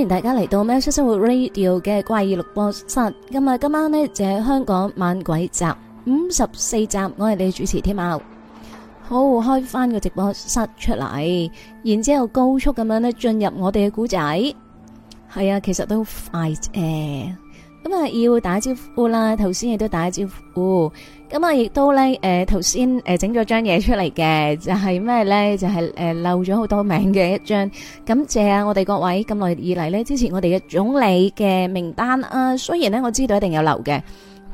歡迎大家嚟到《喵式生活 Radio》嘅怪異錄播室。今日今晚呢，就係、是、香港猛鬼集五十四集，我係你主持天喵。好，開翻個直播室出嚟，然之後高速咁樣咧進入我哋嘅古仔。係啊，其實都快誒。呃咁啊，要打招呼啦！頭先亦都打招呼，咁啊，亦都咧，誒，頭先誒整咗張嘢出嚟嘅，就係咩咧？就係、是、誒漏咗好多名嘅一張。感謝啊，我哋各位咁耐以嚟咧，之前我哋嘅總理嘅名單啊，雖然咧我知道一定有漏嘅，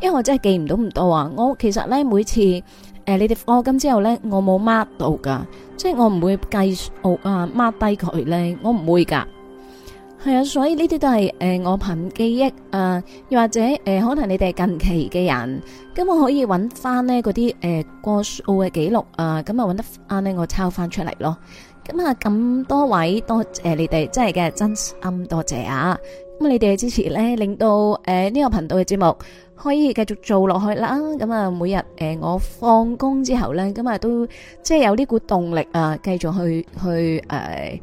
因為我真係記唔到咁多啊。我其實咧每次誒你哋課金之後咧，我冇 mark 到噶，即係我唔會計數啊 mark 低佢咧，我唔會噶。係啊，所以呢啲都係誒、呃，我憑記憶啊，又、呃、或者誒、呃，可能你哋近期嘅人，咁我可以揾翻呢嗰啲誒過數嘅記錄啊，咁啊揾得翻呢？我抄翻出嚟咯。咁啊，咁多位多謝，你哋真係嘅真心多謝啊！咁你哋嘅支持咧，令到誒呢、呃呢個頻道嘅節目可以繼續做落去啦。咁啊，每日誒、呃、我放工之後咧，咁啊都即係有呢股動力啊，繼續去去誒。呃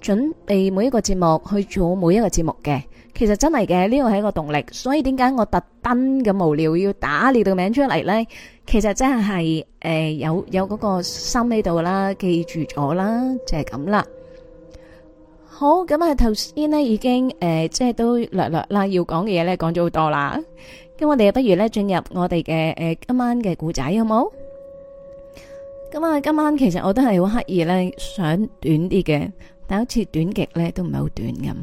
準備每一個節目去做每一個節目嘅，其實真係嘅呢個係一個動力。所以點解我特登咁無聊要打你度名出嚟呢？其實真係誒有有嗰個心喺度啦，記住咗啦，就係咁啦。好，咁啊頭先呢已經誒、呃、即係都略略啦，要講嘅嘢咧講咗好多啦。咁我哋不如咧進入我哋嘅誒今晚嘅故仔好冇？咁啊今晚其實我都係好刻意咧想短啲嘅。但好似短劇咧都唔係好短咁。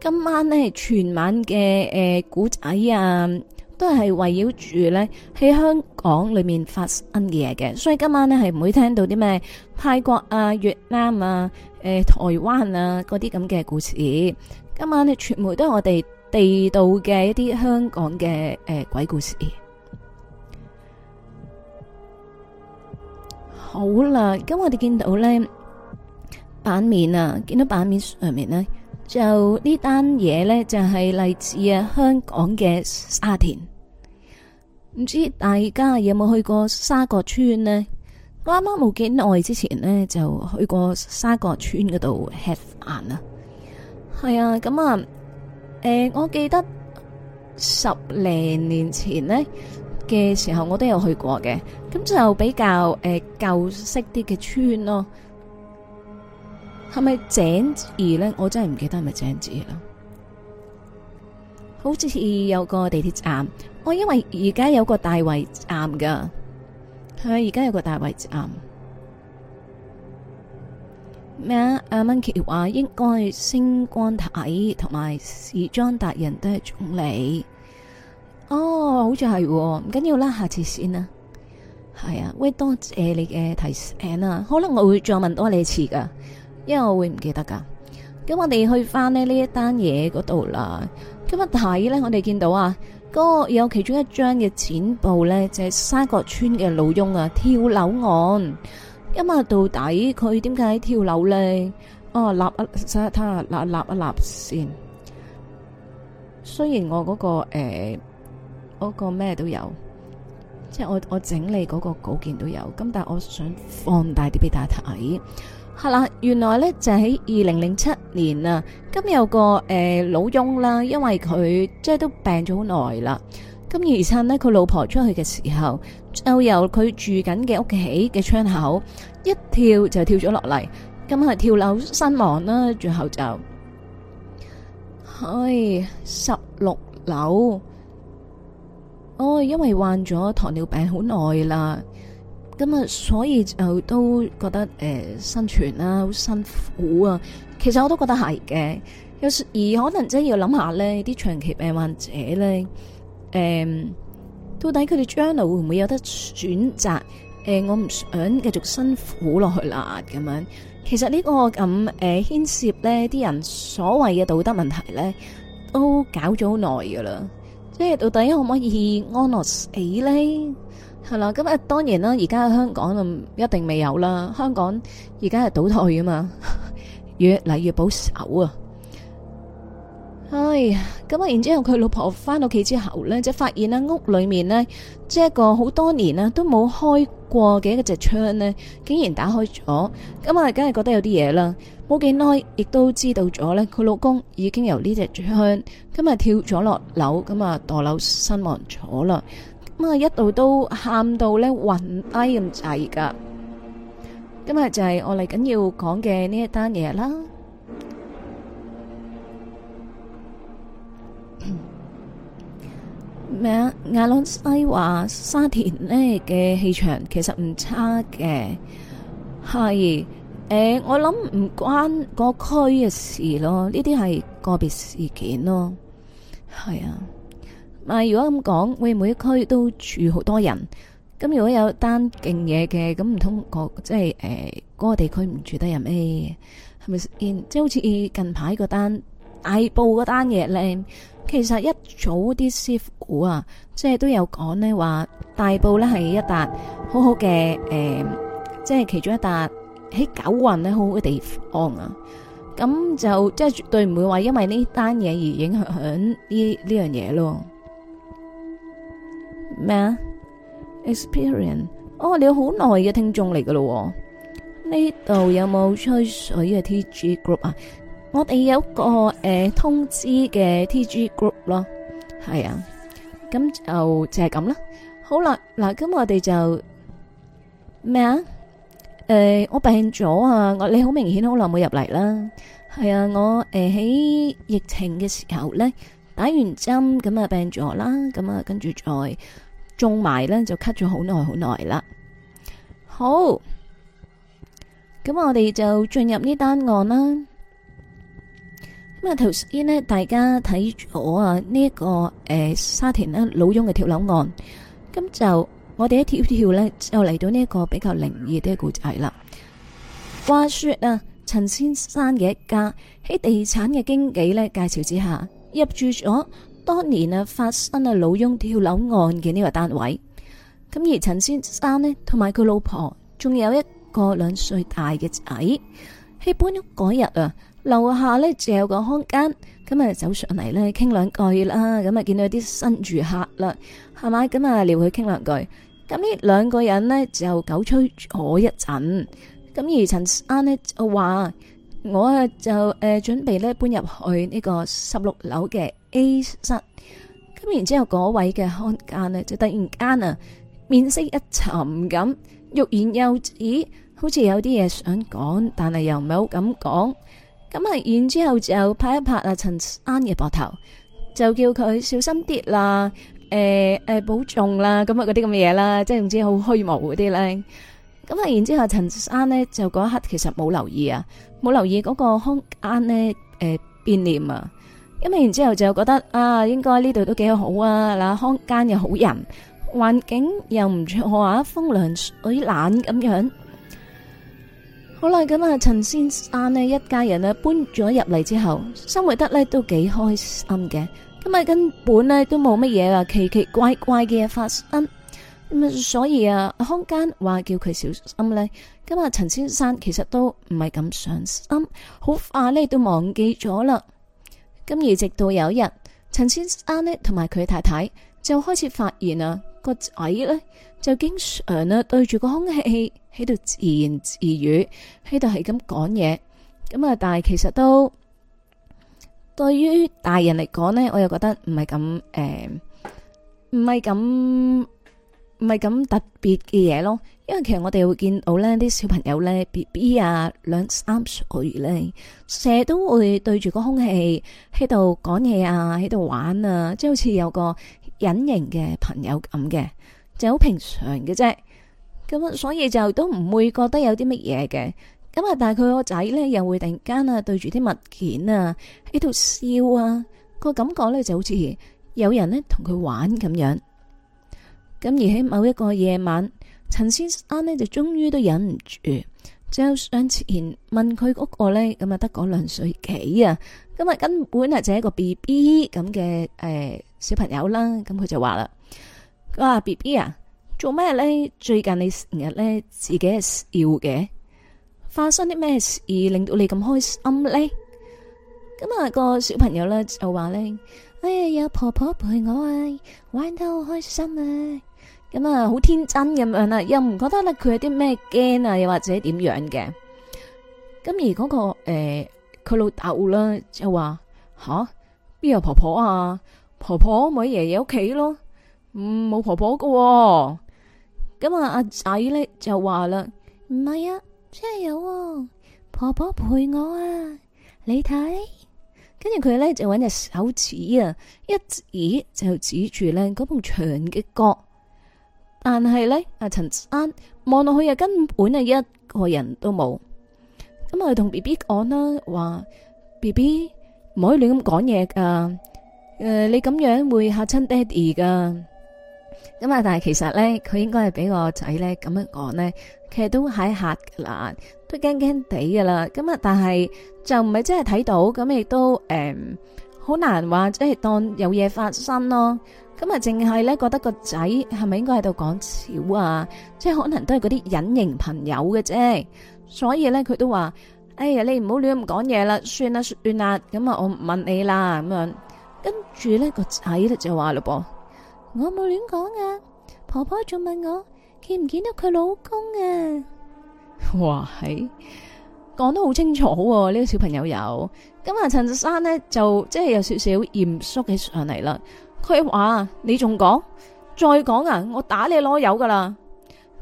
今晚咧全晚嘅誒古仔啊，都係圍繞住咧喺香港裏面發生嘅嘢嘅，所以今晚咧係唔會聽到啲咩泰國啊、越南啊、誒、呃、台灣啊嗰啲咁嘅故事。今晚咧全部都係我哋地道嘅一啲香港嘅誒、呃、鬼故事。好啦，咁我哋見到呢版面啊，見到版面上面呢，就呢單嘢呢，就係嚟自啊香港嘅沙田，唔知大家有冇去過沙角村呢？我啱啱冇幾耐之前呢，就去過沙角村嗰度吃飯啊，係啊，咁啊，誒，我記得十零年前呢。嘅時候我都有去過嘅，咁就比較誒舊、呃、式啲嘅村咯，係咪井字咧？我真係唔記得係咪井字啦，好似有個地鐵站，我、哦、因為而家有個大圍站噶，係咪而家有個大圍站？咩啊？阿 monkey 話應該星光體同埋時裝達人都係總理。哦，好似係唔緊要啦，下次先啦，係啊，喂，多謝你嘅提醒啊，可能我會再問多你一次噶，因為我會唔記得噶。咁我哋去翻呢一單嘢嗰度啦。咁一睇咧，我哋見到啊，嗰個有其中一張嘅剪報咧，就係沙角村嘅老翁啊跳樓案。咁啊，到底佢點解跳樓咧？哦，立一，等立立一立，立先。雖然我嗰個誒。欸嗰個咩都有，即係我我整理嗰個稿件都有。咁但係我想放大啲俾大家睇。係啦，原來呢就喺二零零七年啊，咁有個誒老翁啦，因為佢即係都病咗好耐啦。咁而趁呢，佢老婆出去嘅時候，就由佢住緊嘅屋企嘅窗口一跳就跳咗落嚟，咁係跳樓身亡啦。最後就係十六樓。我、oh, 因為患咗糖尿病好耐啦，咁啊所以就都覺得誒、呃、生存啦、啊、好辛苦啊。其實我都覺得係嘅，有時而可能真係要諗下咧，啲長期病患者咧，誒、嗯、到底佢哋將來會唔會有得選擇？誒、呃、我唔想繼續辛苦落去啦，咁樣。其實這個這、呃、牽呢個咁誒牽涉咧啲人所謂嘅道德問題咧，都搞咗好耐噶啦。即係到底可唔可以安樂死呢？係啦，咁啊當然啦，而家香港就一定未有啦。香港而家係倒退啊嘛，越嚟越保守啊。哎呀，咁啊然之後佢老婆翻到屋企之後呢，就係發現咧屋裏面呢，即係一個好多年咧都冇開過嘅一隻窗呢，竟然打開咗，咁啊梗係覺得有啲嘢啦。冇幾耐，亦都知道咗咧，佢老公已經由呢隻窗今日跳咗落樓，咁啊墮樓身亡咗啦！咁啊一度都喊到咧暈低咁滯噶。今日就係我嚟緊要講嘅呢一單嘢啦。咩啊？亞倫西話沙田咧嘅氣場其實唔差嘅，係。誒、呃，我諗唔關個區嘅事咯，呢啲係個別事件咯，係啊。咪如果咁講，會，每一區都住好多人，咁如果有單勁嘢嘅，咁唔通個即係誒、呃嗰個地區唔住得人咩？係咪先？即係好似近排個單大埔嗰單嘢咧，其實一早啲師傅啊，即係都有講呢話大埔咧係一笪好好嘅，誒、呃，即係其中一笪。喺九運咧，好好嘅地方啊，咁就即係絕對唔會話因為呢單嘢而影響響呢樣嘢咯。咩啊？Experience，我你好耐嘅聽眾嚟噶咯。呢度有冇吹水嘅 TG group 啊？我哋有一個誒通知嘅 TG group 咯，係啊，咁就就係咁啦。好啦，嗱咁我哋就咩啊？誒，我病咗啊！我你好明顯好耐冇入嚟啦。係、呃、啊，我誒喺疫情嘅時候咧，打完針咁啊病咗啦，咁啊跟住再種埋咧就咳咗好耐好耐啦。好，咁我哋就進入呢單案啦。咁啊頭先呢，大家睇咗啊呢一個誒、呃、沙田老翁嘅跳樓案，咁就。我哋喺跳跳咧，就嚟到呢一個比較靈異嘅故仔啦。話說啊，陳先生嘅一家喺地產嘅經紀咧介紹之下，入住咗當年啊發生啊老翁跳樓案嘅呢個單位。咁而陳先生呢，同埋佢老婆，仲有一個兩歲大嘅仔，喺搬屋嗰日啊，樓下呢就有個空間，咁啊走上嚟咧傾兩句啦，咁啊見到啲新住客啦，係咪？咁啊撩佢傾兩句。咁呢兩個人呢，就久吹咗一陣，咁而陳生呢，就話：我啊就誒準備咧搬入去呢個十六樓嘅 A 室。咁然之後嗰位嘅看更呢，就突然間啊面色一沉咁，欲言又止，好似有啲嘢想講，但係又唔係好敢講。咁啊然之後就拍一拍啊陳生嘅膊頭，就叫佢小心啲啦。誒誒，保重啦，咁啊，嗰啲咁嘅嘢啦，即係唔知好虛無嗰啲咧。咁啊，然之後陳生咧就嗰一刻其實冇留意啊，冇留意嗰個空間咧誒變臉啊。咁啊然之後就覺得啊，應該呢度都幾好啊，嗱，空間又好人，環境又唔錯啊，風涼水冷咁樣。好啦，咁啊，陳先生咧一家人啊搬咗入嚟之後，生活得咧都幾開心嘅。咁啊，根本咧都冇乜嘢啊，奇奇怪怪嘅嘢發生，咁啊，所以啊，康間話叫佢小心咧。今日陳先生其實都唔係咁上心，好快咧都忘記咗啦。咁而直到有一日，陳先生咧同埋佢太太就開始發現啊，個仔咧就經常咧對住個空氣喺度自言自語，喺度係咁講嘢。咁啊，但係其實都。對於大人嚟講咧，我又覺得唔係咁誒，唔係咁唔係咁特別嘅嘢咯。因為其實我哋會見到咧，啲小朋友咧，BB 啊，兩三歲咧，成日都會對住個空氣喺度講嘢啊，喺度玩啊，即係好似有個隱形嘅朋友咁嘅，就好平常嘅啫。咁所以就都唔會覺得有啲乜嘢嘅。咁啊！但係佢個仔咧，又會突然間啊，對住啲物件啊，喺度笑啊，個感覺咧就好似有人咧同佢玩咁樣。咁而喺某一個夜晚，陳先生咧就終於都忍唔住，就上前問佢嗰個咧，咁啊得個兩歲幾啊，咁啊根本就係一個 B B 咁嘅誒小朋友啦。咁佢就話啦：佢話 B B 啊，做咩咧？最近你成日咧自己係笑嘅。發生啲咩事，而令到你咁開心咧？咁啊，個小朋友咧就話咧：哎呀，有婆婆陪我啊，玩得好開心啊。咁啊，好天真咁樣啦，又唔覺得咧佢有啲咩驚啊，又或者點樣嘅？咁而嗰個誒，佢老豆啦就話，吓，邊有婆婆啊？婆婆咪喺爺爺屋企咯，嗯，冇婆婆噶。咁啊，阿仔咧就話啦，唔係啊。真係有婆婆陪我啊！你睇，跟住佢咧就搵隻手指啊，一指就指住咧嗰埲牆嘅角。但係咧，阿陳生望落去又根本係一個人都冇。咁啊，佢同 B B 講啦，話 B B 唔可以亂咁講嘢㗎。誒，你咁樣會嚇親爹哋噶。咁啊，但係其實咧，佢應該係俾個仔咧咁樣講咧。其實都喺吓噶啦，都驚驚地噶啦。咁啊，但係就唔係真係睇到，咁亦都誒，好、呃、難話，即係當有嘢發生咯。咁啊，淨係咧覺得個仔係咪應該喺度講笑啊？即係可能都係嗰啲隱形朋友嘅啫。所以咧，佢都話：哎呀，你唔好亂咁講嘢啦，算啦算啦。咁啊，我唔問你啦，咁樣。跟住咧，個仔咧就話嘞噃：我冇亂講啊，婆婆仲問我。見唔見到佢老公啊？哇，係講得好清楚喎啊！呢、呢個小朋友有。咁啊陳生呢，就即係有少少嚴肅起上嚟啦。佢話：你仲講，再講啊，我打你攞油噶啦！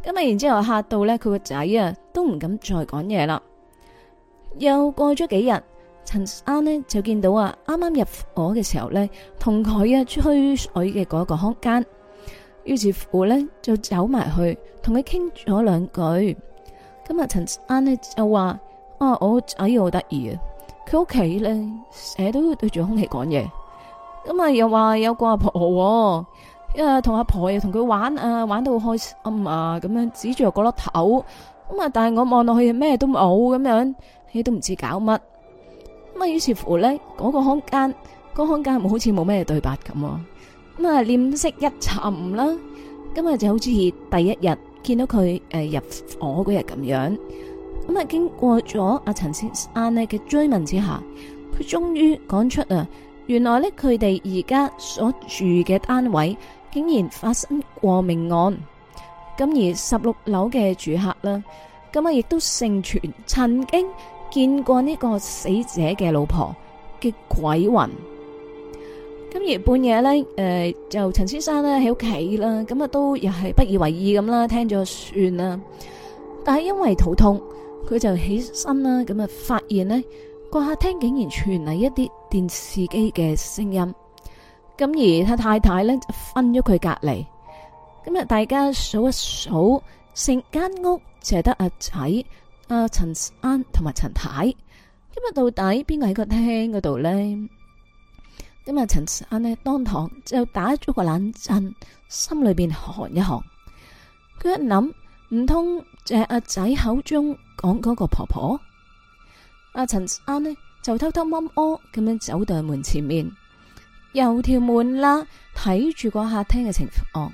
咁啊，然之後嚇到咧，佢個仔啊都唔敢再講嘢啦。又過咗幾日，陳生呢就見到啊，啱啱入伙嘅時候咧，同佢啊吹水嘅嗰個空間。於是乎咧，就走埋去同佢傾咗兩句。今日陳生咧就話：，啊，我仔好得意啊！佢屋企咧成日都對住空氣講嘢。咁啊又話有個阿婆，因為同阿婆又同佢玩啊，玩到好開心啊，咁樣指住個角落頭。咁啊，但係我望落去咩都冇咁樣，你都唔知搞乜。咁啊，於是乎咧，嗰個空間，嗰個空間好似冇咩對白咁。咁啊，臉色一沉啦，今日就好似第一日見到佢誒入伙嗰日咁樣。咁啊，經過咗阿陳先生呢嘅追問之下，佢終於講出啊，原來呢，佢哋而家所住嘅單位竟然發生過命案。咁而十六樓嘅住客啦，咁啊亦都盛傳曾經見過呢個死者嘅老婆嘅鬼魂。咁而半夜咧，誒，就陳先生咧喺屋企啦，咁啊都又係不以為意咁啦，聽咗算啦。但係因為肚痛，佢就起身啦，咁啊發現咧，個客廳竟然傳嚟一啲電視機嘅聲音。咁而他太太咧就瞓咗佢隔籬。咁啊，大家數一數，成間屋就係得阿仔、阿陳生同埋陳太。今日到底邊個喺個廳嗰度咧？今日陳生呢，當堂就打咗個冷震，心裏邊寒一寒。佢一諗，唔通就係阿仔口中講嗰個婆婆。阿陳生呢，就偷偷摸摸咁樣走到門前面，又條門啦，睇住個客廳嘅情況。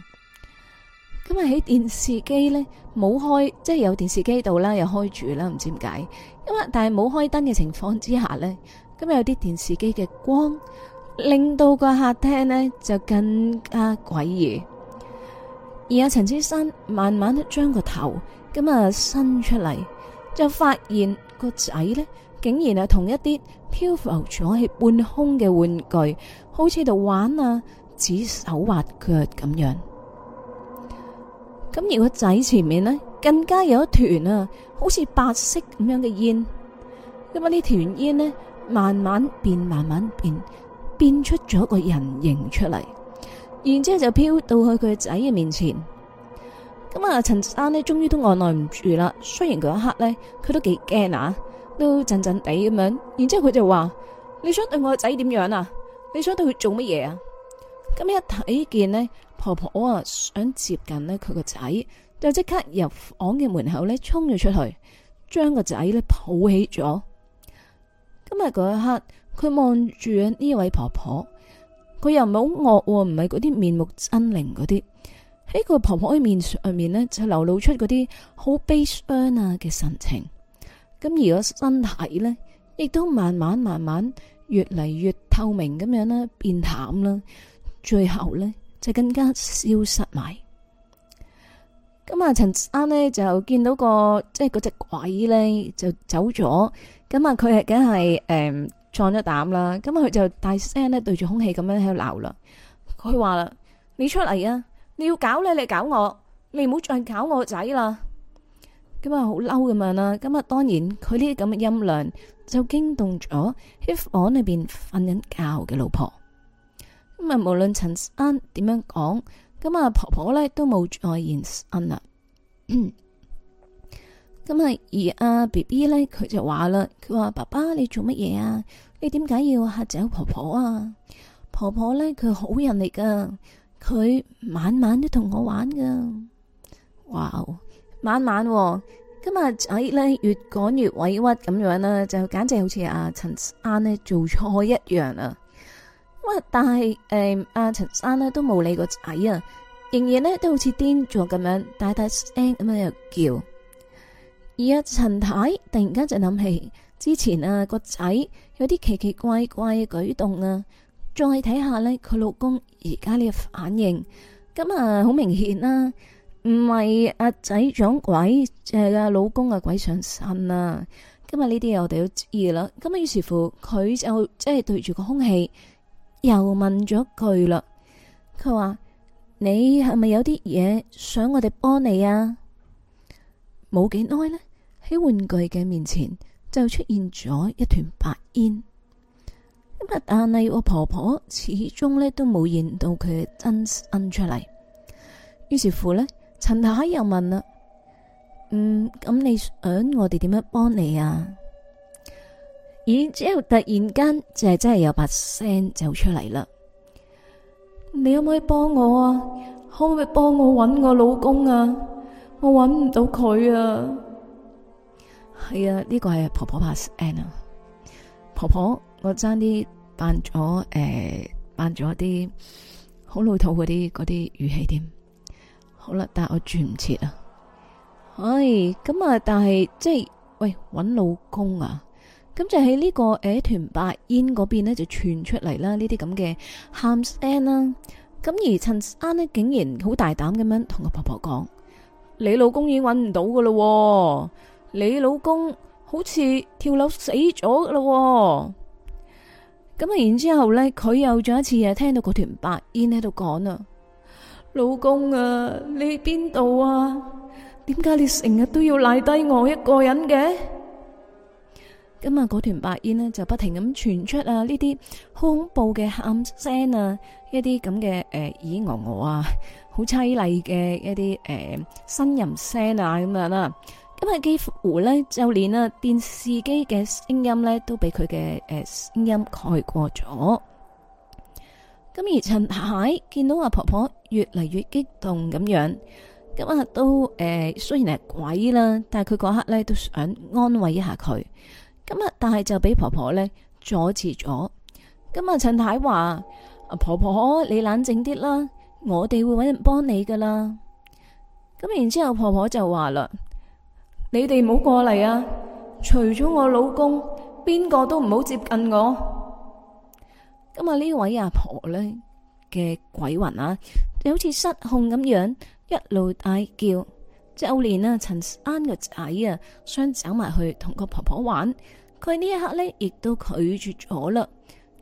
今日喺電視機呢，冇開，即係有電視機度啦，又開住啦，唔知點解。因為但係冇開燈嘅情況之下呢，今日有啲電視機嘅光。令到個客廳呢就更加詭異，而阿陳先生慢慢咧將個頭咁啊伸出嚟，就發現個仔呢竟然係同一啲漂浮咗喺半空嘅玩具，好似度玩啊指手畫腳咁樣。咁而個仔前面呢更加有一團啊，好似白色咁樣嘅煙，咁啊呢團煙呢，慢慢變，慢慢變，變出咗個人形出嚟，然之後就飄到去佢個仔嘅面前。咁、嗯、啊，陳生呢終於都按耐唔住啦。雖然嗰一刻呢，佢都幾驚啊，都震震地咁樣。然之後佢就話：你想對我個仔點樣啊？你想對佢做乜嘢啊？咁、嗯、一睇見呢，婆婆啊，想接近呢佢個仔，就即刻入房嘅門口呢衝咗出去，將個仔呢抱起咗。今日嗰一刻。佢望住呢位婆婆，佢又唔係好惡，唔係嗰啲面目猙獰嗰啲。喺個婆婆嘅面上面呢就流露出嗰啲好悲傷啊嘅神情。咁而個身體呢，亦都慢慢慢慢越嚟越透明咁樣啦，變淡啦，最後呢，就更加消失埋。咁啊，陳生呢，就見到個即係嗰隻鬼呢，就走咗。咁啊，佢係梗係誒。撞咗膽啦，咁佢就大聲咧對住空氣咁樣喺度鬧啦。佢話啦，你出嚟啊！你要搞呢你搞我，你唔好再搞我仔啦。咁啊，好嬲咁樣啦。咁啊，當然佢呢啲咁嘅音量就驚動咗喺房裏邊瞓緊覺嘅老婆。咁啊，無論陳生點樣講，咁啊婆婆咧都冇再言聲啦。 咁啊，而阿 BB 咧，佢就話啦，佢話爸爸你做乜嘢啊？你點解要吓走婆婆啊？婆婆咧，佢好人嚟噶，佢晚晚都同我玩噶。哇，晚晚今日仔咧越講越委屈咁樣啦，就簡直好似阿陳生咧做錯一樣啊。哇，但係誒，阿、呃、陳生咧都冇理個仔啊，仍然咧都好似癲咗咁樣，大大聲咁樣又叫。而阿陳太，太突然間就諗起之前啊個仔有啲奇奇怪怪嘅舉動啊，再睇下呢，佢老公而家呢個反應，咁啊好明顯啦，唔係阿仔撞鬼，係阿老公啊鬼上身啊。咁啊呢啲我哋要注意啦。咁啊，於是乎佢就即係對住個空氣又問咗句啦，佢話你係咪有啲嘢想我哋幫你啊？冇幾耐呢，喺玩具嘅面前就出現咗一團白煙。咁但係我婆婆始終咧都冇見到佢嘅真身出嚟。於是乎咧，陳太又問啦，嗯，咁你想我哋點樣幫你啊？而之後突然間就係真係有把聲走出嚟啦。你可唔可以幫我啊？可唔可以幫我揾我老公啊？我揾唔到佢啊！係啊，呢個係婆婆拍 a n 啊。婆婆，我爭啲扮咗誒，扮咗啲好老土嗰啲嗰啲語氣添。好啦，但係我轉唔切啊。唉、哎，咁、嗯、啊，但係即係喂，揾老公啊，咁就喺呢、這個誒團白煙嗰邊呢，欸、邊就傳出嚟啦。呢啲咁嘅喊聲啦，咁、啊、而陳生呢，竟然好大膽咁樣同個婆婆講。你老公已經揾唔到噶啦，你老公好似跳樓死咗噶啦，咁啊，然之後咧，佢又再一次又聽到嗰團白煙喺度講啊：「老公啊，你邊度啊？點解你成日都要賴低我一個人嘅？」咁啊，嗰團白煙呢就不停咁傳出啊，呢啲好恐怖嘅喊聲啊，一啲咁嘅誒耳耳耳啊！好淒厲嘅一啲誒呻吟聲啊咁樣啦，咁啊幾乎咧就連啊電視機嘅聲音咧都俾佢嘅誒聲音蓋過咗。咁而陳太見到阿、啊、婆婆越嚟越激動咁樣，咁啊都誒、呃、雖然係鬼啦，但係佢嗰刻咧都想安慰一下佢。咁啊但係就俾婆婆咧阻止咗。咁啊陳太話阿、啊、婆婆，你冷靜啲啦。我哋會揾人幫你噶啦。咁然之後，婆婆就話啦：你哋唔好過嚟啊！除咗我老公，邊個都唔好接近我。咁啊，呢位阿婆咧嘅鬼魂啊，就好似失控咁樣，一路大叫。就連啊，陳生個仔啊，想走埋去同個婆婆玩，佢呢一刻咧，亦都拒絕咗啦，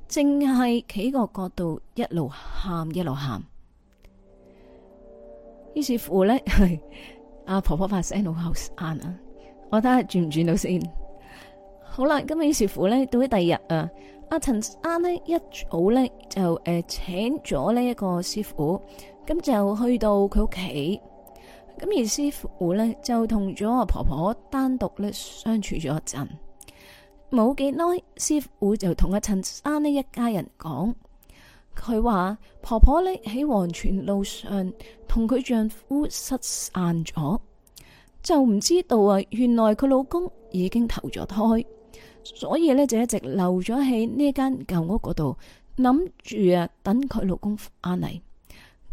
淨係企個角度，一路喊，一路喊。於是乎咧，阿、啊、婆婆發聲好後生啊！我睇下轉唔轉到先。好啦，咁啊於是乎咧，到咗第二日啊，阿陳生咧一早咧就誒、呃、請咗呢一個師傅，咁就去到佢屋企。咁而師傅咧就同咗阿婆婆單獨咧相處咗一陣。冇幾耐，師傅就同阿、啊、陳生呢一家人講。佢話婆婆呢喺黃泉路上同佢丈夫失散咗就唔知道啊。原來佢老公已經投咗胎，所以呢就一直留咗喺呢間舊屋嗰度，諗住啊等佢老公翻嚟。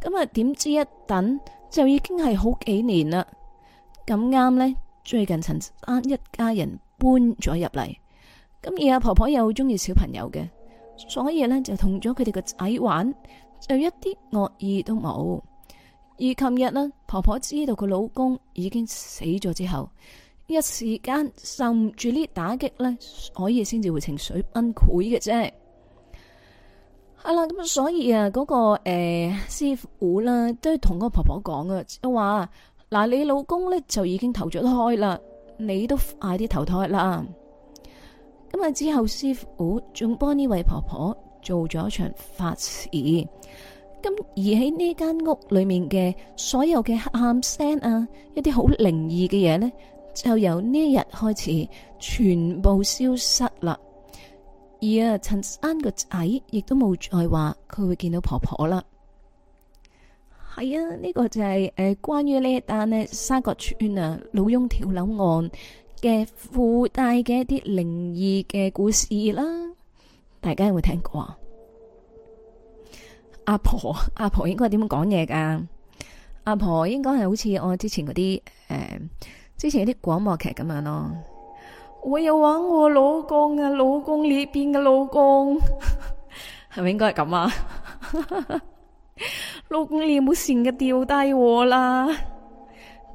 咁啊，點、嗯、知一等就已經係好幾年啦。咁啱呢，最近陳生一家人搬咗入嚟，咁而阿婆婆又好中意小朋友嘅。所以咧就同咗佢哋個仔玩，就一啲惡意都冇。而琴日呢，婆婆知道佢老公已經死咗之後，一時間受唔住呢打擊呢，所以先至會情緒崩潰嘅啫。係啦，咁所以啊，嗰、那個誒、呃、師傅啦，都係同個婆婆講嘅，話嗱你老公呢，就已經投咗胎啦，你都快啲投胎啦。咁啊，之後師傅仲幫呢位婆婆做咗場法事，咁而喺呢間屋裏面嘅所有嘅喊聲啊，一啲好靈異嘅嘢呢，就由呢日開始全部消失啦。而啊，陳生個仔亦都冇再話佢會見到婆婆啦。係啊，呢、這個就係、是、誒、呃、關於呢一單咧沙角村啊老翁跳樓案，嘅附帶嘅一啲靈異嘅故事啦，大家有冇聽過啊？阿婆阿婆應該點樣講嘢噶？阿婆應該係好似我之前嗰啲誒，之前嗰啲廣播劇咁樣咯。我要揾我老公啊，老公裏邊嘅老公係咪 應該係咁啊？ 老公你有冇成日掉低我啦！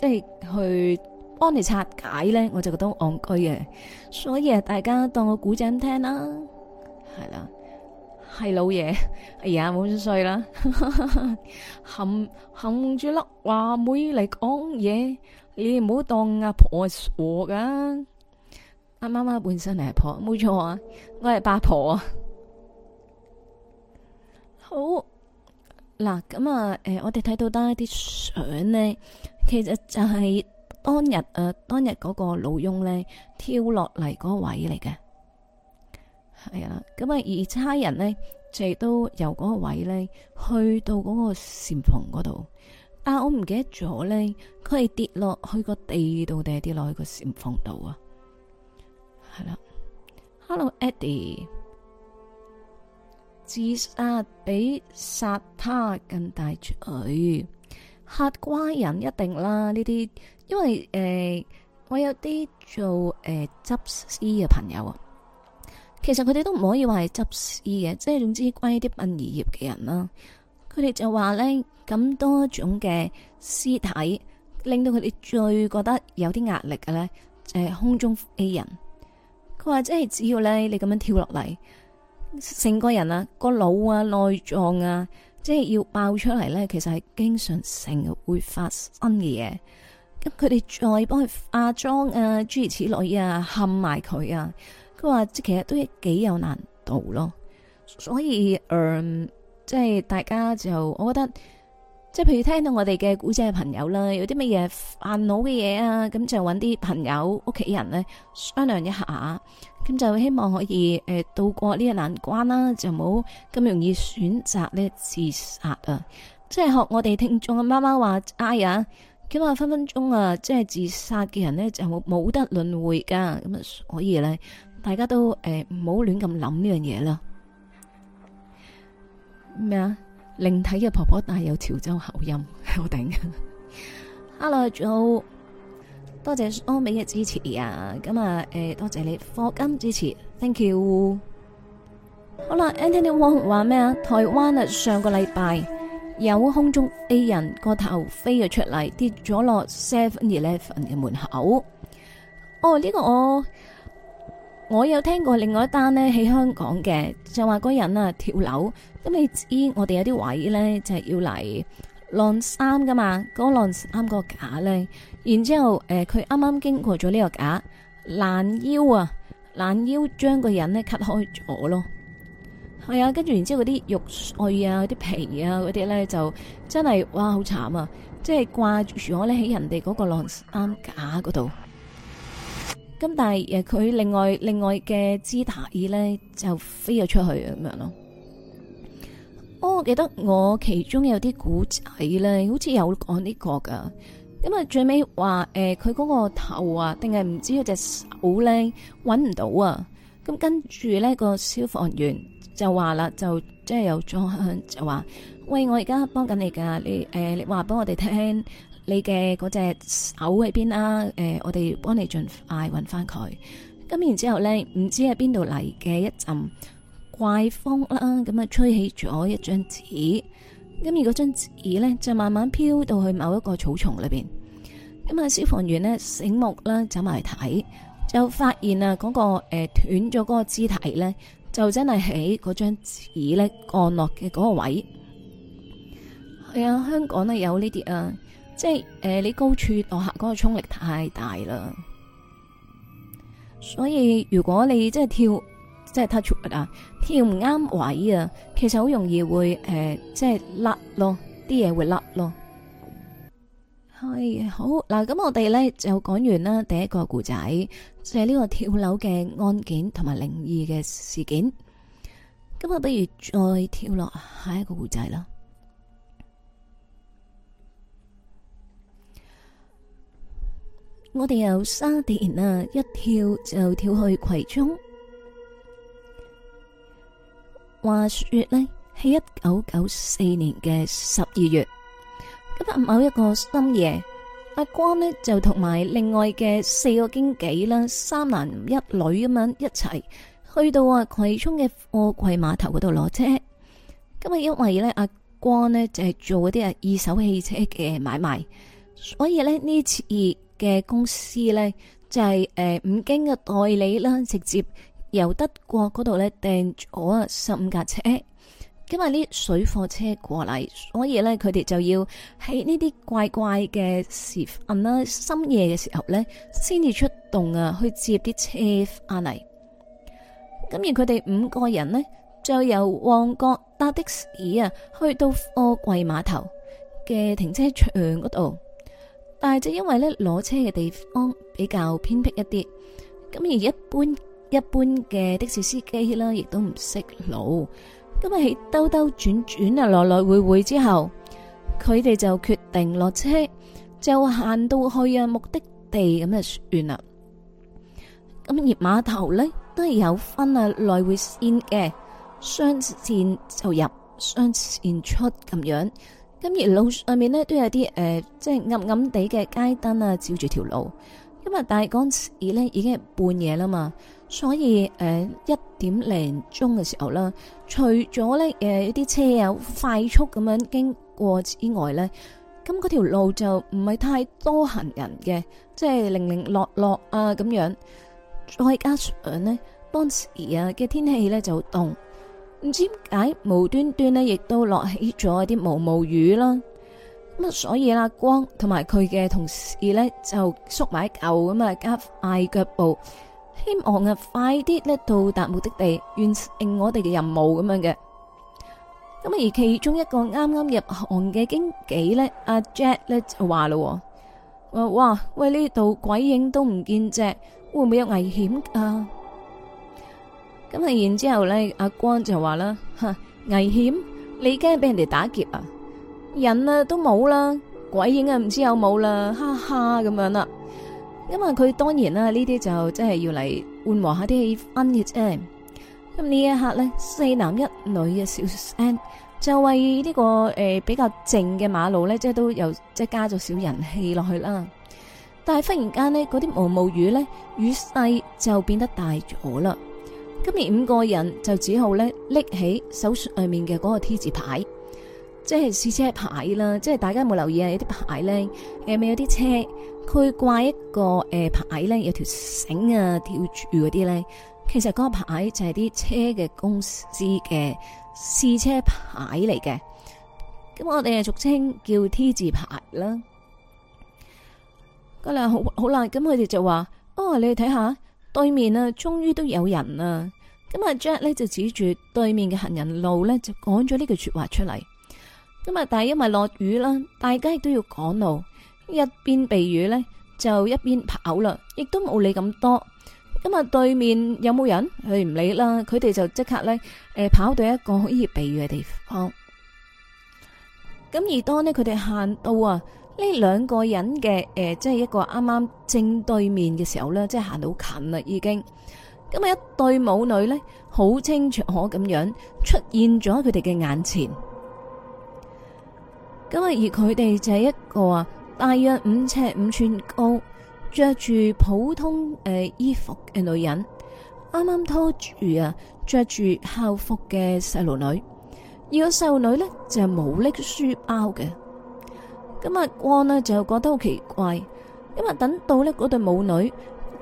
即係去幫你拆解咧，我就覺得好戇居嘅，所以大家當我古仔聽啦，係啦，係老爺，哎呀冇咁衰啦，含含住粒話梅嚟講嘢，你唔好當阿婆我傻噶，阿媽媽本身係阿婆，冇錯啊，我係八婆啊，好嗱咁啊，誒，我哋睇到多一啲相咧。其實就係當日誒、呃，當日嗰個老翁咧跳落嚟嗰個位嚟嘅，係啊，咁啊，而差人咧就都由嗰個位咧去到嗰個禪房嗰度，啊，我唔記得咗咧，佢係跌落去個地度定係跌落去個禪房度啊？係啦，Hello，Eddie，自殺比殺他更大罪。客觀人一定啦，呢啲因為誒、呃，我有啲做誒執屍嘅朋友啊，其實佢哋都唔可以話係執屍嘅，即係總之關於啲殯儀業嘅人啦。佢哋就話咧，咁多種嘅屍體，令到佢哋最覺得有啲壓力嘅咧，誒、就係、空中飛人。佢話即係只要咧你咁樣跳落嚟，成個人啊個腦啊內臟啊。內臟啊即係要爆出嚟咧，其實係經常成日會發生嘅嘢。咁佢哋再幫佢化妝啊，諸如此類啊，冚埋佢啊，佢話即其實都幾有難度咯。所以，嗯、呃，即係大家就，我覺得，即係譬如聽到我哋嘅古仔嘅朋友啦，有啲乜嘢煩惱嘅嘢啊，咁就搵啲朋友、屋企、啊、人咧，商量一下。咁就希望可以誒渡、呃、過呢個難關啦，就冇咁容易選擇咧自殺啊！即係學我哋聽眾阿媽媽話齋啊，咁啊分分鐘啊，即係自殺嘅人呢，就冇冇得輪迴噶，咁啊所以呢，大家都誒唔好亂咁諗呢樣嘢啦。咩、呃、啊？靈體嘅婆婆帶有潮州口音，我頂。Hello，早。多謝安美嘅支持啊！咁啊，誒，多謝你課金支持，thank you 好。好啦，Antony Wong 話咩啊？台灣啊，上個禮拜有空中飛人個頭飛咗出嚟，跌咗落 Seven Eleven 嘅門口。哦，呢個我我有聽過另外一單咧，喺香港嘅就話嗰人啊跳樓。咁你知我哋有啲位呢，就係要嚟晾衫噶嘛？嗰晾衫嗰個架呢。然之後，誒、呃，佢啱啱經過咗呢個架，攔腰啊，攔腰將個人呢劏開咗咯，係啊，跟住然之後嗰啲肉碎啊、啲皮啊呢、嗰啲咧就真係哇，好慘啊！即係掛住我咧喺人哋嗰個晾衫架嗰度，咁但係誒，佢、呃、另外另外嘅肢體咧就飛咗出去咁樣咯。哦，我記得我其中有啲古仔咧，好似有講呢個噶。咁啊，最尾話誒，佢嗰個頭啊，定係唔知嗰隻手咧，揾唔到啊！咁跟住咧，個消防員就話啦，就即係有咗就話，喂，我而家幫緊你噶，你誒、呃，你話俾我哋聽你嘅嗰隻手喺邊啊？誒、呃，我哋幫你盡快揾翻佢。咁然之後咧，唔知喺邊度嚟嘅一陣怪風啦，咁啊吹起咗一張紙。咁而嗰張紙咧就慢慢飄到去某一個草叢裏邊，咁啊消防員呢，醒目啦，走埋嚟睇，就發現啊、那、嗰個誒斷咗嗰個肢體咧就真係喺嗰張紙咧降落嘅嗰個位。係、哎、啊，香港呢有呢啲啊，即係誒、呃、你高處落下嗰個衝力太大啦，所以如果你即係跳。即係 touch 啊，跳唔啱位啊，其實好容易會誒、呃，即係甩咯，啲嘢會甩咯。係好嗱，咁我哋咧就講完啦，第一個故仔就係、是、呢個跳樓嘅案件同埋靈異嘅事件。咁我不如再跳落下，下一個故仔啦。我哋由沙田啊，一跳就跳去葵涌。話說呢，喺一九九四年嘅十二月，今日某一個深夜，阿光呢就同埋另外嘅四個經紀啦，三男一女咁樣一齊去到啊葵涌嘅貨櫃碼頭嗰度攞車。咁啊，因為呢，阿光呢就係、是、做嗰啲啊二手汽車嘅買賣，所以呢，呢次嘅公司呢就係、是、誒、呃、五經嘅代理啦，直接。由德國嗰度咧訂咗啊十五架車，今日啲水貨車過嚟，所以咧佢哋就要喺呢啲怪怪嘅時分啦，深夜嘅時候咧，先至出動啊去接啲車翻嚟。咁而佢哋五個人呢，就由旺角搭的士啊，去到貨櫃碼頭嘅停車場嗰度，但係就因為咧攞車嘅地方比較偏僻一啲，咁而一般。一般嘅的，的士司機啦，亦都唔識路。今日喺兜兜轉轉啊，來來回回之後，佢哋就決定落車，就行到去啊目的地咁就算啦。咁而碼頭呢，都係有分啊，來回線嘅，雙線就入，雙線出咁樣。咁而路上面呢，都有啲誒，即、呃、係、就是、暗暗地嘅街燈啊，照住條路。今日大講事呢已經係半夜啦嘛。所以誒、呃、一點零鐘嘅時候啦，除咗呢誒、呃、一啲車快速咁樣經過之外呢，咁嗰條路就唔係太多行人嘅，即係零零落落啊咁樣。再加上呢當時啊嘅天氣呢就好凍，唔知點解無端端呢亦都落起咗啲毛毛雨啦。咁啊，所以阿光同埋佢嘅同事呢，就縮埋嚿咁啊加快腳步。希望啊，快啲咧到達目的地，完成我哋嘅任務咁樣嘅。咁而其中一個啱啱入行嘅經紀咧，阿 Jack 咧就話咯，話哇，喂，呢度鬼影都唔見隻，會唔會有危險啊？咁啊，然之後咧，阿光就話啦，吓危險？你驚俾人哋打劫啊？人啊都冇啦，鬼影啊唔知有冇啦，哈哈咁樣啦。因為佢當然啦，呢啲，就即係要嚟緩和下啲氣氛嘅啫。咁呢一刻呢，四男一女嘅小聲就為呢、這個誒、呃、比較靜嘅馬路呢，即係都有即係加咗少人氣落去啦。但係忽然間呢，嗰啲毛毛雨呢，雨勢就變得大咗啦。今年五個人就只好呢，拎起手上面嘅嗰個 T 字牌。即係試車牌啦，即係大家有冇留意有些有沒有有些、呃、有啊。有啲牌咧，誒，咪有啲車佢掛一個誒牌咧，有條繩啊，吊住嗰啲咧。其實嗰個牌就係啲車嘅公司嘅試車牌嚟嘅。咁我哋啊，俗稱叫 T 字牌啦。啦，好好啦，咁佢哋就話哦，你哋睇下對面啊，終於都有人啦，啊。咁阿 Jack 咧就指住對面嘅行人路咧，就講咗呢句說話出嚟。今日但係因為落雨啦，大家亦都要趕路，一邊避雨呢，就一邊跑啦，亦都冇理咁多。今日對面有冇人？佢唔理啦，佢哋就即刻呢，誒，跑到一個可以避雨嘅地方。咁，而當呢，佢哋行到啊呢兩個人嘅誒，即係一個啱啱正對面嘅時候呢，即係行到近啦已經。咁啊，一對母女呢，好清楚咁樣出現咗喺佢哋嘅眼前。咁啊，而佢哋就係一個啊，大約五尺五寸高，着住普通誒衣服嘅女人，啱啱拖住啊，着住校服嘅細路女，而個細路女呢，就係冇拎書包嘅。咁啊，光呢，就覺得好奇怪，因為，等到呢嗰對母女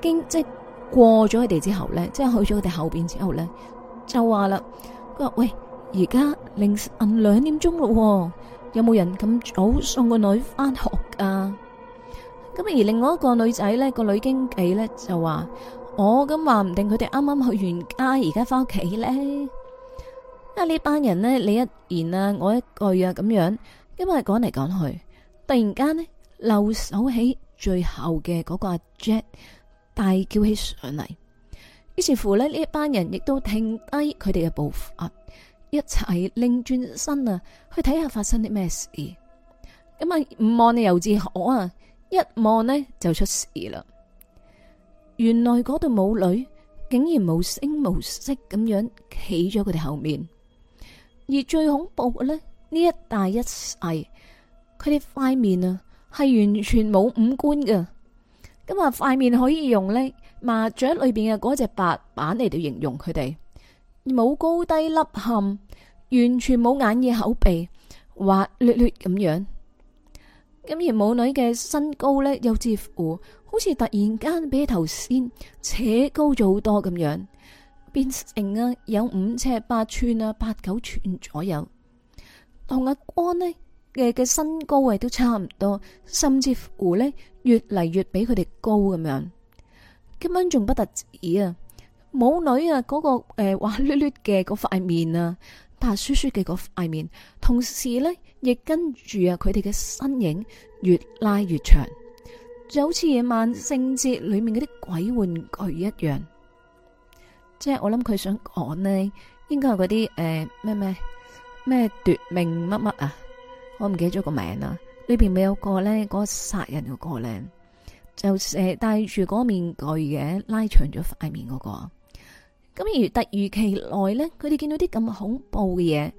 經即係過咗佢哋之後呢，即係去咗佢哋後邊之後呢，就話啦，佢話喂，而家凌晨兩點鐘咯。有冇人咁早送個女翻學㗎？咁而另外一個女仔呢，個女經紀呢，就話：我咁話唔定佢哋啱啱去完街，而家翻屋企呢。」啊！呢班人呢，你一言啊，我一句啊，咁樣，因為講嚟講去，突然間呢，留守起最後嘅嗰個阿 Jack 大叫起上嚟，於是乎呢，呢一班人亦都停低佢哋嘅步伐。一齊擰轉身啊，去睇下發生啲咩事。咁啊，唔望你由自可啊，一望呢，就出事啦。原來嗰對母女竟然無聲無息咁樣企咗佢哋後面，而最恐怖嘅咧，呢一大一細，佢哋塊面啊係完全冇五官嘅。咁啊，塊面可以用呢麻雀裏邊嘅嗰隻白板嚟到形容佢哋。冇高低凹陷，完全冇眼耳口鼻，滑捋捋咁樣。咁而母女嘅身高呢，又似乎好似突然間比頭先扯高咗好多咁樣，變成啊有五尺八寸啊八九寸左右，同阿安呢嘅嘅身高啊都差唔多，甚至乎呢越嚟越比佢哋高咁樣。今晚仲不得止啊！母女啊，嗰、嗰個誒滑捋捋嘅嗰塊面啊，白舒舒嘅嗰塊面，同時咧亦跟住啊，佢哋嘅身影越拉越長，就好似萬聖節裏面嗰啲鬼玩具一樣。即係我諗佢想講呢應該係嗰啲誒咩咩咩奪命乜乜啊，我唔記得咗個名啊。裏邊咪有個咧，嗰、嗰個殺人嗰個咧，就誒、係、戴住嗰面具嘅，拉長咗塊面嗰個。咁而突如其來咧，佢哋見到啲咁恐怖嘅嘢，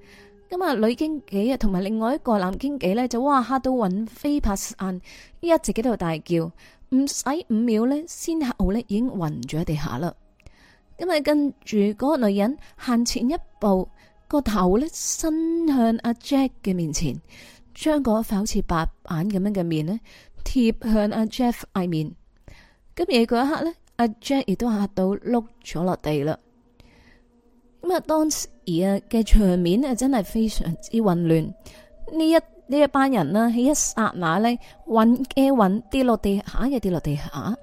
咁啊女經紀啊同埋另外一個男經紀咧，就哇嚇到魂飛魄散，一直喺度大叫，唔使五秒咧，先嚇好咧，已經暈咗喺地下啦。咁啊跟住嗰個女人行前一步，個頭咧伸向阿 Jack 嘅面前，將塊好似白板咁樣嘅面咧貼向阿 Jack 嗌面。咁而嗰一刻咧，阿 Jack 亦都嚇到碌咗落地啦。咁啊，當時啊嘅場面啊，真係非常之混亂。呢一呢一班人啦，喺一剎那呢，揾嘅揾跌落地下嘅跌落地下，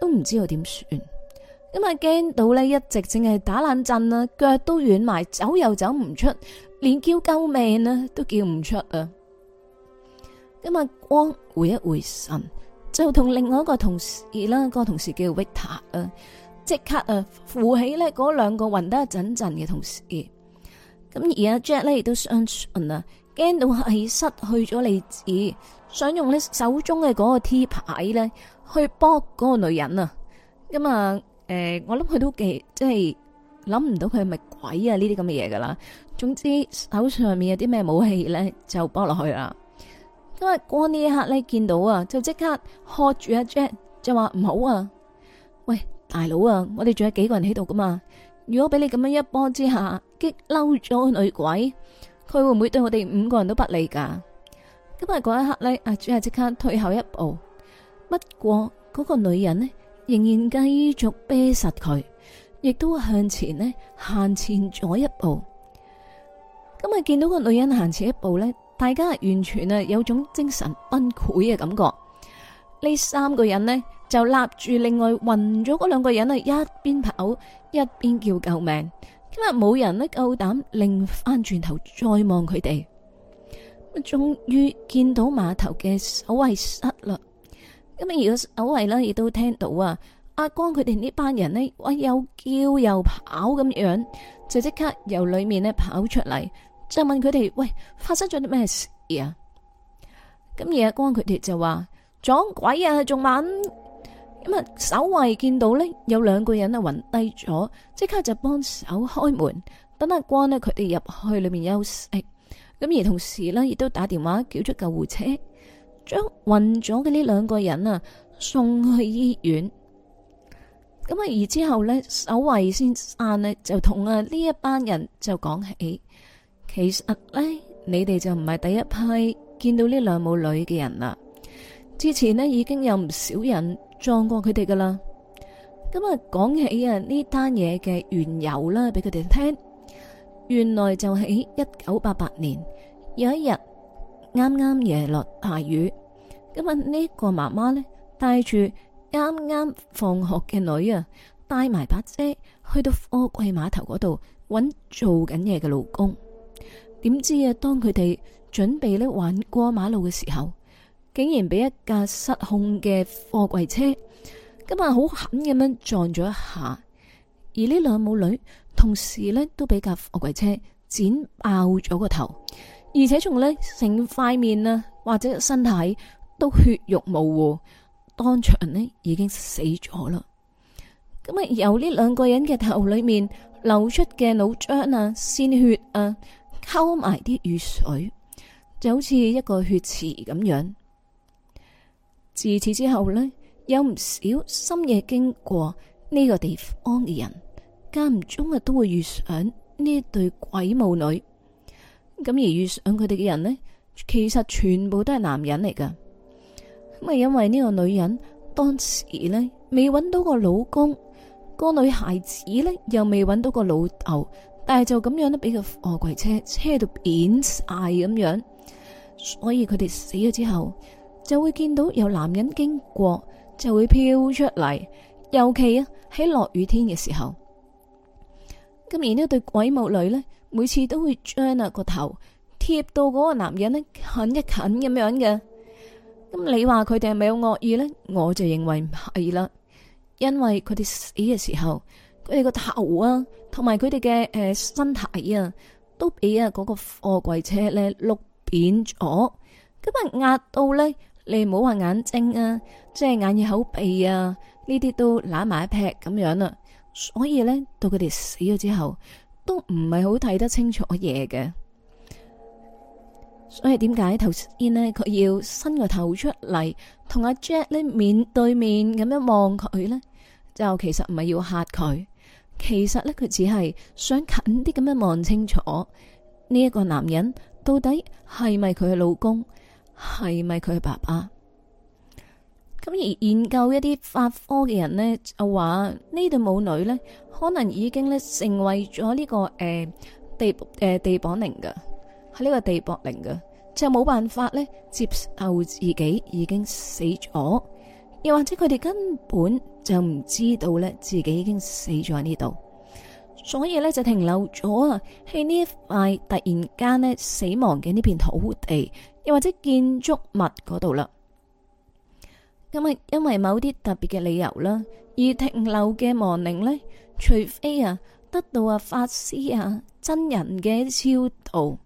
都唔知道點算。咁啊，驚到呢，一直淨係打冷震啦，腳都軟埋，走又走唔出，連叫救命啊都叫唔出啊。咁啊，光回一回神，就同另外一個同事啦，那個同事叫 Vita 啊。即刻啊！扶起呢嗰兩個暈暈的，暈得一陣陣嘅同事，咁而阿 Jack 呢亦都相信啊，驚到係失去咗理智，想用呢手中嘅嗰個 T 牌呢去搏嗰個女人啊。咁、嗯、啊，誒、呃，我諗佢都幾即係諗唔到佢係咪鬼啊？呢啲咁嘅嘢噶啦。總之手上面有啲咩武器呢，就搏落去啦。因為，光呢一刻呢，見到啊，就即刻喝住阿 Jack 就話唔好啊，喂！大佬啊，我哋仲有幾個人喺度噶嘛？如果俾你咁樣一波之下激嬲咗女鬼，佢會唔會對我哋五個人都不利噶？噉係嗰一刻呢，阿主係即刻退後一步。不過嗰個女人呢，仍然繼續啤實佢，亦都向前呢，行前咗一步。噉係見到個女人行前一步呢，大家完全啊有種精神崩潰嘅感覺。呢三個人呢。就立住，另外暈咗嗰兩個人啊，一邊跑一邊叫救命。今日冇人咧夠膽擰翻轉頭再望佢哋，咁終於見到碼頭嘅守衛室啦。咁啊，如果守衛咧亦都聽到啊，阿光佢哋呢班人咧，喂又叫又跑咁樣，就即刻由裏面咧跑出嚟，就問佢哋：喂，發生咗啲咩事啊？咁而阿光佢哋就話撞鬼啊，仲猛！咁啊，守衛見到呢有兩個人啊暈低咗，即刻就幫手開門，等阿關呢佢哋入去裏面休息。咁而同時呢，亦都打電話叫出救護車，將暈咗嘅呢兩個人啊送去醫院。咁啊，而之後呢，守衛先生呢就同啊呢一班人就講起，其實呢，你哋就唔係第一批見到呢兩母女嘅人啦。之前咧已經有唔少人撞過佢哋噶啦，咁啊講起啊呢單嘢嘅緣由啦，俾佢哋聽，原來就喺一九八八年有一日啱啱夜落大雨，咁啊呢個媽媽呢，帶住啱啱放學嘅女啊，帶埋把遮去到貨櫃碼頭嗰度揾做緊嘢嘅勞工老公，點知啊當佢哋準備呢橫過馬路嘅時候。竟然俾一架失控嘅貨櫃車，咁啊好狠咁樣撞咗一下，而呢兩母女同時呢，都俾架貨櫃車剪爆咗個頭，而且仲呢成塊面啊或者身體都血肉模糊，當場呢已經死咗啦。咁啊由呢兩個人嘅頭裏面流出嘅腦漿啊鮮血啊溝埋啲雨水，就好似一個血池咁樣。自此之後呢，有唔少深夜經過呢個地方嘅人，間唔中啊都會遇上呢對鬼母女。咁而遇上佢哋嘅人呢，其實全部都係男人嚟噶。咁啊，因為呢個女人當時呢未揾到個老公，個女孩子呢又未揾到個老豆，但係就咁樣都俾個貨櫃車車到扁晒咁樣，所以佢哋死咗之後。就會見到有男人經過就會飄出嚟，尤其啊喺落雨天嘅時候。咁而呢對鬼母女呢，每次都會將啊個頭貼到嗰個男人呢近一近咁樣嘅。咁你話佢哋係咪有惡意呢？我就認為唔係啦，因為佢哋死嘅時候，佢哋個頭啊，同埋佢哋嘅誒身體啊，都俾啊嗰個貨櫃車咧碌扁咗，咁啊壓到呢。你唔好話眼睛啊，即係眼耳口鼻啊，呢啲都揦埋一劈咁樣啦。所以咧，到佢哋死咗之後，都唔係好睇得清楚嘢嘅。所以點解頭先呢，佢要伸個頭出嚟，同阿 Jack 咧面對面咁樣望佢咧，就其實唔係要嚇佢，其實咧佢只係想近啲咁樣望清楚呢一個男人到底係咪佢嘅老公？係咪佢嘅爸爸？咁而研究一啲法科嘅人呢，就話呢對母女呢，可能已經咧成為咗呢、這個誒、呃、地誒、呃、地縛靈噶喺呢個地縛靈噶，就冇辦法咧接受自己已經死咗，又或者佢哋根本就唔知道咧自己已經死咗喺呢度，所以呢，就停留咗啦喺呢一塊突然間咧死亡嘅呢片土地。又或者建築物嗰度啦，咁係因為某啲特別嘅理由啦，而停留嘅亡靈呢，除非啊，得到啊法師啊真人嘅超度，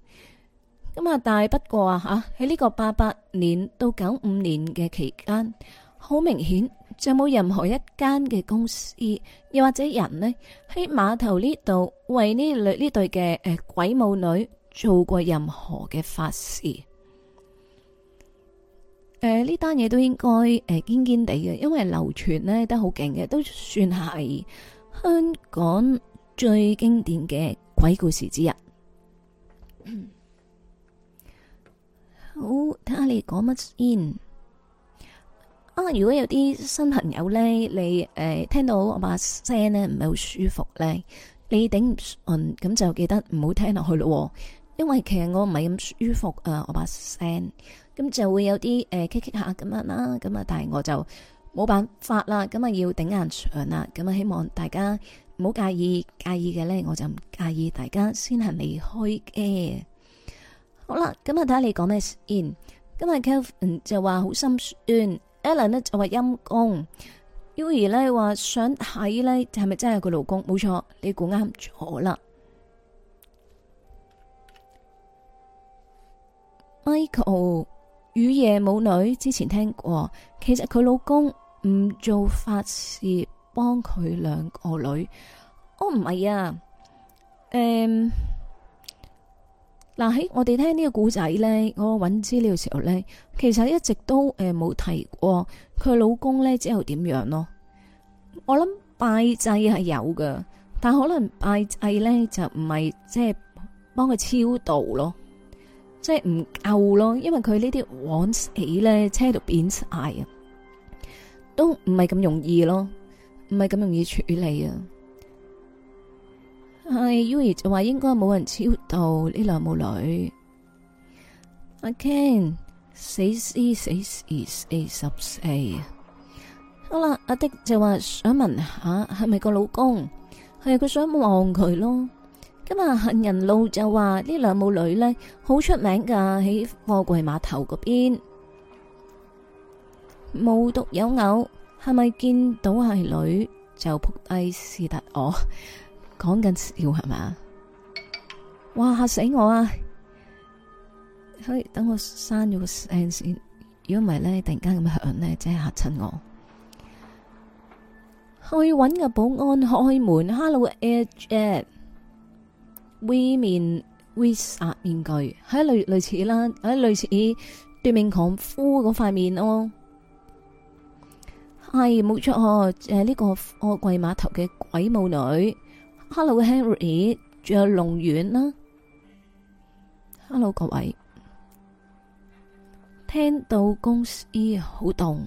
咁啊大不過啊吓喺呢個八八年到九五年嘅期間，好明顯就冇任何一間嘅公司又或者人呢喺碼頭呢度為呢對呢對嘅誒鬼母女做過任何嘅法事。誒、呃，呢單嘢都應該誒、呃、堅堅地嘅，因為流傳得都好勁嘅，都算係香港最經典嘅鬼故事之一。 好，睇下你講乜先啊！如果有啲新朋友呢，你誒、呃、聽到我把聲呢唔係好舒服呢，你頂唔順咁就記得唔好聽落去咯、哦，因為其實我唔係咁舒服啊、呃，我把聲。咁就會有啲誒，傾、呃、傾下咁樣啦，咁啊，但係我就冇辦法啦，咁啊要頂硬上啦，咁啊希望大家唔好介意，介意嘅咧我就唔介意，大家先係離開嘅。好啦，咁啊睇下你講咩先。今日 Kelvin 就話好心酸，Ellen 咧就話陰功，U y 呢話想睇咧係咪真係佢老公？冇錯，你估啱咗啦，Michael。雨夜母女之前聽過，其實佢老公唔做法事幫佢兩個女，我唔係啊，誒、嗯，嗱，喺我哋聽呢個故仔呢，我揾資料時候呢，其實一直都冇提過佢老公呢之後點樣咯，我諗拜祭係有噶，但可能拜祭呢就唔係即係幫佢超度咯。.即係唔夠咯，因為佢呢啲往死咧車度變晒啊，都唔係咁容易咯，唔係咁容易處理啊。係、哎、u i 就話應該冇人超度呢兩母女。阿 Ken 死屍死屍死十四。好啦，阿的就話想問下係咪個老公？係佢想望佢咯。今日杏仁露就話呢兩母女咧好出名噶喺貨櫃碼頭嗰邊，無獨有偶係咪見到係女就扑低是突我講緊笑係嘛？哇嚇死我啊！去等我刪咗個聲先，如果唔係咧，突然間咁樣響咧，真係嚇親我。去搵個保安開門，Hello Edge。We mean we 面威 e 面具，喺類類似啦，喺類似奪命狂呼嗰塊面咯，係冇錯，誒呢、這個貨櫃碼頭嘅鬼母女，Hello Henry，仲有龍丸啦，Hello 各位，聽到公司好凍，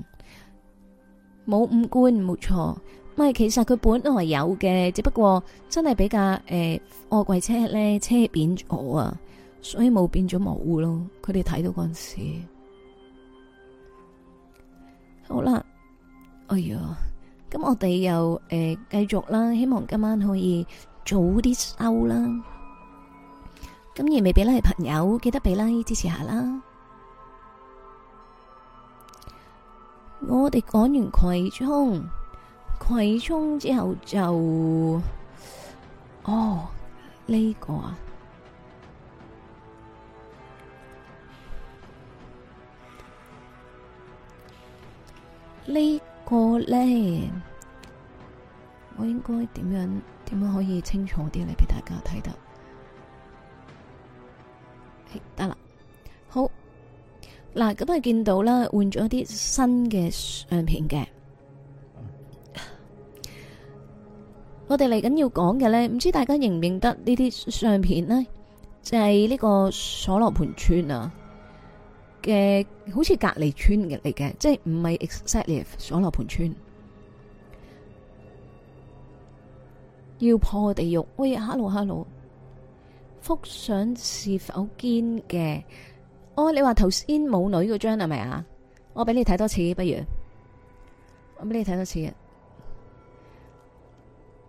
冇五官，冇錯。唔係，其實佢本來有嘅，只不過真係比較誒，昂、呃、貴車咧車扁咗啊，所以冇變咗模糊咯。佢哋睇到嗰陣時，好啦，哎呀，咁我哋又誒、呃、繼續啦，希望今晚可以早啲收啦。咁而未俾拉朋友，記得俾拉支持下啦。我哋講完葵涌。葵涌之後就，哦呢個啊呢個咧，我應該點樣點樣可以清楚啲嚟俾大家睇得？誒得啦，好嗱咁啊見到啦，換咗一啲新嘅相片嘅。我哋嚟緊要講嘅呢，唔知大家認唔認得呢啲相片呢？就係、是、呢個鎖羅盆村啊嘅，好似隔離村嚟嘅，即係唔係 exactly 鎖羅盆村。要破地獄。喂，hello hello，幅相是否堅嘅？哦，你話頭先母女嗰張係咪啊？我俾你睇多次，不如，我俾你睇多次。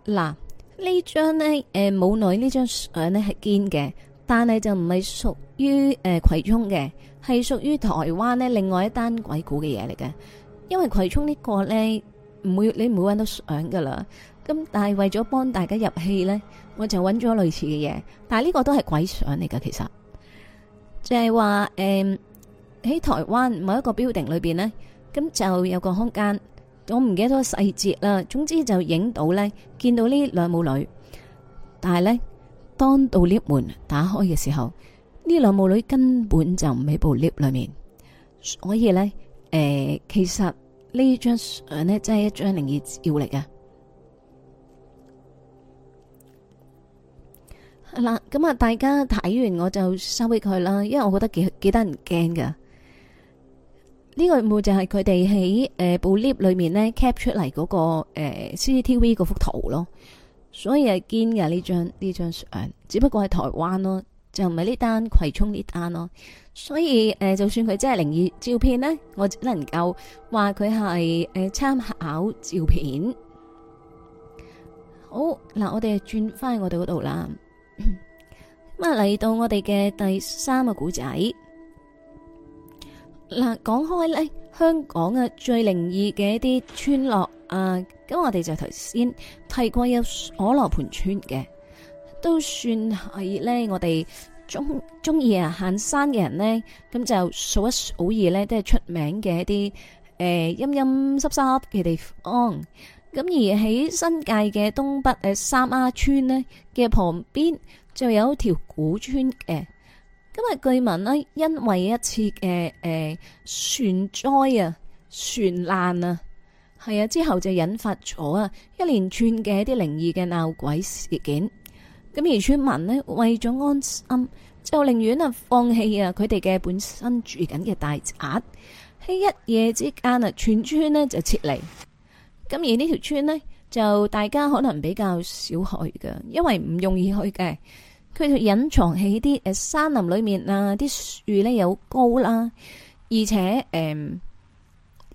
嗱，呢張呢，誒、呃，母女呢張相呢係堅嘅，但係就唔係屬於誒、呃、葵涌嘅，係屬於台灣呢另外一單鬼故嘅嘢嚟嘅。因為葵涌呢個呢，唔會你唔會搵到相噶啦。咁但係為咗幫大家入戲呢，我就搵咗類似嘅嘢，但係呢個都係鬼相嚟噶，其實就係話，誒、呃，喺台灣某一個 building 裏邊呢，咁就有個空間。我唔記得咗細節啦，總之就影到呢，見到呢兩母女。但係呢，當到 lift 門打開嘅時候，呢兩母女根本就唔喺部 lift 裏面。所以呢，誒、呃，其實呢張相呢，真係一張靈異照嚟嘅。嗱，咁啊，大家睇完我就收起佢啦，因為我覺得幾幾得人驚噶。呢、這個冇就係佢哋喺誒部 lift 裏面咧 cap 出嚟嗰個誒、呃、CCTV 嗰幅圖咯，所以係堅嘅呢張呢張相，只不過係台灣咯，就唔係呢單葵涌呢單咯，所以誒、呃、就算佢真係靈異照片咧，我只能夠話佢係誒參考照片。好嗱，我哋轉翻我哋嗰度啦，咁啊嚟到我哋嘅第三個古仔。嗱，講開咧，香港嘅最靈異嘅一啲村落啊，咁我哋就頭先提過有鎖羅盆村嘅，都算係咧，我哋中中意啊行山嘅人咧，咁就數一數二咧，都係出名嘅一啲誒陰陰濕濕嘅地方。咁而喺新界嘅東北誒三丫村咧嘅旁邊就有一條古村嘅。今日據聞呢，因為一次嘅誒船災啊、船難啊，係啊，之後就引發咗啊一連串嘅一啲靈異嘅鬧鬼事件。咁而村民呢，為咗安心，就寧願啊放棄啊佢哋嘅本身住緊嘅大宅，喺一夜之間啊，全村呢就撤離。咁而呢條村呢，就大家可能比較少去嘅，因為唔容易去嘅。佢就隱藏喺啲誒山林裏面啊，啲樹咧有高啦，而且誒，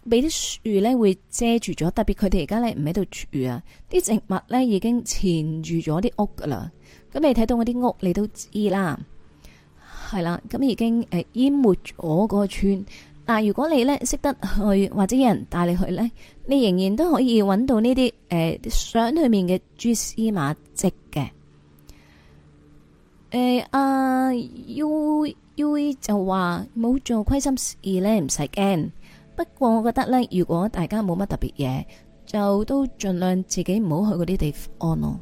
俾啲樹咧會遮住咗。特別佢哋而家咧唔喺度住啊，啲植物咧已經纏住咗啲屋噶啦。咁你睇到嗰啲屋，你都知啦，係啦。咁已經誒淹沒咗嗰個村。但係如果你咧識得去，或者有人帶你去咧，你仍然都可以揾到呢啲誒，相裏面嘅蛛絲馬跡嘅。誒啊，U U 就話冇做虧心事咧，唔使驚。不過我覺得咧，如果大家冇乜特別嘢，就都盡量自己唔好去嗰啲地方咯。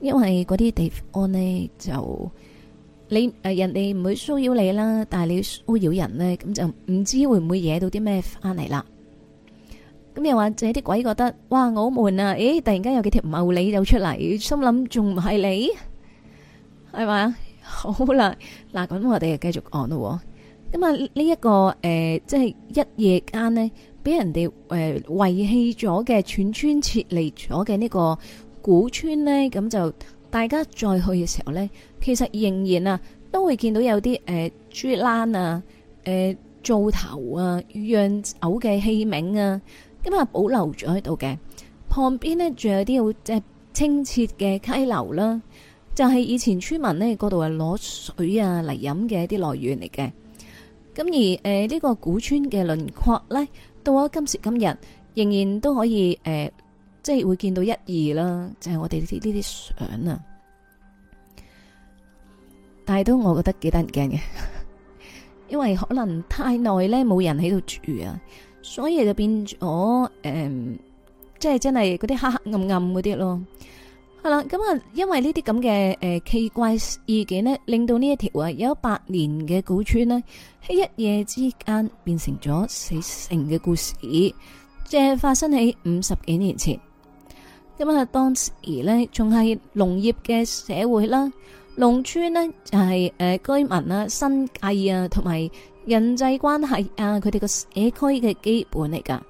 因為嗰啲地方咧，就你誒人哋唔會騷擾你啦，但係你騷擾人咧，咁就唔知會唔會惹到啲咩翻嚟啦。咁又或者啲鬼覺得，哇，我悶啊，誒，突然間有幾條唔合理就出嚟，心諗仲唔係你？係嘛？好啦，嗱咁我哋繼繼續講咯。咁啊、這個，呢一個誒，即、就、係、是、一夜間呢，俾人哋誒遺棄咗嘅、全村撤離咗嘅呢個古村呢。咁就大家再去嘅時候呢，其實仍然啊都會見到有啲誒豬欄啊、誒、呃、灶頭啊、釀酒嘅器皿啊，咁啊保留咗喺度嘅。旁邊呢，仲有啲好即係清澈嘅溪流啦、啊。就係、是、以前村民呢嗰度係攞水啊嚟飲嘅一啲來源嚟嘅。咁而誒呢、呃這個古村嘅輪廓呢，到咗今時今日，仍然都可以誒、呃，即係會見到一二啦。就係、是、我哋呢啲呢啲相啊，但係都我覺得幾得人驚嘅， 因為可能太耐呢冇人喺度住啊，所以就變咗誒、呃，即係真係嗰啲黑黑暗暗嗰啲咯。係啦，咁啊，因為呢啲咁嘅誒奇怪事件呢，令到呢一條有百年嘅古村呢喺一夜之間變成咗死城嘅故事，即係發生喺五十幾年前。咁啊，當時呢，仲係農業嘅社會啦，農村呢，就係誒居民啊、生計啊同埋人際關係啊，佢哋個社區嘅基本嚟噶。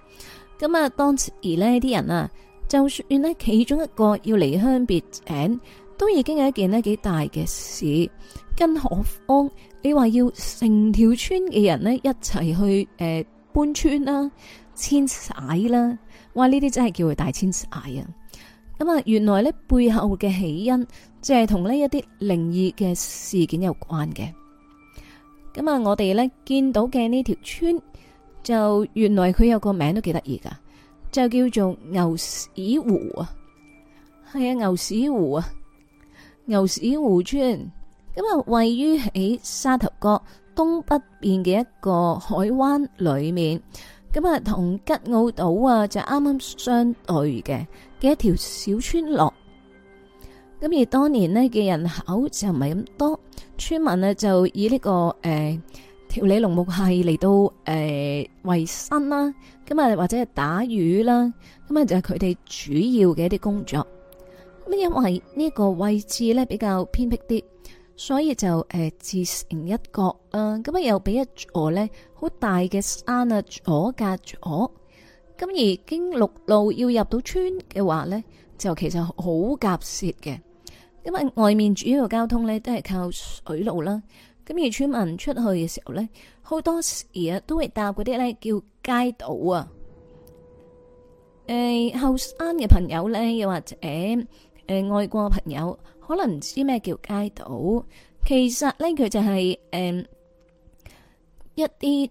咁啊，當時呢啲人啊～就算呢，其中一個要離鄉別井，都已經係一件呢幾大嘅事。更何況，你話要成條村嘅人呢，一齊去誒搬村啦、啊、遷徙啦，哇！呢啲真係叫佢大遷徙啊！咁啊，原來呢，背後嘅起因，即係同呢一啲靈異嘅事件有關嘅。咁啊，我哋呢，見到嘅呢條村，就原來佢有個名都幾得意噶。就叫做牛屎湖啊，係啊，牛屎湖啊，牛屎湖村，咁啊位於喺沙頭角東北邊嘅一個海灣裏面，咁啊同吉澳島啊就啱啱相對嘅嘅一條小村落，咁而當年呢嘅人口就唔係咁多，村民呢就以呢、這個誒。呃調理農務係嚟到誒維、呃、生啦，咁啊或者係打魚啦，咁啊就係佢哋主要嘅一啲工作。咁因為呢個位置咧比較偏僻啲，所以就誒、呃、自成一角啊。咁啊又俾一座咧好大嘅山啊阻隔咗。咁而經陸路要入到村嘅話咧，就其實好夾澀嘅，因為外面主要嘅交通咧都係靠水路啦。咁而村民出去嘅時候咧，好多時啊都會搭嗰啲咧叫街島啊。誒、欸，後生嘅朋友咧，又或者誒、呃、外國朋友，可能唔知咩叫街島。其實咧，佢就係、是、誒、呃、一啲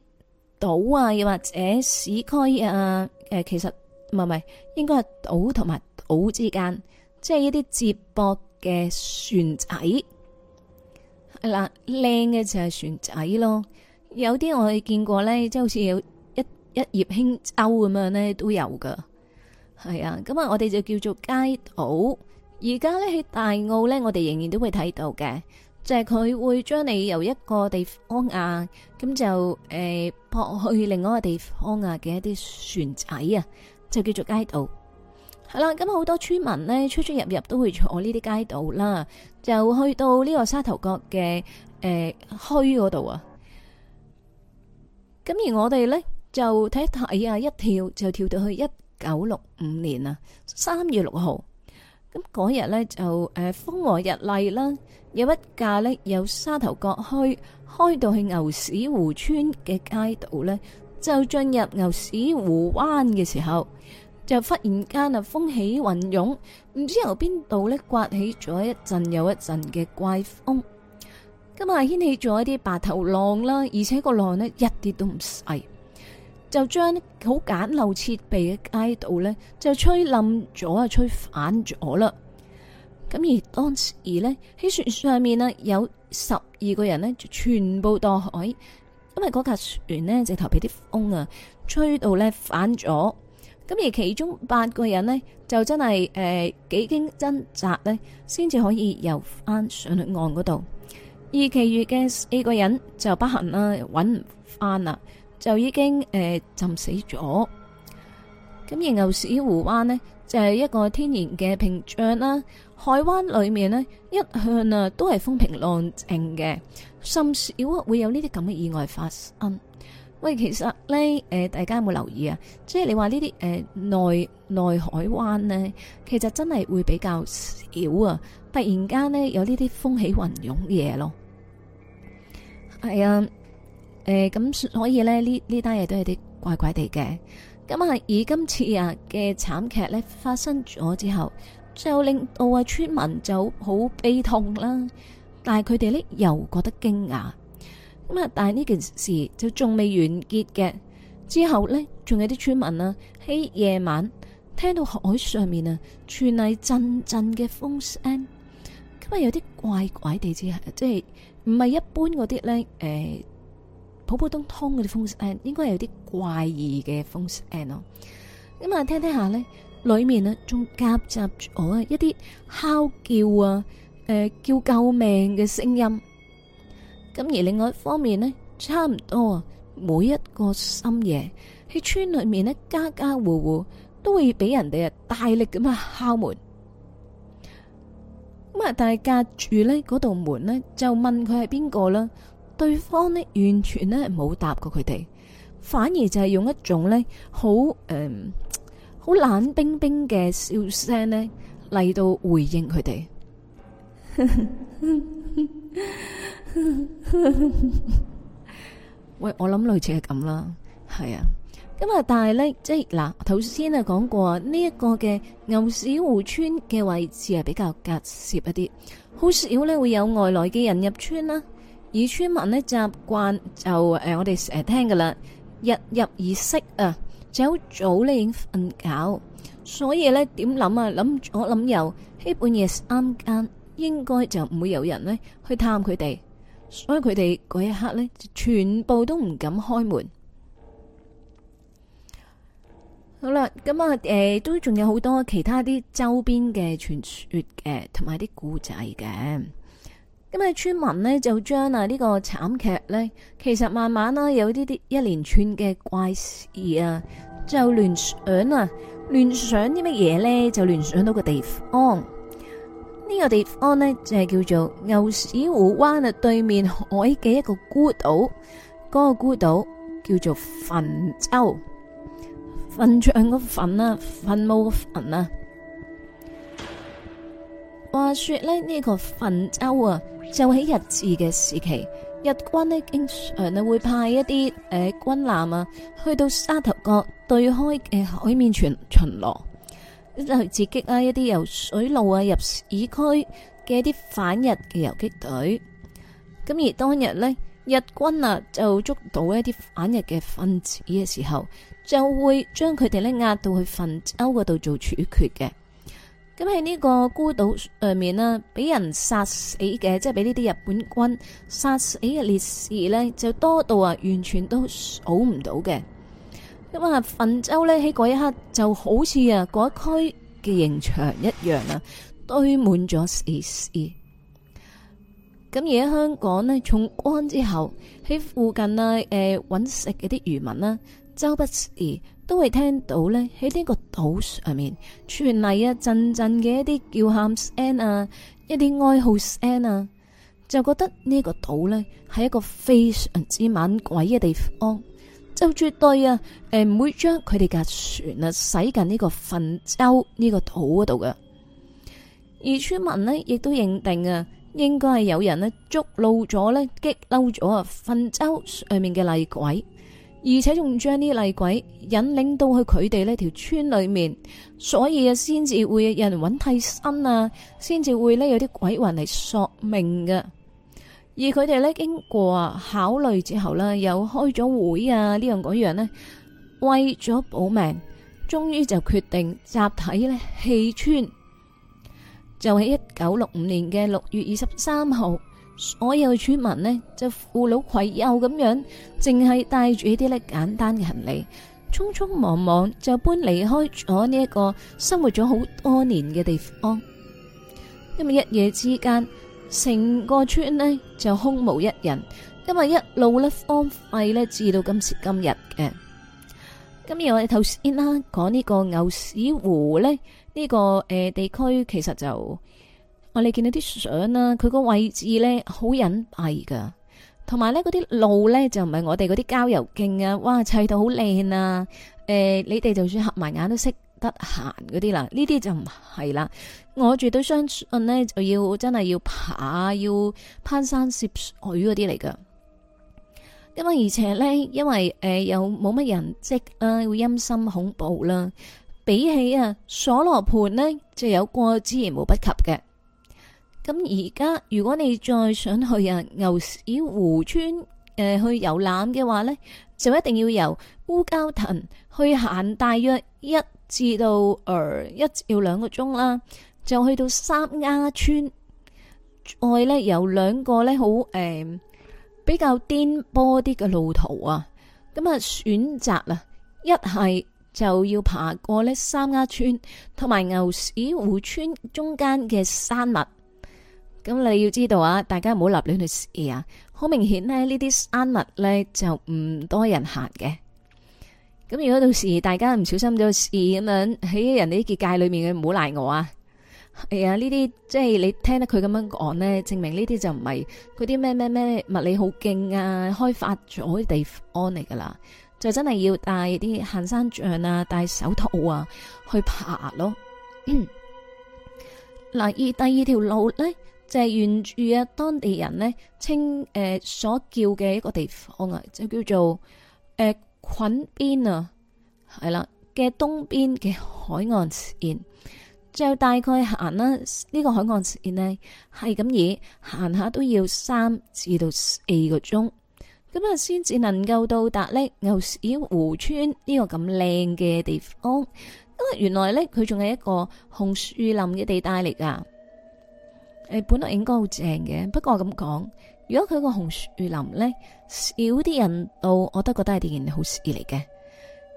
島啊，又或者市區啊。誒、呃，其實唔係唔係，應該係島同埋島之間，即係一啲接駁嘅船仔。嗱，靚嘅隻船仔咯，有啲我哋見過呢，即係好似有一一葉輕舟咁樣咧都有噶。係啊，咁啊我哋就叫做街渡。而家呢，喺大澳呢，我哋仍然都會睇到嘅，就係、是、佢會將你由一個地方啊，咁就誒駁、呃、去另外一個地方啊嘅一啲船仔啊，就叫做街渡。係啦，咁好多村民呢出出入入，都會坐呢啲街渡啦，就去到呢個沙頭角嘅誒墟嗰度啊。咁而我哋呢就睇一睇啊，一跳就跳到去一九六五年啊三月六號。咁嗰日呢就誒風和日麗啦，有一架呢由沙頭角墟開到去牛屎湖村嘅街渡呢，就進入牛屎湖灣嘅時候。就忽然間啊，風起雲湧，唔知由邊度呢颳起咗一陣又一陣嘅怪風。咁啊掀起咗一啲白頭浪啦，而且個浪呢一啲都唔細，就將好簡陋設備嘅街道呢就吹冧咗啊，吹反咗啦。咁而當時呢，喺船上面呢有十二個人呢就全部墮海，因為嗰架船呢直頭俾啲風啊吹到呢反咗。咁而其中八個人呢，就真係誒、呃、幾經掙扎咧，先至可以游翻上去岸嗰度；而其餘嘅四個人就不幸啦，揾唔翻啦，就已經誒、呃、浸死咗。咁而牛屎湖灣呢，就係、是、一個天然嘅屏障啦，海灣裏面呢，一向啊都係風平浪靜嘅，甚少會有呢啲咁嘅意外發生。喂，其實咧，誒、呃，大家有冇留意啊？即係你話呢啲誒內內海灣呢，其實真係會比較少啊！突然間呢，有呢啲風起雲湧嘅嘢咯。係、哎、啊，誒、呃，咁所以咧，呢呢單嘢都係啲怪怪哋嘅。咁啊，而今次啊嘅慘劇咧發生咗之後，就令到啊村民就好悲痛啦。但係佢哋呢，又覺得驚訝。咁啊！但係呢件事就仲未完結嘅。之後咧，仲有啲村民啊，喺夜晚聽到海上面啊，傳嚟陣陣嘅風聲。咁、嗯、啊，有啲怪怪地之，即係唔係一般嗰啲咧。誒、呃，普普通通嗰啲風聲，應該有啲怪異嘅風聲咯。咁、嗯、啊、嗯，聽聽下咧，裏面啊，仲夾雜咗哦一啲嚎叫啊，誒、呃，叫救命嘅聲音。咁而另外一方面呢，差唔多啊，每一個深夜喺村裏面呢，家家戶戶都會俾人哋啊大力咁啊敲門。咁啊，但係隔住呢嗰道門呢，就問佢係邊個啦。對方呢完全呢冇答過佢哋，反而就係用一種呢好誒好冷冰冰嘅笑聲呢嚟到回應佢哋。 喂，我諗類似係咁啦，係啊。咁啊，但係呢，即係嗱，頭先啊講過呢一、這個嘅牛屎湖村嘅位置係比較隔涉一啲，好少咧會有外來嘅人入村啦。而村民呢，習慣就誒、呃，我哋成日聽噶啦，日入而息啊，就好早咧已經瞓覺，所以呢，點諗啊諗，我諗又呢半夜三更，應該就唔會有人呢去探佢哋。所以佢哋嗰一刻咧，就全部都唔敢開門。好啦，咁啊，誒、呃，都仲有好多其他啲周邊嘅傳說嘅，同埋啲故仔嘅。咁啊，村民呢，就將啊呢個慘劇呢，其實慢慢啦、啊、有啲啲一連串嘅怪事啊，就聯想啊，聯想啲乜嘢呢，就聯想到嗰個地方。哦呢、這個地方呢，就係、是、叫做牛屎湖灣啊，對面海嘅一個孤島，嗰、那個孤島叫做墳洲，墳葬個墳啊，墳墓個墳啊。話說呢，呢、這個墳洲啊，就喺日治嘅時期，日軍呢，經常啊會派一啲誒、呃、軍艦啊去到沙頭角對開嘅海面巡巡邏。一啲去截擊啊，一啲由水路啊入市區嘅一啲反日嘅遊擊隊。咁而當日呢，日軍啊就捉到一啲反日嘅分子嘅時候，就會將佢哋呢壓到去汾州嗰度做處決嘅。咁喺呢個孤島上面啦，俾人殺死嘅，即係俾呢啲日本軍殺死嘅烈士咧，就多到啊，完全都數唔到嘅。咁啊，墳洲咧喺嗰一刻就好似啊嗰區嘅刑場一樣啊，堆滿咗死屍。咁而喺香港呢，重光之後喺附近啊，誒、呃、揾食嘅啲漁民啦，周不時都會聽到呢，喺呢個島上面傳嚟啊，陣陣嘅一啲叫喊聲啊，一啲哀號聲啊，就覺得呢個島呢，係一個非常之猛鬼嘅地方。就絕對啊，誒唔會將佢哋架船啊駛近呢個墳洲呢個土嗰度嘅。而村民呢，亦都認定啊，應該係有人咧捉漏咗咧激嬲咗啊墳洲上面嘅厲鬼，而且仲將啲厲鬼引領到去佢哋呢條村裏面，所以啊先至會有人揾替身啊，先至會呢有啲鬼魂嚟索命嘅。而佢哋咧經過啊考慮之後咧，又開咗會啊呢樣嗰樣呢，為咗保命，終於就決定集體呢棄村。就喺一九六五年嘅六月二十三號，所有村民呢，就扶老攜幼咁樣，淨係帶住呢啲咧簡單嘅行李，匆匆忙忙就搬離開咗呢一個生活咗好多年嘅地方，因為一夜之間。成個村呢就空無一人，因為一路呢荒廢呢至到今時今日嘅。咁而我哋頭先先啦，講呢個牛屎湖呢，呢、呢個誒、呃、地區，其實就我哋見到啲相啦，佢個位置呢好隱蔽噶，同埋呢嗰啲路呢，就唔係我哋嗰啲郊遊徑啊，哇砌到好靚啊！誒、呃，你哋就算合埋眼都識。得閒嗰啲啦，呢啲就唔係啦。我絕對相信呢，就要真係要爬，要攀山涉水嗰啲嚟噶。因為而且呢，因為誒、呃、又冇乜人跡啦，會陰、呃、森恐怖啦。比起啊，鎖羅盤呢，就有過之而無不及嘅。咁而家如果你再想去啊牛屎湖村誒、呃、去遊覽嘅話呢，就一定要由烏蛟騰去行大約一。至到，呃，一要兩個鐘啦，就去到三丫村外咧，有兩個咧，好誒、呃，比較顛簸啲嘅路途啊。咁、嗯、啊，選擇啊，一係就要爬過呢三丫村同埋牛屎湖村中間嘅山脈。咁你要知道啊，大家唔好立亂去試啊！好明顯咧，這些脈呢啲山脈咧就唔多人行嘅。咁如果到時大家唔小心咗事咁樣喺人哋啲結界裏面嘅，唔好賴我啊！係、哎、啊，呢啲即係你聽得佢咁樣講咧，證明呢啲就唔係佢啲咩咩咩物理好勁啊，開發咗啲地方嚟㗎喇，就真係要帶啲行山杖啊，帶手套啊去爬咯。嗱、嗯，而第二條路咧就係、是、沿住啊當地人咧，稱誒、呃、所叫嘅一個地方啊，就叫做誒。呃群邊啊，係啦，嘅東邊嘅海岸線，就大概行啦呢，這個海岸線呢，係咁而行下都要三至到四個鐘，咁啊先至能夠到達呢牛屎湖村呢個咁靚嘅地方，因為原來呢，佢仲係一個紅樹林嘅地帶嚟噶，誒，本來應該好正嘅，不過我咁講。如果佢個紅樹林咧少啲人到，我都覺得係件好事嚟嘅。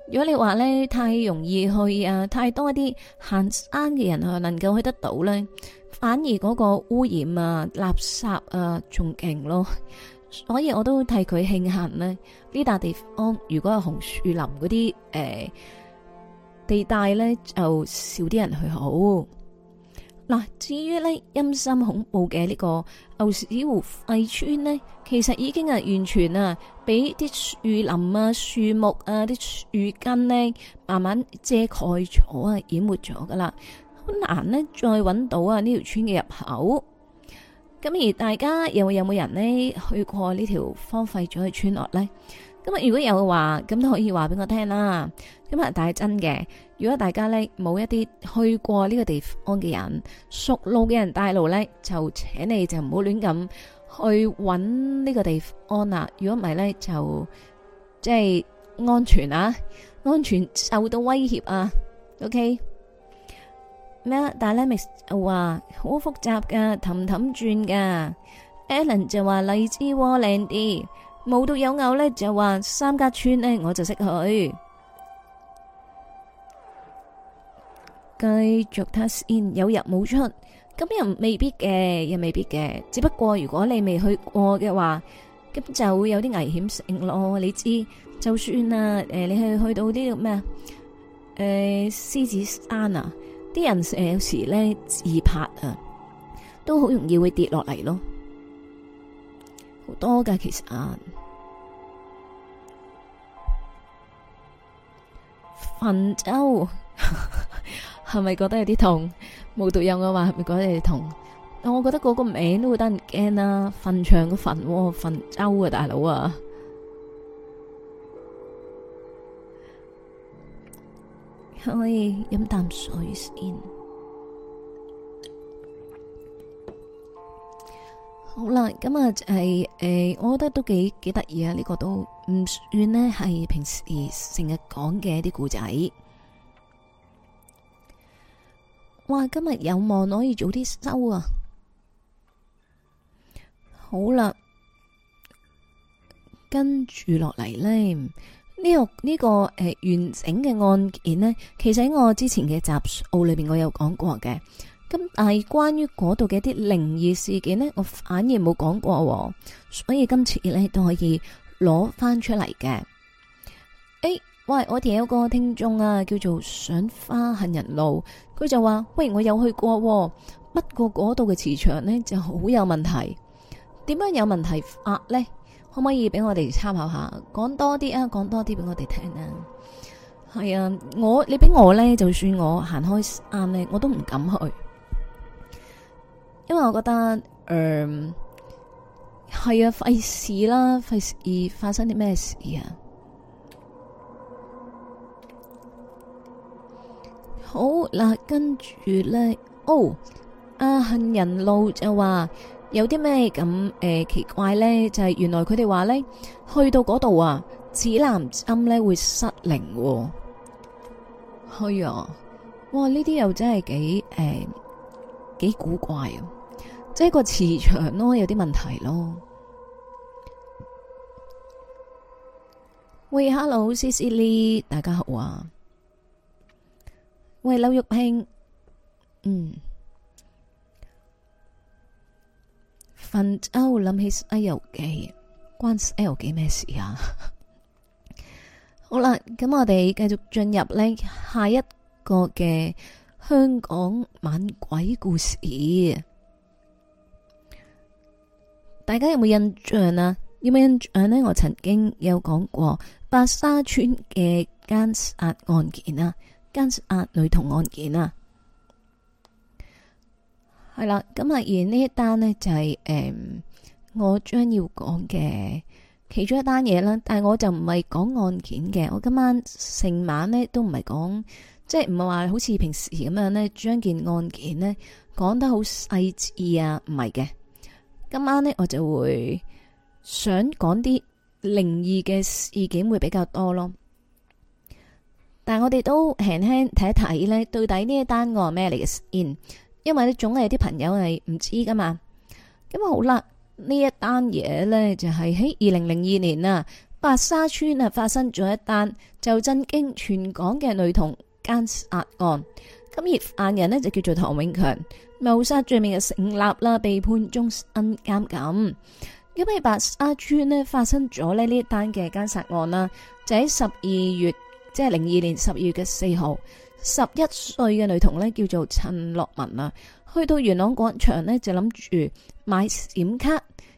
如果你話咧太容易去啊，太多一啲行山嘅人去能夠去得到咧，反而嗰個污染啊、垃圾啊仲勁咯。所以我都替佢慶幸咧呢笪地方，如果係紅樹林嗰啲誒地帶咧，就少啲人去好。嗱，至於咧陰森恐怖嘅呢個牛屎湖廢村呢，其實已經係完全啊，俾啲樹林啊、樹木啊、啲樹根呢慢慢遮蓋咗啊，淹沒咗噶啦，好難呢，再搵到啊呢條村嘅入口。咁而大家有冇有冇人呢？去過呢條荒廢咗嘅村落呢？咁啊，如果有嘅話，咁都可以話俾我聽啦。今日但係真嘅。如果大家呢冇一啲去過呢個地方嘅人，熟路嘅人帶路呢，就請你就唔好亂咁去搵呢個地方啦。如果唔係呢，就即係安全啊，安全受到威脅啊。OK 咩？Dynamics 就話好複雜噶，氹氹轉噶。Alan 就話荔枝窩靚啲，冇到有偶呢，就話三家村呢，我就識去。繼續睇先，有入冇出，咁又未必嘅，又未必嘅。只不過如果你未去過嘅話，咁就會有啲危險性咯。你知，就算啊，誒、呃，你去去到啲咩啊，誒、呃，獅子山啊，啲人誒有時咧自拍啊，都好容易會跌落嚟咯，好多㗎其實啊，福州。 係咪覺得有啲痛？冇讀音嘅話，係咪覺得有啲痛？但我覺得嗰個名都會得人驚啦、啊！墳場個墳，墳洲啊，大佬啊！可唔可以飲啖水先？好啦，今日係誒，我覺得都幾幾得意啊！呢、這個都唔算呢，係平時成日講嘅一啲故仔。哇！今日有望可以早啲收啊！好啦，跟住落嚟呢、這個呢、這個誒、呃、完整嘅案件呢，其實喺我之前嘅集數裏邊，我有講過嘅。咁但係關於嗰度嘅一啲靈異事件呢，我反而冇講過，啊，所以今次咧都可以攞翻出嚟嘅。誒、欸，喂，我哋有個聽眾啊，叫做賞花杏仁露。佢就話：喂，我有去過、喎，不過嗰度嘅磁場呢就好有問題。點樣有問題呃，呢可唔可以俾我哋參考下？講多啲啊，講多啲俾我哋聽啊！係啊，我你俾我呢，就算我行開啱呢，我都唔敢去，因為我覺得，誒、呃，係啊，費事啦，費事發生啲咩事啊！好嗱、啊，跟住咧，哦，阿、啊、杏仁路就話有啲咩咁誒奇怪咧，就係、是、原來佢哋話咧去到嗰度啊，指南針咧會失靈、哦。係、哎、啊，哇，呢啲又真係幾誒、呃、幾古怪啊，即係個磁場咯，有啲問題咯。喂，Hello，C C Lee，大家好啊。喂，柳玉平，嗯，瞓覺諗起西遊記，關西遊記咩事啊？ 好啦，咁我哋繼續進入呢，下一個嘅香港猛鬼故事。大家有冇印象啊？有冇印象呢？我曾經有講過白沙村嘅奸殺案件啊！跟壓女童案件啊，係啦，咁啊，而呢一單呢就係、是、誒、嗯，我將要講嘅其中一單嘢啦。但係我就唔係講案件嘅，我今晚成晚呢都唔係講，即係唔係話好似平時咁樣呢，將件案件呢講得好細緻啊，唔係嘅。今晚呢，我就會想講啲靈異嘅事件會比較多咯。但係我哋都輕輕睇一睇咧，到底呢一單案係咩嚟嘅？因因為咧，總係啲朋友係唔知㗎嘛。咁啊好啦，呢一單嘢咧就係喺二零零二年啊，白沙村啊發生咗一單就震驚全港嘅女童姦殺案。咁而犯人呢就叫做唐永強，謀殺罪名嘅成立啦，被判終身監禁。咁喺白沙村呢發生咗呢一單嘅姦殺案啦，就喺十二月。即係零二年十二月嘅四號，十一歲嘅女童呢叫做陳樂文啊，去到元朗廣場呢就諗住買閃卡，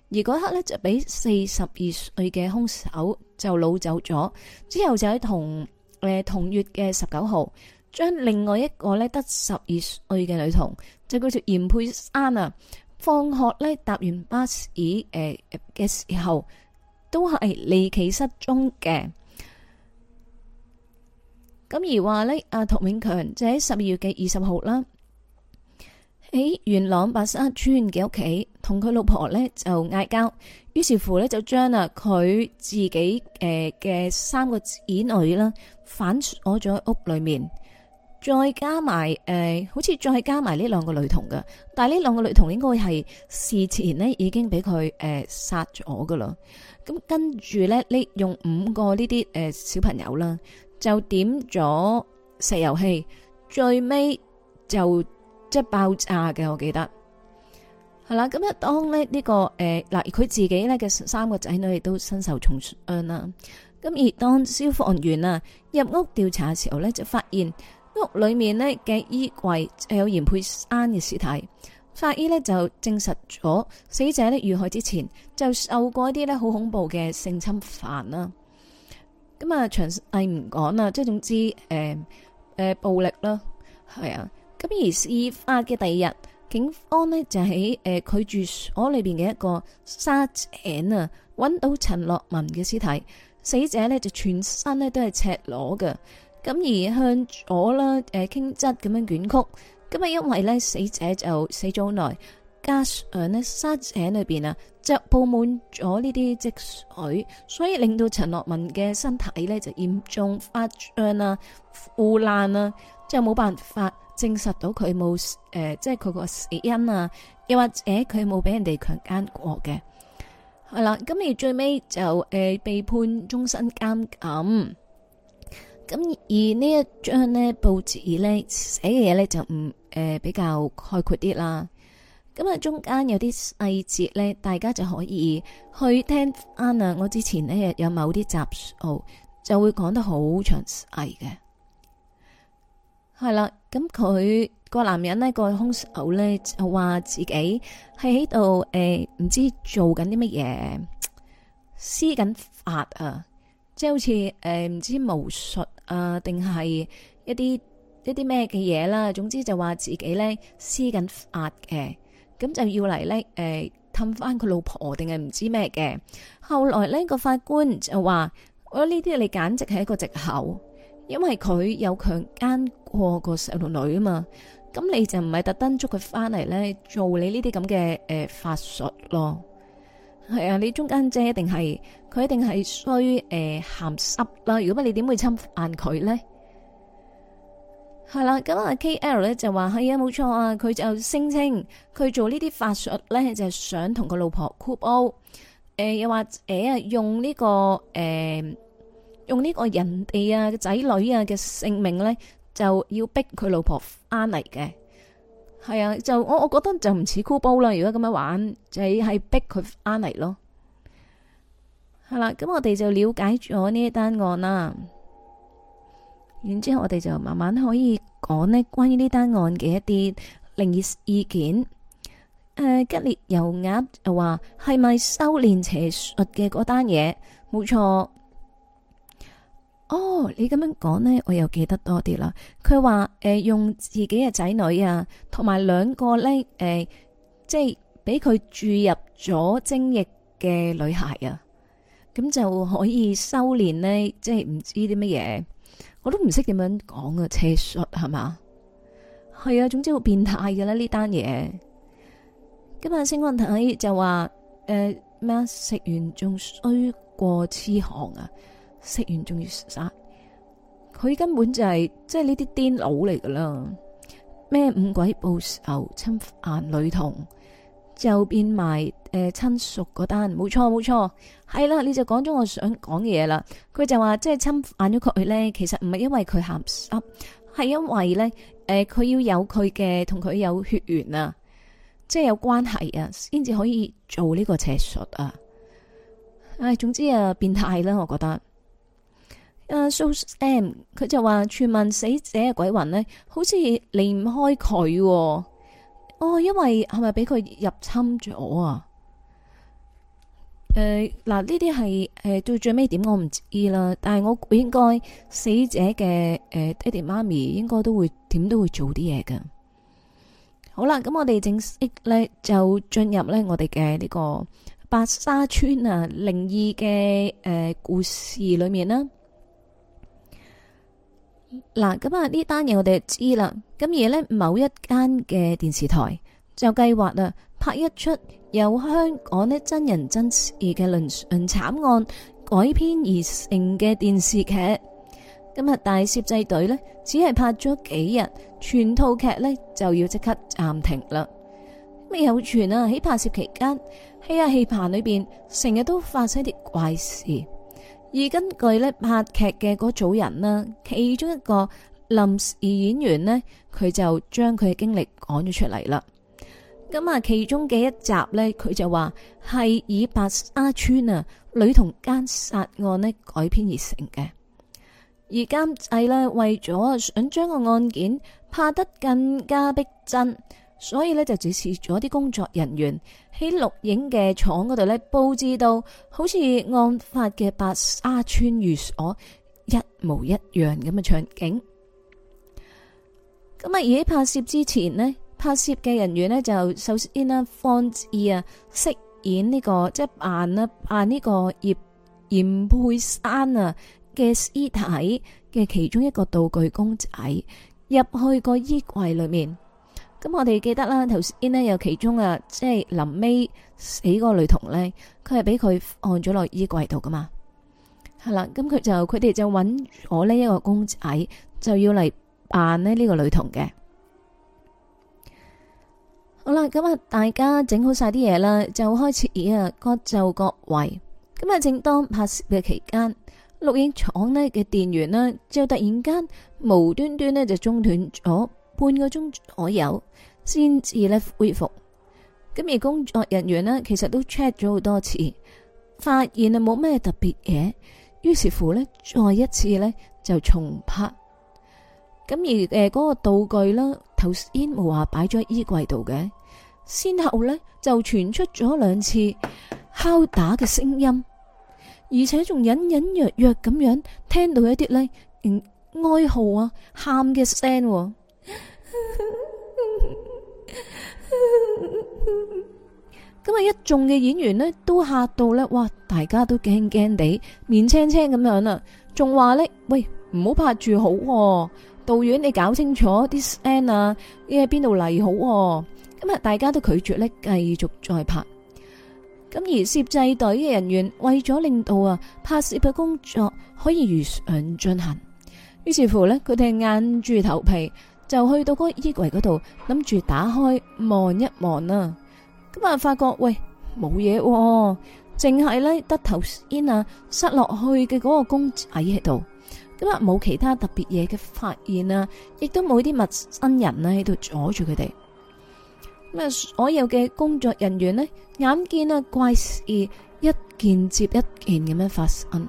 而嗰刻呢就俾四十二歲嘅凶手就擄走咗。之後就喺同誒、呃、同月嘅十九號，將另外一個呢得十二歲嘅女童就叫做嚴佩珊啊，放學呢搭完巴士誒嘅、呃、時候，都係離奇失蹤嘅。咁而話呢，阿陶永強就喺十二月嘅二十號啦，喺元朗白沙村嘅屋企同佢老婆咧，就嗌交，於是乎咧，就將啊佢自己誒嘅、呃、三個子女啦反鎖咗喺屋裏面，再加埋誒、呃，好似再加埋呢兩個女童㗎。但係呢兩個女童應該係事前呢已經俾佢誒殺咗噶啦。咁跟住咧，呢用五個呢啲誒小朋友啦。就點咗石油氣，最尾就即係爆炸嘅，我記得係啦。咁一當咧、這、呢個誒嗱，佢、呃、自己咧嘅三個仔女亦都身受重傷啦。咁而當消防員啊入屋調查嘅時候咧，就發現屋裏面呢嘅衣櫃有嚴配山嘅屍體。法醫咧就證實咗死者咧遇害之前就受過一啲咧好恐怖嘅性侵犯啦。咁啊，詳細唔講啦。即係總之，誒、呃、誒、呃，暴力啦，係啊。咁而事發嘅第二日，警方呢就喺誒佢住所裏邊嘅一個沙井啊，揾到陳樂文嘅屍體。死者呢就全身呢都係赤裸嘅，咁、呃、而向左啦，誒傾側咁樣卷曲。咁啊，因為咧死者就死咗好耐。加上咧，沙井裏邊啊，就佈滿咗呢啲積水，所以令到陳樂文嘅身體咧就嚴重發脹啊、腐爛啊，就冇辦法證實到佢冇誒，即係佢個死因啊，又或者佢冇俾人哋強姦過嘅，係啦。咁而最尾就誒、呃、被判終身監禁。咁、呃、而一張呢一張呢報紙咧寫嘅嘢咧就唔誒、呃、比較概括啲啦。咁啊，中間有啲細節咧，大家就可以去聽返啊。我之前呢，有某啲集數、哦、就會講得好詳細嘅，係啦。咁佢、個男人呢，個兇手咧就話自己係喺度誒，唔、呃、知做緊啲乜嘢施緊法啊，即係好似誒唔知巫術啊，定係一啲一啲咩嘅嘢啦。總之就話自己咧施緊法嘅。咁就要嚟咧，誒、呃，氹翻佢老婆定係唔知咩嘅？後來咧個法官就話：我呢啲你簡直係一個借口，因為佢有強奸過個細路女啊嘛。咁你就唔係特登捉佢翻嚟咧做你呢啲咁嘅誒法術咯？係啊，你中間姐一定係佢，一定係衰誒咸濕啦。如果唔係你點會侵犯佢咧？係啦，咁啊 K L 咧就話係啊冇錯啊，佢就聲稱佢做這些術呢啲法術咧就係、是、想同佢老婆箍煲、呃，誒又話誒啊用呢、這個誒、呃、用呢個人哋啊仔女啊嘅性命咧就要逼佢老婆返嚟嘅，係啊就我我覺得就唔似箍煲啦，如果咁樣玩就係、是、逼佢返嚟咯，係啦，咁我哋就了解咗呢一單案啦。然之後我哋就慢慢可以講咧，關於呢單案嘅一啲靈異意見。誒、呃，吉列油鴨又話係咪修煉邪術嘅嗰單嘢？冇錯。哦，你咁樣講呢，我又記得多啲啦。佢話誒，用自己嘅仔女啊，同埋兩個呢，誒、呃，即係俾佢注入咗精液嘅女孩啊，咁就可以修煉呢，即係唔知啲乜嘢。我都唔識點樣講啊，車叔係嘛，係啊，總之好變態嘅啦呢單嘢。今日先講睇，就話誒咩食完仲衰過痴漢啊，食完仲要殺。佢根本就係即係呢啲癲佬嚟噶啦，咩五鬼報仇，侵犯女童。就變埋誒親屬嗰單，冇錯冇錯，係啦，你就講咗我想講嘅嘢啦。佢就話即係侵犯咗佢咧，其實唔係因為佢鹹濕，係、啊、因為咧誒，佢、呃、要有佢嘅同佢有血緣啊，即係有關係啊，先至可以做呢個邪術啊。唉、哎，總之啊，變態啦，我覺得。啊，Soam 佢就話，傳聞死者嘅鬼魂咧，好似離唔開佢啊。哦，因為係咪俾佢入侵咗啊？誒、呃，嗱呢啲係誒到最尾點我唔知啦，但係我應該死者嘅誒、呃、爹哋媽咪應該都會點都會做啲嘢㗎。好啦，咁我哋正式嚟就進入咧我哋嘅呢個白沙村啊靈異嘅誒故事裏面啦。嗱，咁啊呢單嘢我哋知啦，咁而呢某一間嘅電視台就計劃啦，拍一出由香港呢真人真事嘅倫常慘案改編而成嘅電視劇，今日大攝製隊呢，只係拍咗幾日，全套劇呢，就要即刻暫停啦。未有傳啊喺拍攝期間，喺呀、戲棚裏邊成日都發生啲怪事。而根據咧，拍劇嘅嗰組人呢，其中一個臨時演員呢，佢就將佢嘅經歷講咗出嚟啦。咁、嗯、啊，其中嘅一集呢，佢就話係以白沙村啊女童奸殺案呢改編而成嘅。而監製呢，為咗想將個案件拍得更加逼真。所以咧就只示咗啲工作人員喺錄影嘅廠嗰度咧布置到好似案發嘅白沙村寓所一模一樣咁嘅場景。咁啊而喺拍攝之前呢，拍攝嘅人員呢就首先呢放置啊飾演呢、這個即係扮啊呢個葉葉佩珊啊嘅衣體嘅其中一個道具公仔入去個衣櫃裏面。咁我哋記得啦，頭先呢有其中啊，即係臨尾死嗰個女童呢，佢係俾佢按咗落衣櫃度噶嘛，係啦，咁佢就佢哋就揾我呢一個公仔，就要嚟扮呢，呢個女童嘅。好啦，咁啊，大家整好晒啲嘢啦，就開始啊各就各位。咁啊，正當拍攝嘅期間，錄影廠呢嘅電源呢，就突然間無端端呢就中斷咗。半個鐘左右先至呢恢復。咁而工作人員呢，其實都 check 咗好多次，發現啊冇咩特別嘢。於是乎呢，再一次呢，就重拍。咁而誒嗰個道具啦，頭先冇話擺咗喺衣櫃度嘅，先後呢，就傳出咗兩次敲打嘅聲音，而且仲隱隱約約咁樣聽到一啲呢哀號啊、喊嘅聲。咁啊！一眾嘅演員呢都嚇到呢，哇！大家都驚驚地，面青青咁樣啦，仲話呢：「喂，唔好拍住好，導演你搞清楚啲 scene 啊，你喺邊度嚟好喎。咁啊，大家都拒絕呢，繼續再拍。咁而攝製隊嘅人員為咗令到啊拍攝嘅工作可以如常進行，於是乎呢，佢哋係硬住頭皮。就去到嗰個衣櫃嗰度，諗住打開望一望啦。咁啊，就發覺喂冇嘢，淨係咧得頭先啊，啊塞落去嘅嗰個公仔喺度。咁啊，冇其他特別嘢嘅發現啊，亦都冇啲陌生人啊喺度阻住佢哋。咁啊，所有嘅工作人員呢，眼見啊怪事一件接一件咁樣發生，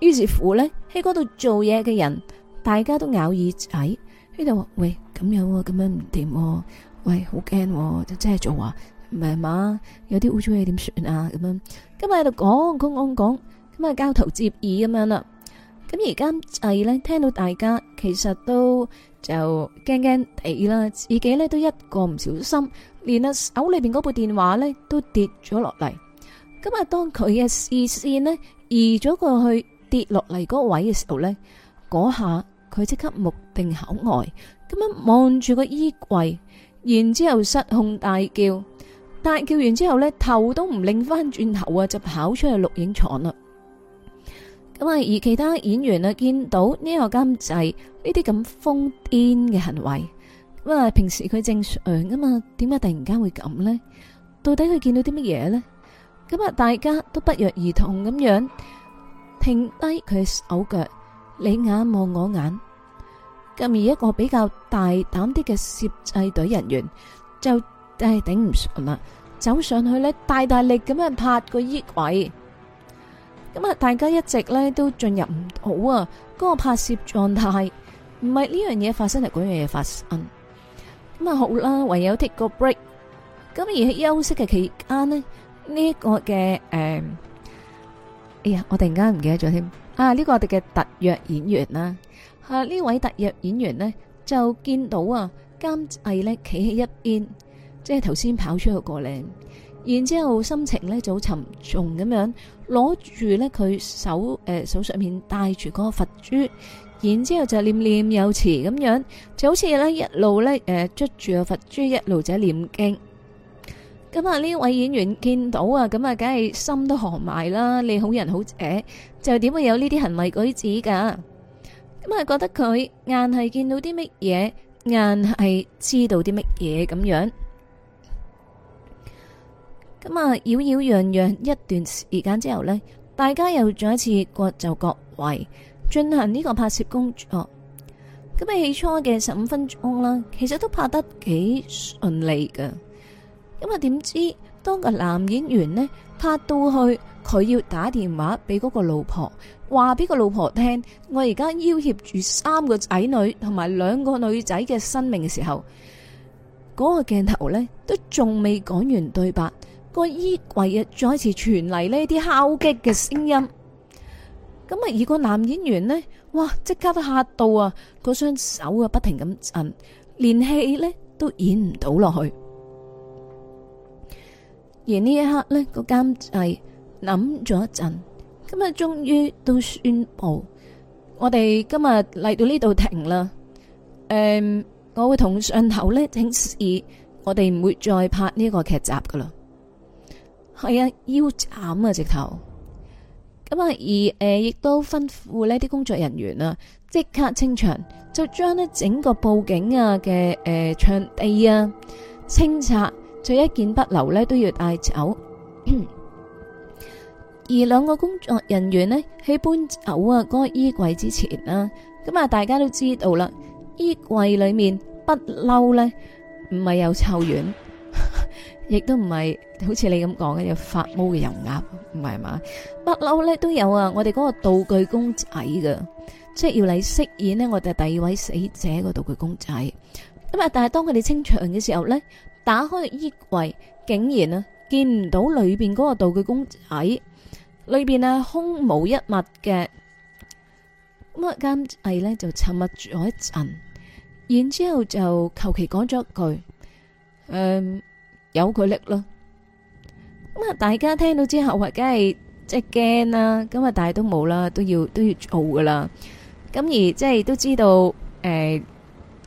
於是乎呢，喺嗰度做嘢嘅人，大家都咬耳仔。喺度話喂，咁樣喎，咁樣唔掂喎，喂好驚喎，就即係做話唔係嘛？有啲污糟嘢點算啊？咁樣今日喺度講講講講，咁啊交頭接耳咁樣啦。咁而家繼咧聽到大家其實都就驚驚地啦，自己咧都一個唔小心，連啊手裏邊嗰部電話咧都跌咗落嚟。咁啊當佢嘅視線咧移咗過去跌落嚟嗰個位嘅時候咧，嗰下。佢即刻目定口呆，咁樣望住個衣櫃，然之後失控大叫，大叫完之後呢，頭都唔擰翻轉頭啊，就跑出去錄影廠啦。咁啊，而其他演員啊，見到呢個監製呢啲咁瘋癲嘅行為，咁啊，平時佢正常㗎嘛，點解突然間會咁呢？到底佢見到啲乜嘢呢？咁啊，大家都不約而同咁樣停低佢嘅手腳，你眼望我眼。咁而一個比較大膽啲嘅攝製隊人員就誒、哎、頂唔順啦，走上去咧大大力咁樣拍個衣櫃，咁、嗯、啊大家一直咧都進入唔到啊嗰個拍攝狀態，唔係呢樣嘢發生，係嗰樣嘢發生。咁、嗯、啊好啦，唯有 take 個 break、嗯。咁而喺休息嘅期間呢，呢、這、一個嘅誒、呃、哎呀我突然間唔記得咗添啊呢、這個我哋嘅特約演員啦。啊！呢位特約演員呢，就見到啊，監製咧企喺一邊，即係頭先跑出去過嚟。然之後心情咧就好沉重咁樣，攞住咧佢手誒、呃、手上面戴住嗰個佛珠，然之後就念念有詞咁樣，就好似咧一路咧誒、呃、捉住個佛珠，一路就念經。咁、嗯、啊呢位演員見到啊，咁啊梗係心都寒埋啦！你好人好姐，就點會有呢啲行為舉止噶？咁係覺得佢硬係見到啲乜嘢，硬係知道啲乜嘢咁樣。咁、嗯、啊，擾擾攘攘一段時間之後呢，大家又再一次各就各位進行呢個拍攝工作。咁、嗯、啊，起初嘅十五分鐘啦，其實都拍得幾順利噶。咁啊，點知當個男演員呢，拍到去，佢要打電話俾嗰個老婆。話俾個老婆聽，我而家要挾住三個仔女同埋兩個女仔嘅生命嘅時候，嗰個鏡頭呢都仲未講完對白，個衣櫃又再次傳嚟呢啲敲擊嘅聲音。咁啊，而個男演員呢，哇，即刻都嚇到啊，個雙手啊不停咁震，連戲呢都演唔到落去。而呢一刻呢，個監製諗咗一陣。咁啊，終於都宣布，我哋今日嚟到呢度停啦。誒、嗯，我會同上頭呢請示，我哋唔會再拍呢個劇集噶啦。係啊，腰斬啊直頭。咁、嗯、啊，而誒、呃、亦都吩咐呢啲工作人員啊，即刻清場，就將呢整個布景啊嘅誒場地啊清拆，就一件不留呢都要帶走。 而兩個工作人員呢，喺搬走啊嗰、那個衣櫃之前啊，咁啊，大家都知道啦。衣櫃裏面不嬲呢，唔係有臭丸， 亦都唔係好似你咁講嘅有發毛嘅油鴨，唔係嘛？不嬲 呢，都有啊。我哋嗰個道具公仔嘅，即係要你飾演呢。我哋第二位死者嗰道具公仔。咁啊，但係當佢哋清場嘅時候呢，打開衣櫃，竟然啊見唔到裏面嗰個道具公仔。裏邊咧空無一物嘅，咁啊監製咧就沉默咗一陣，然之後就求其講咗句，誒由佢力啦，咁啊大家聽到之後話梗係即係驚啦，咁啊但係都冇啦，都要都要做噶啦，咁而即係都知道誒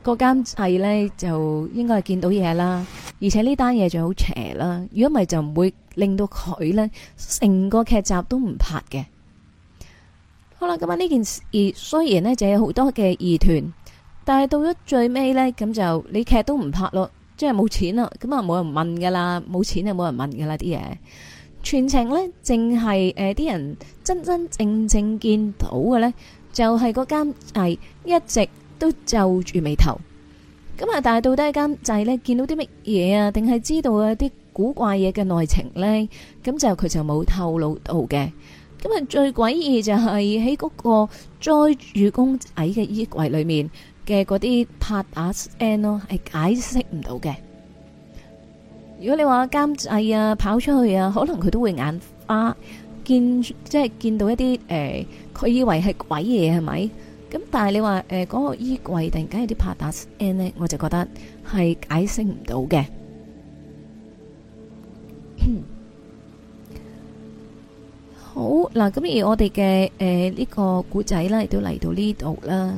個監製咧就應該係見到嘢啦。而且呢單嘢仲好邪啦，如果唔係就唔會令到佢呢成個劇集都唔拍嘅。好啦，咁啊呢件事雖然呢就有好多嘅疑團，但係到咗最尾呢，咁就你劇都唔拍咯，即係冇錢啦，咁啊冇人問噶啦，冇錢就冇人問噶啦啲嘢。全程呢，淨係誒啲人真真正正見到嘅呢，就係個監製一直都皺住眉頭。咁啊，但係到底監製呢，見到啲乜嘢啊定係知道啊啲古怪嘢嘅內情呢？咁就佢就冇透露到嘅。咁啊，最詭異就係喺嗰個裝住公仔嘅衣櫃裏面嘅嗰啲拍打聲咯，係解釋唔到嘅。如果你話監制啊，跑出去啊，可能佢都會眼花，見即係見到一啲誒，佢、呃、以為係鬼嘢係咪？咁但係你話誒嗰個衣櫃突然間有啲拍打聲呢，我就覺得係解釋唔到嘅。好嗱，咁而我哋嘅誒呢個古仔啦，亦都嚟到呢度啦，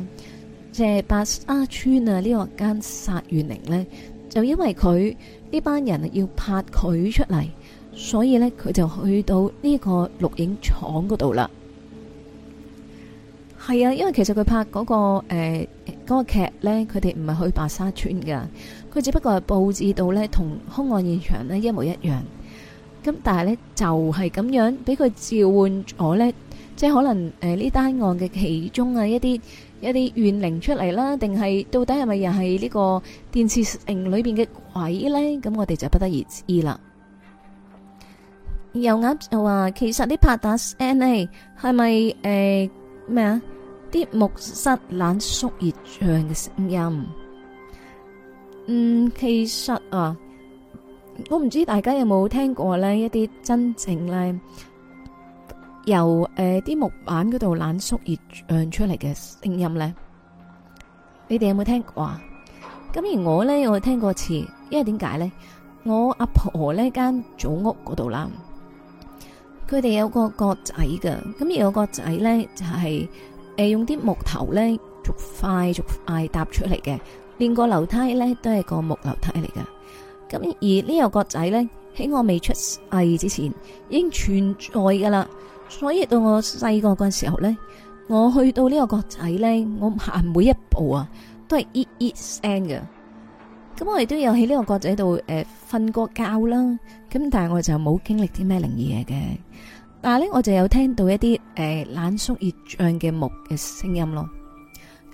即係白沙村啊呢個間殺怨靈呢，就因為佢呢班人要拍佢出嚟，所以呢，佢就去到呢個錄影廠嗰度啦。係啊，因為其實佢拍嗰、嗰個誒嗰、呃嗰個劇咧，佢哋唔係去白沙村噶，佢只不過係佈置到呢同凶案現場咧一模一樣。咁但係呢，就係、係、咁樣，俾佢召喚咗呢，即係可能誒呢單案嘅其中啊一啲一啲怨靈出嚟啦，定係到底係咪又係呢個電視城裏邊嘅鬼呢？咁我哋就不得而知啦。又話，其實啲拍打 N A 係咪誒咩啊？呃啲木塞冷縮熱脹嘅聲音，嗯，其實啊，我唔知大家有冇聽過呢？一啲真正呢，由誒啲木板嗰度冷縮熱脹出嚟嘅聲音呢，你哋有冇聽過啊？咁而我呢，我聽過一次，因為點解呢？我阿婆呢間祖屋嗰度啦，佢哋有個個仔嘅，咁而有個仔呢，就係、是。係用啲木頭咧，逐塊逐塊搭出嚟嘅，連個樓梯咧都係個木樓梯嚟噶。咁而呢個角仔咧，喺我未出世之前已經存在噶啦。所以到我細個嗰陣時候咧，我去到呢個角仔咧，我行每一步啊，都係咿咿聲嘅。咁我哋都有喺呢個角仔度誒瞓過覺啦。咁但係我哋就冇經歷啲咩靈異嘢嘅。但係咧，我就有聽到一啲誒冷縮熱脹嘅木嘅聲音咯。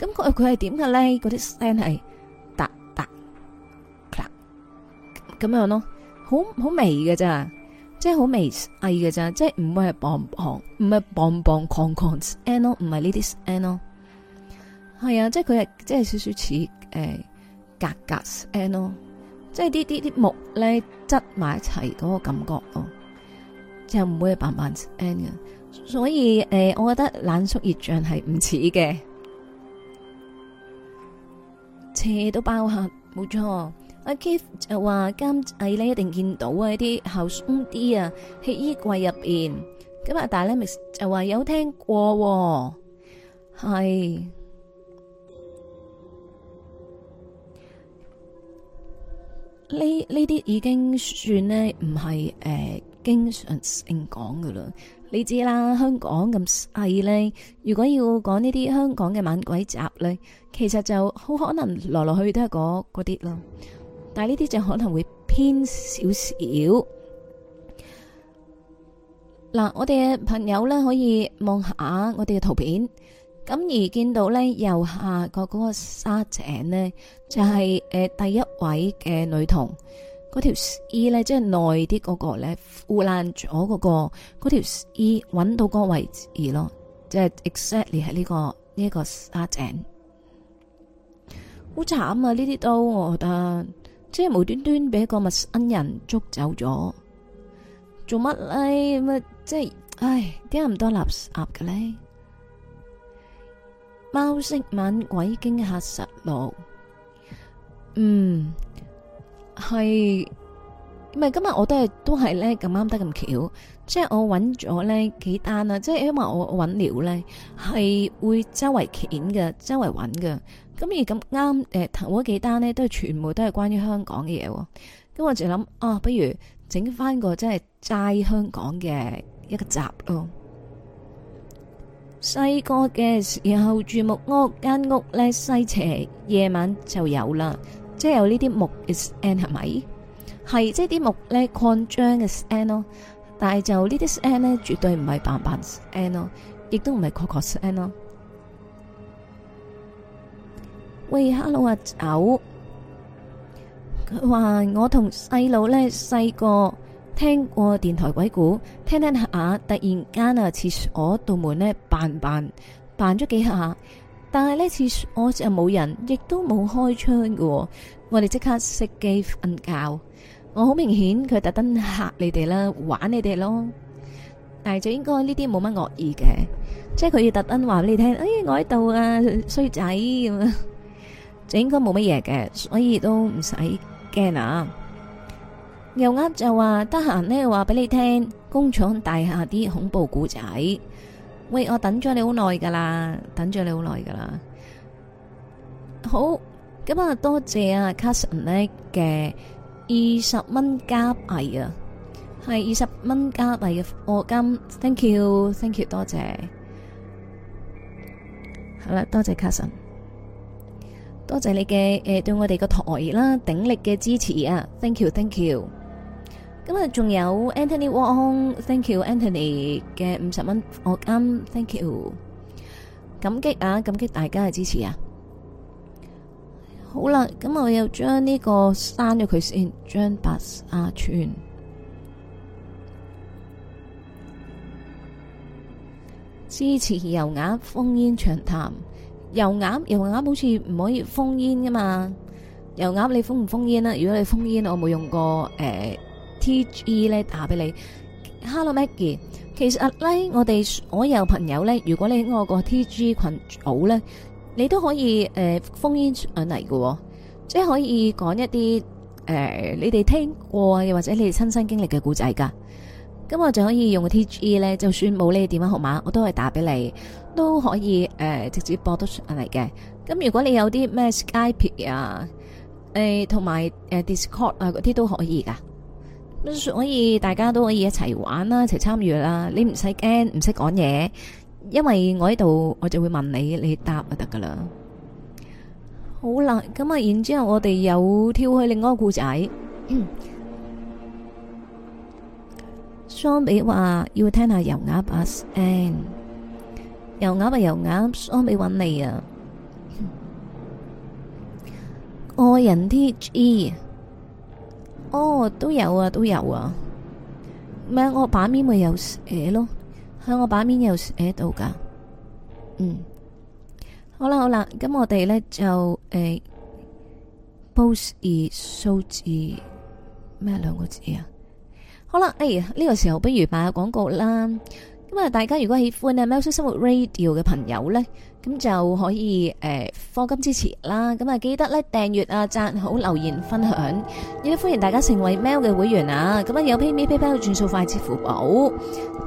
咁佢佢係點嘅咧？嗰啲聲係嗒嗒，咁樣咯，好好微嘅咋，即係好微細嘅咋，即係唔會係磅磅，唔係磅磅哐哐聲咯，唔係呢啲聲咯。係啊，即係佢係即係少少似誒格格聲咯，即係啲啲啲木咧執埋一齊嗰個感覺咯。就唔會慢慢 end 嘅，所以誒、呃，我覺得冷縮熱脹係唔似嘅，斜都包下，冇錯。阿 Keith 就話監製呢一定見到啊啲厚鬆啲啊，喺衣櫃入邊。咁阿大咧 miss 就話有聽過、哦，係呢呢啲已經算呢，唔係誒。經常性講噶啦，你知啦，香港咁細咧，如果要講呢啲香港嘅猛鬼集咧，其實就好可能來來去去都係講嗰啲咯。但係呢啲就可能會偏少少。嗱，我哋嘅朋友咧可以望下我哋嘅圖片，咁而見到咧，右下角嗰個沙井咧，就係誒第一位嘅女童。嗰條衣咧，即係內啲嗰個咧，腐爛咗嗰個，嗰條衣揾到嗰個位置咯，即係 exactly 喺呢、呢個呢、呢個沙井，好慘啊！呢啲都我覺得，即係無端端俾一個陌生人捉走咗，做乜咧？咁、哎、啊，即係唉，點解咁多垃圾嘅咧？貓式猛鬼驚嚇實錄，嗯。係，唔係今日我也是都係都係咧，咁啱得咁巧，即係我揾咗呢幾單啦，即係因為我揾料咧係會周圍潛嘅，周圍揾嘅，咁而咁啱誒，頭、欸、嗰幾單咧都係全部都係關於香港嘅嘢，咁、嗯、我就諗，哦、啊，不如整翻個即係齋香港嘅一個集咯。細個嘅時候住木屋間屋咧，細斜夜晚就有啦。即係有呢啲木 is n，係咪？係即係啲木咧擴張嘅 n 咯，但係就呢啲 n 咧絕對唔係扮扮 n 咯，亦都唔係確確 n 咯。喂，hello 阿九，佢話我同細佬咧細個聽過電台鬼故，聽聽下突然間啊，廁所度門咧扮扮，扮咗幾下。但係呢次我就冇人，亦都冇開窗嘅。我哋即刻熄機瞓覺。我好明顯佢特登嚇你哋啦，玩你哋咯。但係就應該呢啲冇乜惡意嘅，即係佢要特登話俾你聽，誒、哎，我喺度啊，衰仔咁就應該冇乜嘢嘅，所以都唔使驚啊。又啱就話得閒呢，話俾你聽工廠大廈啲恐怖古仔。喂，我等咗你好耐噶啦，等咗你好耐噶啦。好，咁啊多謝啊，Carson 咧嘅二十蚊加幣啊，係二十蚊加幣嘅貨金。Thank you，Thank you，多謝。好啦，多謝 Carson，多謝你嘅誒對我哋個台啦，鼎力嘅支持啊。Thank you，Thank you。今日仲有 Anthony Wong，Thank you Anthony 嘅五十蚊，我啱，Thank you，感激啊，感激大家嘅支持啊！好啦，咁、嗯、我又將呢個刪咗佢先，將八阿全支持油鴨封煙長談，油鴨油鴨，好似唔可以封煙㗎嘛？油鴨你封唔封煙啊？如果你封煙，我冇用過誒。呃 T G 咧打俾你，Hello Maggie，其實咧、啊、我哋所有朋友咧，如果你喺我個 T G 群組咧，你都可以誒、呃、烽煙出嚟嘅，即係可以講一啲誒、呃、你哋聽過又或者你哋親身經歷嘅故仔噶。咁我就可以用 T G 咧，就算冇呢個電話號碼，我都係打俾你，都可以誒、呃、直接播得出嚟嘅。咁如果你有啲咩 Skype 啊誒同埋誒 Discord 啊嗰啲都可以噶。所以大家都可以一齊玩啦，一齊參與啦。你唔使驚，唔使講嘢，因為我喺度，我就會問你，你答就得噶啦。好啦，咁啊，然之後我哋又跳去另外個故仔。桑美話要聽下油鴨，us and 油鴨啊，油鴨，桑美揾你啊， 個人 TG。哦，都有啊，都有啊，咩？我版面咪有寫咯，喺我版面有寫到噶，嗯，好啦好啦，咁我哋咧就誒 p o s s 二數字咩兩個字啊，好啦，呀、欸、呢、這個時候不如擺下廣告啦。咁啊，大家如果喜歡啊，喵式生活 Radio 嘅朋友咧，咁就可以誒，課金支持啦。咁啊，記得咧訂閱啊，贊好留言分享。亦都歡迎大家成為喵嘅會員啊！咁啊，有 PayMe PayPal 轉數快支付寶，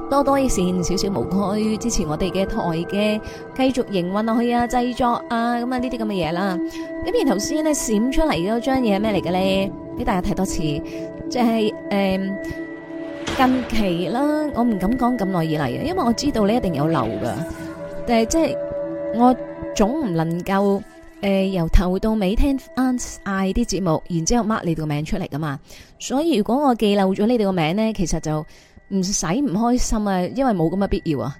多多益善，少少無拘支持我哋嘅台嘅繼續營運落去啊，製作啊，咁啊呢啲咁嘅嘢啦。咁然頭先咧閃出嚟嗰張嘢係咩嚟嘅咧？俾大家睇多次，即係誒。近期啦，我唔敢講咁耐以嚟啊，因為我知道你一定有留噶，但係即係我總唔能夠誒由頭到尾聽啱嗌啲節目，然之後 mark 你哋個名出嚟噶嘛，所以如果我記漏咗你哋個名呢，其實就唔使唔開心啊，因為冇咁嘅必要啊，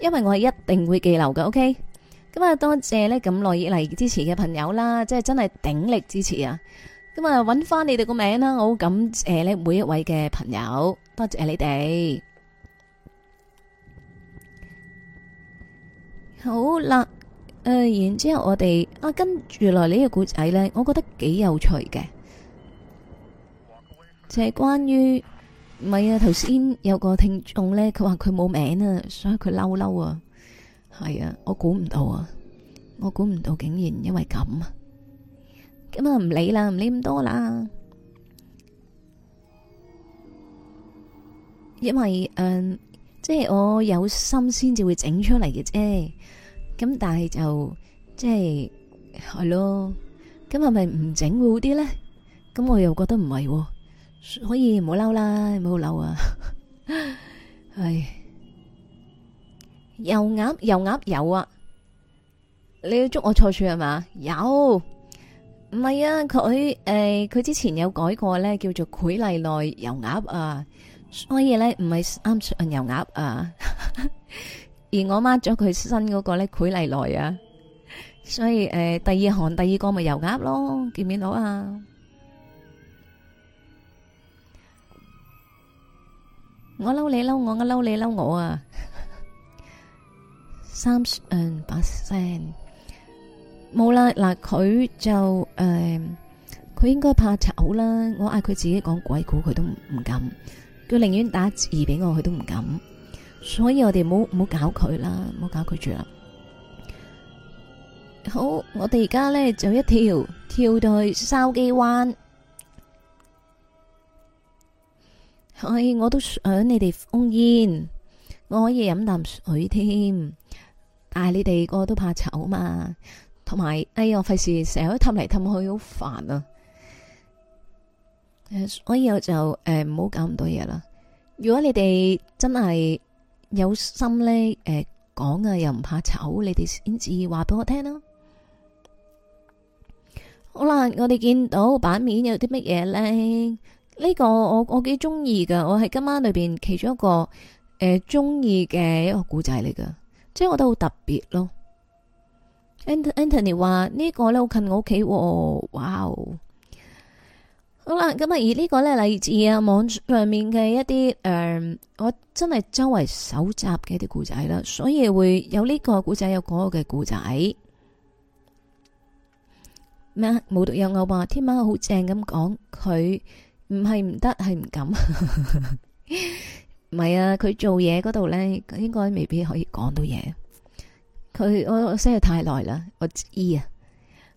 因為我係一定會記漏噶，OK？咁啊多謝呢咁耐以嚟支持嘅朋友啦，即係真係鼎力支持啊！咁啊，搵翻你哋個名啦，我好感謝呢每一位嘅朋友，多謝你哋。好啦，誒、呃，然之後我哋啊，跟住來呢個故仔呢，我覺得幾有趣嘅，就係、是、關於，唔係啊，頭先有個聽眾呢，佢話佢冇名啊，所以佢嬲嬲啊，係啊，我估唔到啊，我估唔到竟然因為咁啊！咁啊，唔理啦，唔理咁多啦。因為、嗯、即係我有心先至會整出嚟嘅啫。咁但係就即係係咯。咁係咪唔整會好啲咧？咁我又覺得唔係、啊，所以唔好嬲啦，唔好嬲啊。 唉！油鴨，油鴨有啊！你要捉我錯處係嘛？有。唔係啊，佢誒，佢之前有改過咧，叫做魁麗內油鴨啊，所以咧唔係啱食油鴨啊，而我抹咗佢新嗰個咧魁麗內啊，所以誒第二行第二個咪油鴨咯，見唔見到啊？我嬲你嬲我，我嬲你嬲我啊，三十嗯把聲。冇啦，嗱佢就誒，佢、呃、應該怕醜啦。我嗌佢自己講鬼故，佢都唔唔敢。佢寧願打字俾我，佢都唔敢。所以我哋冇冇搞佢啦，冇搞佢住啦。好，我哋而家咧就一跳，跳到去筲箕灣。唉、哎，我都想你哋封煙，我可以飲啖水添。但係你哋個個都怕醜嘛？同埋，哎喲，費事成日都氹嚟氹去，好煩啊！所以我就誒，唔好搞咁多嘢啦。如果你哋真係有心咧，誒講啊，又唔怕醜，你哋先至話俾我聽咯。好啦，我哋見到版面有啲乜嘢咧？呢個我我幾中意噶，我喺今晚裏邊其中一個誒中意嘅一個古仔嚟噶，即係我覺得好特別咯。Anthony 話呢、這個咧好近我屋企，哇哦！好啦，咁啊，而呢個咧嚟自啊，網上面嘅一啲誒、嗯，我真係周圍搜集嘅一啲故仔啦，所以會有呢個故仔，有嗰個嘅故仔。咩？冇獨有偶話，天喵好正咁講，佢唔係唔得，係唔敢。唔 係啊，佢做嘢嗰度咧，應該未必可以講到嘢。佢我真係太耐啦，我知啊。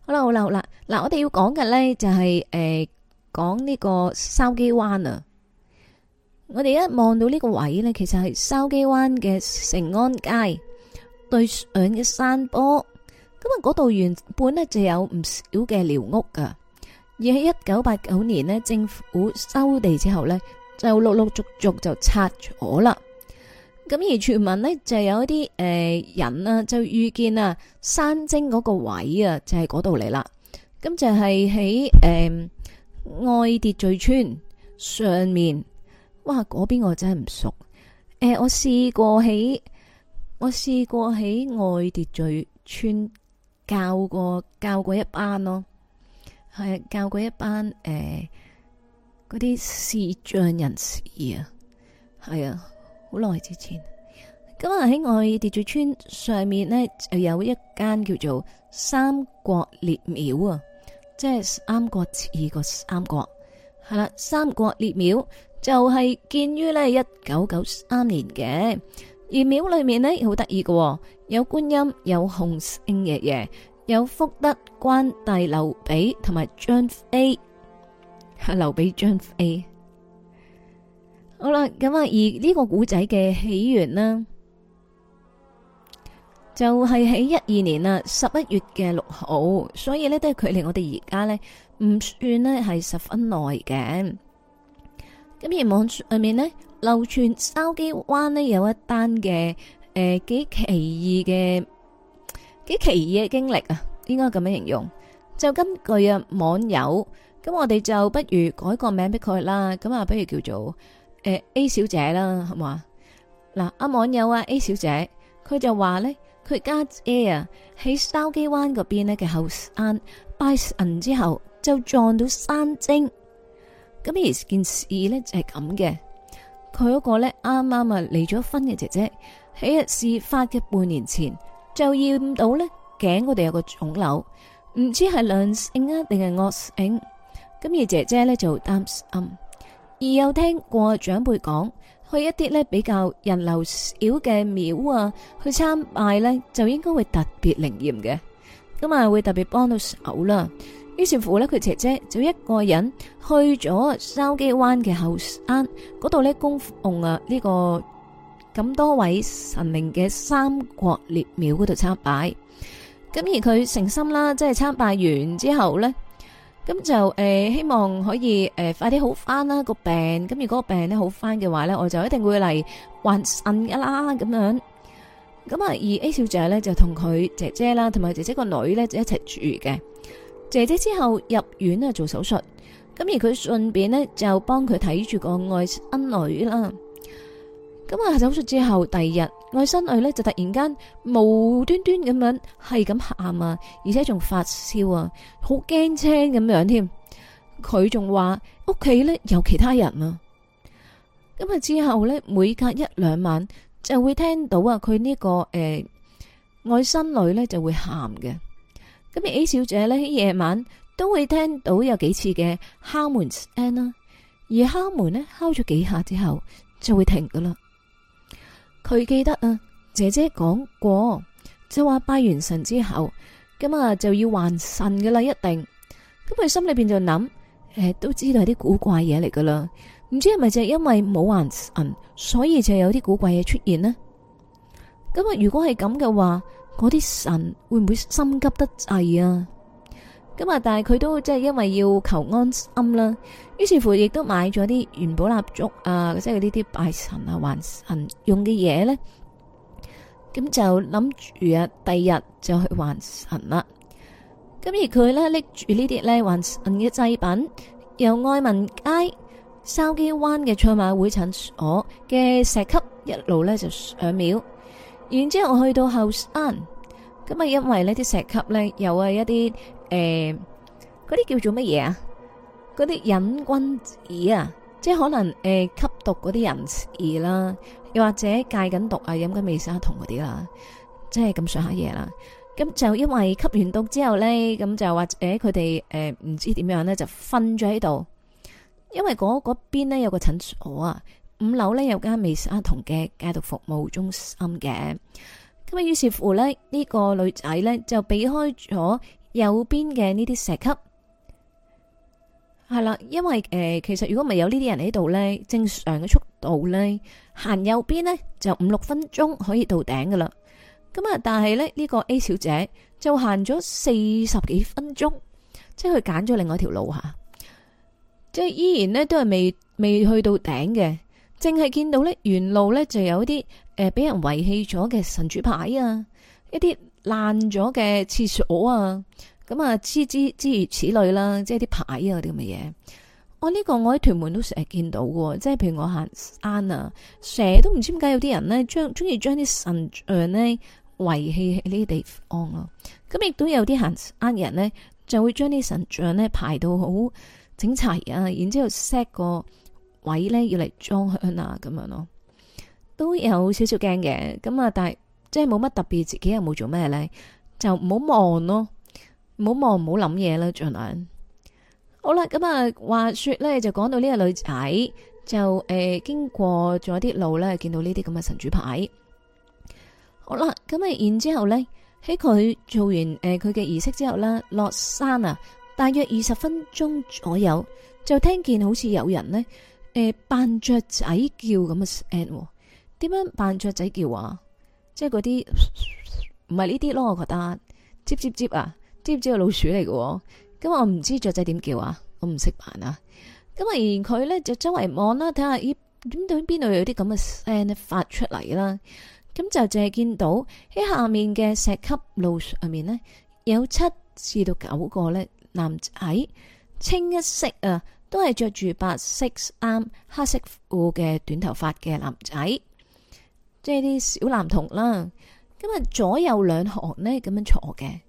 好啦，好啦，好啦，嗱，我哋要講嘅咧就係、是、誒、呃、講呢個筲箕灣啊。我哋一望到呢個位咧，其實係筲箕灣嘅成安街對上嘅山坡。咁、嗯、啊，度、嗯那個、原本咧就有唔少嘅寮屋噶，而喺一九八九年呢，政府收地之後咧，就陸陸續續就拆咗啦。咁而傳聞咧就有一啲誒、呃、人啦、啊，就遇見啊山精嗰個位啊，就係嗰度嚟啦。咁就係喺誒愛秩序村上面。哇，嗰邊我真係唔熟。誒、呃，我試過喺我試過喺愛秩序村教過教過一班咯，係教過一班誒嗰啲視障人士啊，係啊。好耐之前，咁啊喺外地住村上面呢，就有一間叫做三國列廟啊，即係三國似二個三國，係啦，三國列廟就係建於呢一九九三年嘅。而廟裏面呢，好得意嘅，有觀音、有洪聖爺爺、有福德關帝、劉備同埋張飛，係劉備張飛。好啦，咁啊，而呢個古仔嘅起源咧，就係喺一二年啦，十一月嘅六號，所以呢，都係距離我哋而家呢，唔算呢係十分耐嘅。咁而網上面呢，流傳筲箕灣呢有一單嘅誒幾奇異嘅幾奇異嘅經歷啊，應該咁樣形容，就根據啊網友咁，我哋就不如改個名俾佢啦。咁啊，不如叫做。誒，A 小姐啦，係嘛？嗱，阿網友啊，A 小姐，佢、啊、就話咧，佢家姐，姐啊，喺筲箕灣嗰邊咧嘅後山拜神之後，就撞到山精。咁而件事咧就係咁嘅，佢嗰個咧啱啱啊離咗婚嘅姐姐，喺事發嘅半年前就要唔到咧頸度有個腫瘤，唔知係良性啊定係惡性，咁而姐姐咧就擔心。而又聽過長輩講，去一啲咧比較人流少嘅廟啊，去參拜咧就應該會特別靈驗嘅，咁啊會特別幫到手啦。於是乎咧，佢姐姐就一個人去咗筲箕灣嘅後山嗰度咧供奉啊、這、呢個咁多位神靈嘅三國列廟嗰度參拜。咁而佢誠心啦，即係參拜完之後咧。咁就誒，希望病病可以誒快啲好翻啦個病。咁如果個病咧好翻嘅話咧，我就一定會嚟還神噶啦咁樣。咁啊，而 A 小姐咧就同佢姐姐啦，同埋姐姐個女咧就一齊住嘅。姐姐之後入院啊做手術，咁而佢順便呢，就幫佢睇住個外甥女啦。咁啊，手術之後第二日。愛心女咧就突然間無端端咁樣係咁喊啊，而且仲發燒啊，好驚青咁樣添。佢仲話屋企咧有其他人啊。咁啊之後咧，每隔一兩晚就會聽到啊、這個，佢呢個誒外甥女咧就會喊嘅。咁 A 小姐咧夜晚都會聽到有幾次嘅敲門聲啦。而敲門呢敲咗幾下之後就會停噶啦。佢記得啊，姐姐講過，就話拜完神之後，咁啊就要還神噶啦，一定。咁佢心裏邊就諗，誒、欸，都知道係啲古怪嘢嚟噶啦，唔知係咪就係因為冇還神，所以就有啲古怪嘢出現呢？咁啊，如果係咁嘅話，嗰啲神會唔會心急得滯啊？咁啊！但係佢都即係因為要求安心啦，於是乎亦都買咗啲元寶蠟燭啊，即係呢啲拜神啊、還神用嘅嘢呢。咁就諗住啊，第二日就去還神啦。咁而佢呢拎住呢啲呢還神嘅祭品，由愛民街筲箕灣嘅賽馬會診所嘅石級一路呢就上廟，然之後我去到後山。咁啊，因為呢啲石級呢又係一啲。誒，嗰啲叫做乜嘢啊？嗰啲癮君子啊，即係可能誒吸毒嗰啲人士啦，又或者戒緊毒啊，飲緊美沙酮嗰啲啦，即係咁上下嘢啦。咁就因爲吸完毒之後咧，咁就或者佢哋誒唔知點樣咧，就瞓咗喺度。因爲嗰嗰邊咧有個診所啊，五樓咧有間美沙酮嘅戒毒服務中心嘅。咁啊，於是乎咧，呢個女仔咧就避開咗。右邊嘅呢啲石級係啦，因為誒、呃，其實如果唔有呢啲人喺度呢，正常嘅速度呢，行右邊呢，就五六分鐘可以到頂噶啦。咁啊，但係咧呢、呢個 A 小姐就行咗四十幾分鐘，即係佢揀咗另外一條路吓，即係依然呢，都係未未去到頂嘅，淨係見到呢沿路呢，就有一啲誒俾人遺棄咗嘅神主牌啊，一啲。爛咗嘅廁所啊，咁啊之之之如此類啦，即係啲牌啊啲咁嘅嘢。我呢、哦這個我喺屯門都成日見到嘅，即係譬如我行山啊，成日都唔知點解有啲人咧，將中意將啲神像咧遺棄喺呢啲地方啊。咁亦都有啲行山嘅人咧，就會將啲神像咧排到好整齊啊，然之後 set 個位咧要嚟裝香啊咁樣咯、啊，都有少少驚嘅。咁啊，但係。即係冇乜特別，自己又冇做咩咧，就唔好望咯，唔好望，唔好諗嘢啦，盡量。好啦，咁啊，話說咧就講到呢個女仔，就誒、呃、經過咗啲路咧，見到呢啲咁嘅神主牌。好啦，咁啊，然之後咧喺佢做完誒佢嘅儀式之後啦，落山啊，大約二十分鐘左右，就聽見好似有人咧誒、呃、扮雀仔叫咁嘅聲誒，點、呃、樣扮雀仔叫啊？即係嗰啲唔係呢啲咯，我覺得。接接接啊，接接係老鼠嚟嘅，哦。咁我唔知雀仔點叫啊，我唔識扮啊。咁啊，而佢咧就周圍望啦，睇下咦，點對邊度有啲咁嘅聲咧發出嚟啦。咁就淨係見到喺下面嘅石級路上面咧，有七至到九個咧男仔，清一色啊，都係着住白色衫，黑色褲嘅短頭髮嘅男仔。即係啲小男童啦，咁啊，左右兩行咧咁樣坐嘅，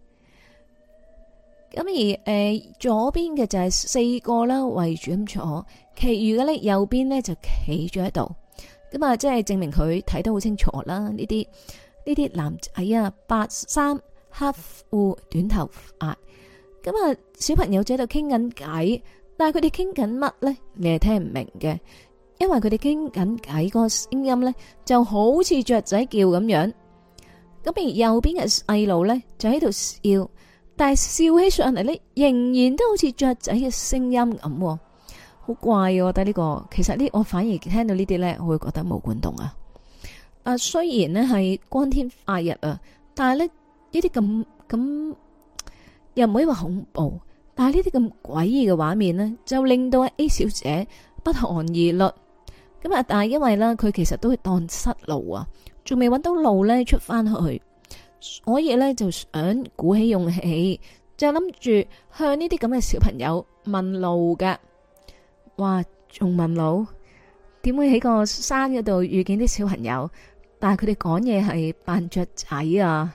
咁而誒、呃、左邊嘅就係四個啦圍住咁坐，其餘嘅咧右邊咧就企咗喺度，咁啊即係證明佢睇得好清楚啦。呢啲呢啲男仔啊，白衫、黑乎短頭矮，咁啊小朋友仔喺度傾緊偈，但係佢哋傾緊乜咧，你係聽唔明嘅。因為佢哋傾緊偈個聲音咧，就好似雀仔叫咁樣。咁而右邊嘅細路咧，就喺度笑，但係笑起上嚟，咧，仍然都好似雀仔嘅聲音咁，好怪。我覺得呢個，其實呢，我反而聽到呢啲咧，我會覺得毛管動啊。啊，雖然呢係光天化日啊，但係咧呢啲咁咁又唔可以話恐怖，但係呢啲咁詭異嘅畫面咧，就令到 A 小姐不寒而慄。咁啊！但係因為咧，佢其實都係蕩失路啊，仲未揾到路咧出翻去，所以咧就想鼓起勇氣，就諗住向呢啲咁嘅小朋友問路㗎。哇！仲問路？點會喺個山嗰度遇見啲小朋友？但係佢哋講嘢係扮雀仔啊！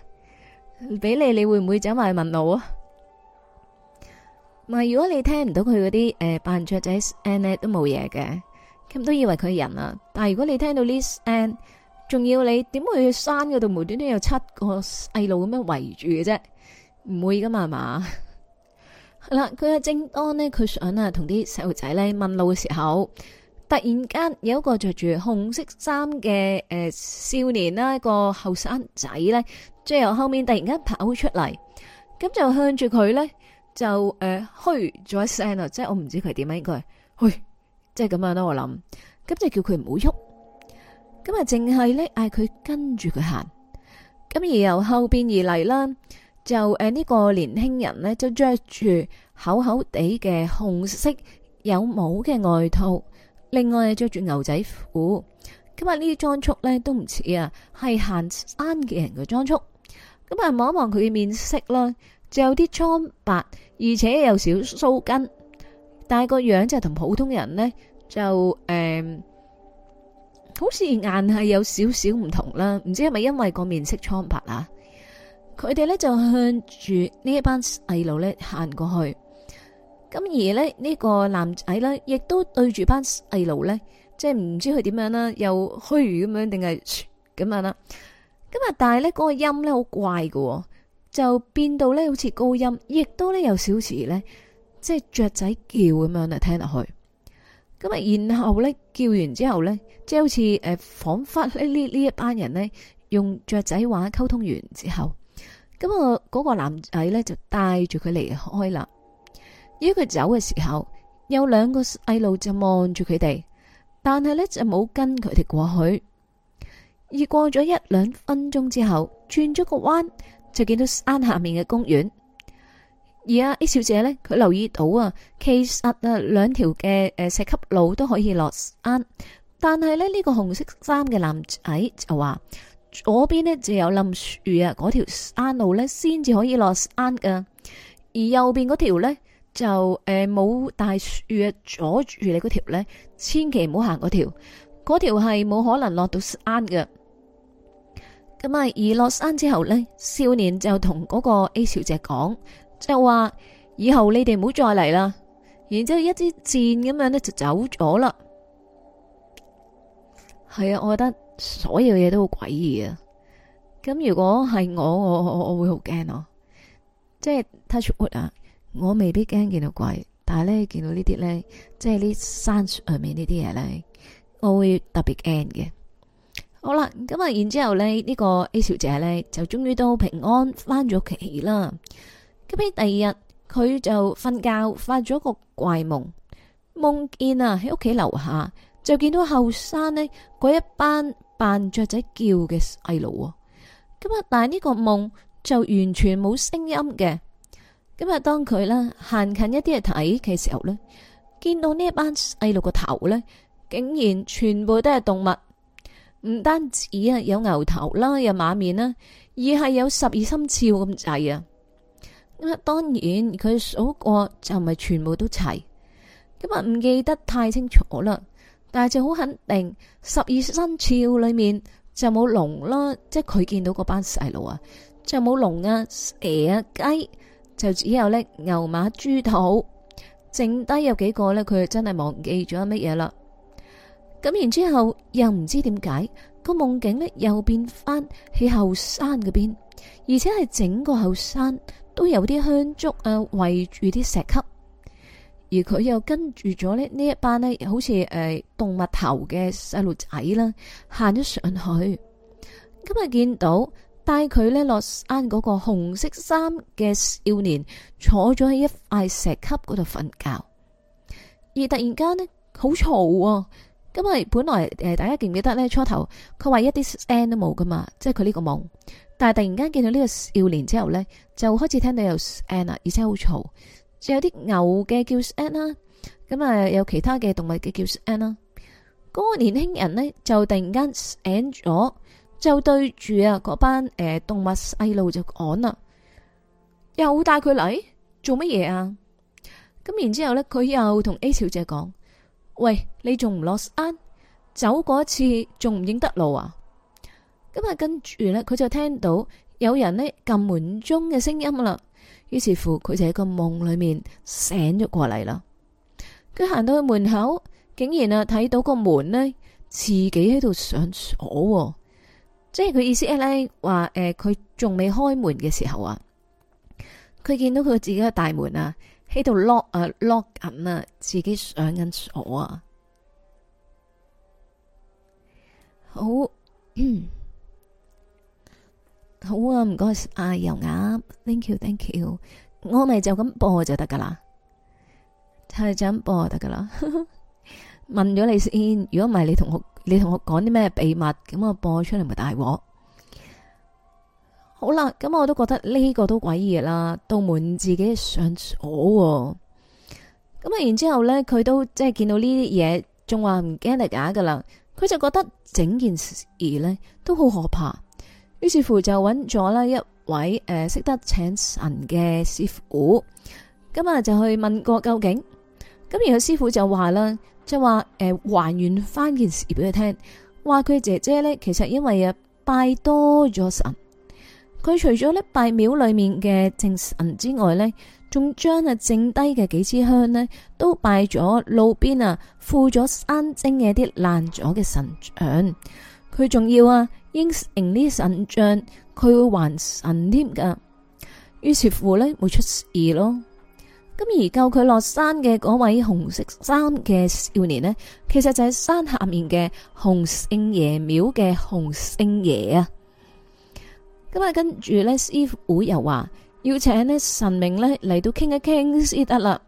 俾你，你會唔會走埋去問路啊？咪如果你聽唔到佢嗰啲誒扮雀仔，and 咧都冇嘢嘅。呃咁都以為佢係人啊，但係如果你聽到呢聲，仲要你點會去山嗰度無端端有七個細路咁樣圍住嘅啫，唔會噶嘛係嘛？係啦，佢啊正當呢，佢想啊同啲細路仔咧問路嘅時候，突然間有一個着住紅色衫嘅誒少年啦，一個後生仔咧，即係由後面突然間跑出嚟，咁就向住佢咧就誒噓咗一聲啦，即係我唔知佢點樣應該噓。即係咁樣咯，我諗，咁就叫佢唔好喐，咁啊淨係咧嗌佢跟住佢行，咁而由後邊而嚟啦，就誒呢、呃呢個年輕人咧就穿着住厚厚哋嘅紅色有帽嘅外套，另外穿着住牛仔褲，咁啊呢啲裝束咧都唔似啊係行山嘅人嘅裝束，咁啊望一望佢嘅面色啦，就有啲蒼白，而且有少鬚根。但係個樣就同普通人呢，就誒、嗯，好似硬係有少少唔同啦。唔知係咪因為個面色蒼白啊？佢哋呢就向住呢一班細路呢行過去，咁而呢呢、呢個男仔呢，亦都對住班細路呢，即係唔知佢點樣啦，又虛如咁樣定係咁樣啦。咁啊，但係呢、嗰個音呢，好怪喎，就變到呢好似高音，亦都呢有少少呢。即係雀仔叫咁樣咧，聽落去。咁啊，然後咧叫完之後咧，即係好似誒、呃，仿佛呢呢呢一班人咧，用雀仔話溝通完之後，咁啊，嗰個男仔咧就帶住佢離開啦。而佢走嘅時候，有兩個細路就望住佢哋，但係咧就冇跟佢哋過去。而過咗一兩分鐘之後，轉咗個彎，就見到山下面嘅公園。而阿 A 小姐呢，佢留意到啊，其實誒兩條嘅誒石級路都可以落山，但係呢，呢、這個紅色衫嘅男仔就話左邊呢就有冧樹啊，嗰條山路呢先至可以落山㗎。而右邊嗰條呢，就誒冇、呃、大樹啊，阻住你嗰條呢，千祈唔好行嗰條，嗰條係冇可能落到山㗎。咁啊，而落山之後呢，少年就同嗰個 A 小姐講。即係話以後你哋唔好再嚟啦。然之後一支箭咁樣咧就走咗啦。係啊，我覺得所有嘢都好詭異啊。咁如果係我，我我我會好驚咯。即係 touch wood 啊，我未必驚見到鬼，但係咧見到這些呢啲咧，即係啲山上面呢啲嘢咧，我會特別驚嘅。好啦，咁啊，然之後咧呢個 A 小姐咧就終於都平安翻咗屋企啦。回咁第二日佢就瞓覺發咗個怪夢，夢見啊喺屋企樓下就見到後生呢嗰一班扮雀仔叫嘅細路。咁啊，但係呢個夢就完全冇聲音嘅。咁啊，當佢呢行近一啲去睇嘅時候咧，見到呢一班細路個頭咧，竟然全部都係動物，唔單止啊有牛頭啦，有馬面啦，而係有十二生肖咁滯啊。咁當然佢數過就唔係全部都齊。咁啊，唔記得太清楚啦，但係就好肯定十二生肖裏面就冇龍啦，即係佢見到嗰班細路啊，就冇龍啊、蛇啊、雞，就只有呢牛、馬、豬、兔，剩低，有幾個呢？佢真係忘記咗乜嘢啦。咁然之後又唔知點解個夢境呢又變翻喺後山嗰邊，而且係整個後山，都有啲香燭啊，圍住啲石級，而佢又跟住咗咧呢一班咧，好似誒、呃、動物頭嘅細路仔啦，行咗上去。今日見到帶佢咧落山嗰個紅色衫嘅少年，坐咗喺一塊石級嗰度瞓覺，而突然間呢，好嘈啊！今日本來誒，大家記唔記得呢？初頭佢話一啲聲都冇㗎嘛，即係佢呢個夢。但係突然間見到呢個少年之後咧，就開始聽到有聲，而且好嘈，就有啲牛嘅叫聲，咁啊有其他嘅動物嘅叫聲。嗰、那個年輕人咧就突然間聲咗，就對住啊嗰班誒、呃、動物細路就講啦，又帶佢嚟做乜嘢啊？咁然之後咧，佢又同 A 小姐講，喂，你仲唔落山？走嗰一次仲唔認得路啊？咁啊，跟住呢，佢就聽到有人呢撳門鐘嘅聲音啦。於是乎，佢就喺個夢裏面醒咗過嚟。啦佢行到去門口，竟然啊睇到個門呢，自己喺度上鎖，即係佢意思咧話誒，佢仲未開門嘅時候啊，佢見到佢自己嘅大門啊喺度 lock 啊 lock 緊啊，自己上緊鎖啊，好。 好啊，唔該，阿、啊、油鴨，thank you，thank you，我咪就咁播就得噶啦，就係咁播就得噶啦。 問咗你先，如果唔係你同學你同我講啲咩秘密，咁我播出嚟咪大鑊。好啦，咁我都覺得呢個都詭異啦，度門自己上鎖，咁啊，然之後呢佢都即係見到呢啲嘢，仲話唔驚得假噶啦，佢就覺得整件事呢都好可怕。於是乎就揾咗咧一位誒、呃、識得請神嘅師傅，今、嗯、日就去問過究竟。咁然佢師傅就話啦，即係話誒還原翻件事俾佢聽，話佢姐姐咧其實因為啊拜多咗神，佢除咗呢拜廟裏面嘅正神之外咧，仲將啊剩低嘅幾支香呢，都拜咗路邊啊，附咗山精嘅啲爛咗嘅神像，佢仲要啊。應承呢神像，佢會還神添噶，於是乎呢，會出事咯。咁而救佢落山嘅嗰位紅色衫嘅少年呢，其實就係山下面嘅紅聖爺廟嘅紅聖爺啊。咁啊，跟住呢，師傅又話要請呢神明呢嚟到傾一傾先得啦。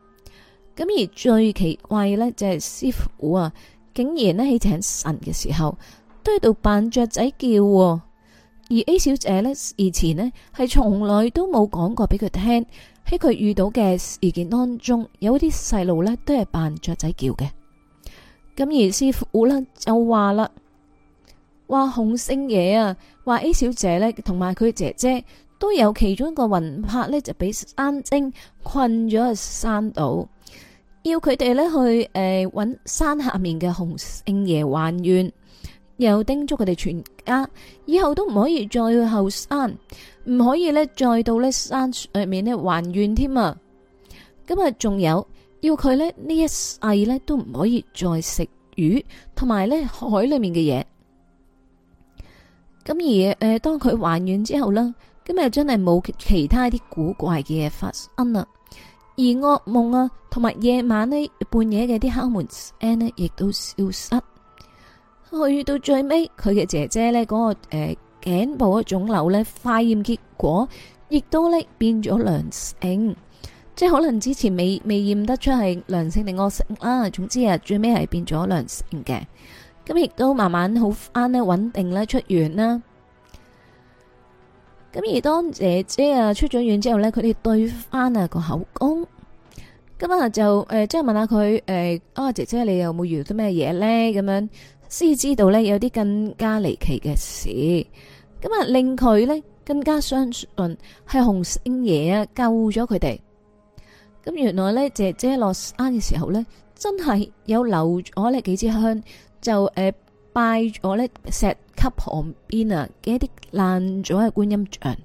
咁而最奇怪呢，就係師傅啊，竟然呢，喺請神嘅時候。都喺度扮雀仔叫，而 A 小姐呢，以前呢，係從來都冇講過俾佢聽，喺佢遇到嘅事件當中，有啲細路呢，都係扮雀仔叫嘅。咁而師傅呢，就話啦，話洪聖爺啊，話 A 小姐呢，同埋佢姐姐都有其中一個魂魄呢，就俾山精困咗喺山度，要佢哋呢，去誒搵，呃、山下面嘅洪聖爺還願。又叮囑佢哋全家以後都唔可以再去後山，唔可以呢，再到呢山裏面呢還願添啊！咁啊，仲有要佢呢呢一世呢都唔可以再食魚，同埋呢海裏面嘅嘢。咁而誒、呃，當佢還願之後呢，咁啊真係冇其他啲古怪嘅嘢發生啦。而噩夢啊，同埋夜晚呢半夜嘅啲敲門聲呢，亦都消失。去到最尾，佢嘅姐姐呢嗰、個誒頸、呃、部嘅腫瘤呢，化驗結果亦都呢變咗良性，即係可能之前未未驗得出係良性定惡性啦。總之啊，最尾係變咗良性嘅，咁亦都慢慢好翻呢穩定啦出院啦。咁而當姐姐啊出咗院之後呢，佢哋對翻啊個口供，咁啊就誒即係問下佢誒、呃，啊姐姐你有冇遇到咩嘢呢？」咁樣？先知道呢，有啲更加離奇嘅事，咁啊，令佢呢更加相信係紅星爺啊救咗佢哋。咁原來呢，姐姐落山嘅時候呢，真係有留咗呢幾支香，就誒、呃、拜咗呢石級旁邊啊嘅一啲爛咗嘅觀音像，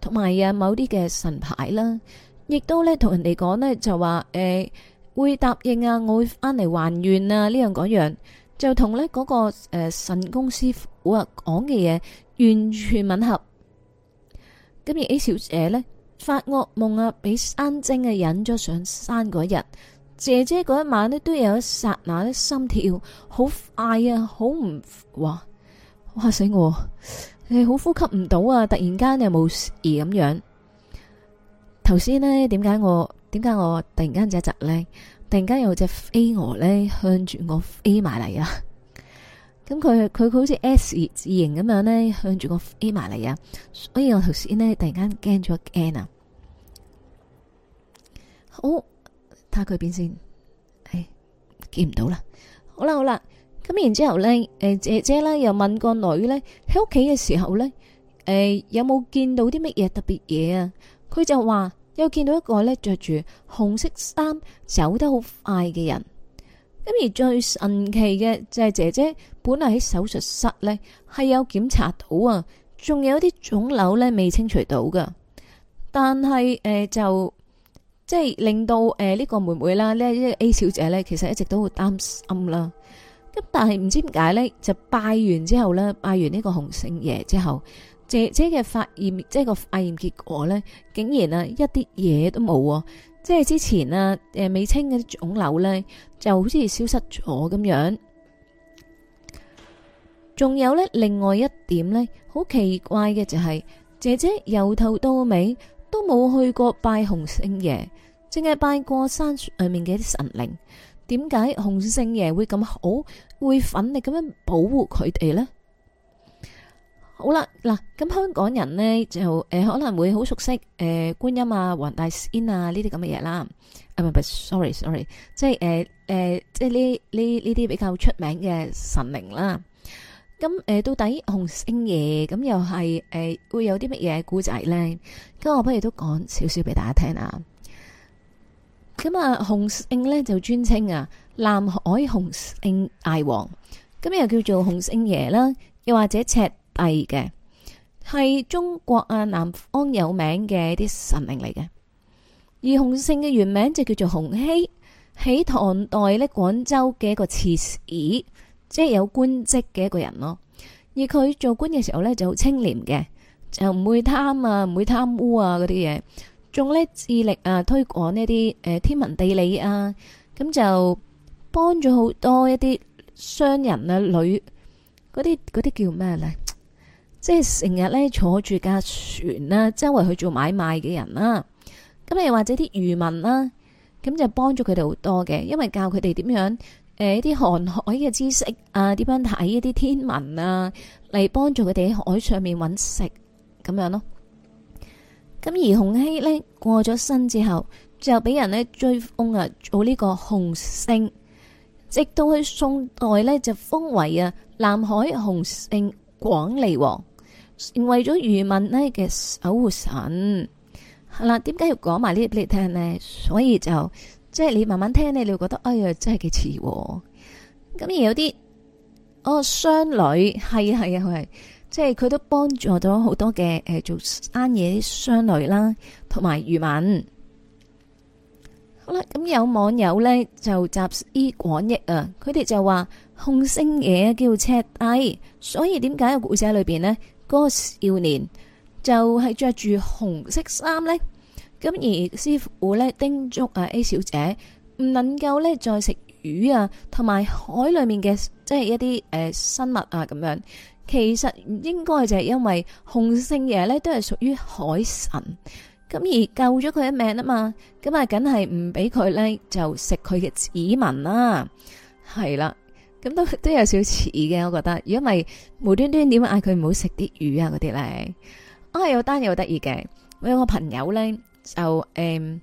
同埋啊某啲嘅神牌啦，亦都呢，同人哋講呢，就話誒、呃、會答應啊，我會翻嚟還願啊呢樣嗰樣。就同呢嗰個誒、呃、神功師父啊講嘅嘢完全吻合。咁而 A 小姐呢發噩夢啊，俾山精啊引咗上山嗰一日，姐姐嗰一晚呢都有一剎那呢心跳好快啊，好唔哇，好嚇死我！你、欸、好呼吸唔到啊，突然間又冇事咁樣？頭先呢點解我點解我突然間就一窒呢？突然間有隻飛蛾咧向住我飛埋嚟啊！咁佢佢好似 S 字形咁樣咧向住我飛埋嚟啊！所以我頭先咧突然間驚咗一驚啊！好，睇下佢邊先，誒，見唔到啦。好啦好啦，咁然之後咧，誒姐姐咧又問個女咧喺屋企嘅時候咧，誒、哎、有冇見到啲乜嘢特別嘢啊？佢就話。又見到一個咧着住紅色衫走得好快嘅人，咁而最神奇嘅就係姐姐本來喺手術室呢，係有檢查到啊，仲有啲腫瘤呢未清除到噶，但係誒、呃、就即係令到誒呢個妹妹啦呢啲、這個、A 小姐呢，其實一直都好擔心啦，咁但係唔知點解呢，就拜完之後呢，拜完呢個洪聖爺之後。姐姐嘅發現，即係個化驗結果呢，竟然啊一啲嘢都冇、啊，即係之前啊誒美清嘅啲腫瘤呢，就好似消失咗咁樣。仲有呢另外一點呢，好奇怪嘅就係、是、姐姐由頭到尾都冇去過拜洪聖爺，淨係拜過山上面嘅啲神靈。點解洪聖爺會咁好，會奮力咁樣保護佢哋呢？好啦，嗱，咁香港人咧就誒可能會好熟悉誒觀音啊、黃大仙啊呢啲咁嘅嘢啦。啊，唔係，唔係，sorry，sorry，即係誒誒，即係呢呢呢啲比較出名嘅神明啦。咁誒到底洪聖爺咁又係誒會有啲乜嘢古仔咧？咁我不如都講少少俾大家聽啦。咁啊，洪聖咧就尊稱啊南海洪聖大王，咁又叫做洪聖爺啦，又或者赤。帝係中國啊，南方有名嘅一啲神靈嚟嘅。而洪聖嘅原名就叫做洪熙，喺唐代咧，廣州嘅一個刺史，即係有官職嘅一個人咯。而佢做官嘅時候咧就好清廉嘅，就唔會貪啊，唔會貪污啊嗰啲嘢，仲咧致力啊推廣呢啲誒天文地理啊，咁就幫咗好多一啲商人啊、女嗰啲啲叫咩咧？即係成日咧坐住架船啦，周圍去做買賣嘅人啦，咁又或者啲漁民啦，咁就幫助佢哋好多嘅，因為教佢哋點樣誒啲航海嘅知識啊，點樣睇一啲天文啊，嚟幫助佢哋喺海上面揾食咁樣咯。咁而洪熙呢過咗身之後，就俾人呢追封啊做呢個洪聖，直到去宋代呢，就封為啊南海洪聖廣利王。為咗漁民呢嘅守護神，係啦。點解要講埋呢啲俾你聽呢？所以就即係、就是、你慢慢聽咧，你會覺得哎呀，真係幾似咁。而有啲哦商旅係係係，即係佢都幫助咗好多嘅，誒、呃、做生意啲商旅啦，同埋漁民。好啦，咁有網友咧就集思廣益啊，佢哋就話「控星嘢」叫赤帝。所以點解個故仔裏邊呢嗰、那個少年就係着住紅色衫呢。咁而師傅呢，叮囑啊 A 小姐唔能夠呢再食魚啊，同埋海裏面嘅即係一啲誒、呃、生物啊咁樣。其實應該就係因為洪聖爺呢都係屬於海神，咁而救咗佢一命啊嘛，咁啊梗係唔俾佢呢，就食佢嘅子民啦，係啦。咁都都有少似嘅，我覺得如果咪無端端點嗌佢唔好食啲魚啊？嗰啲咧，我、啊、係有單嘢好得意嘅。我有個朋友咧，就誒、嗯，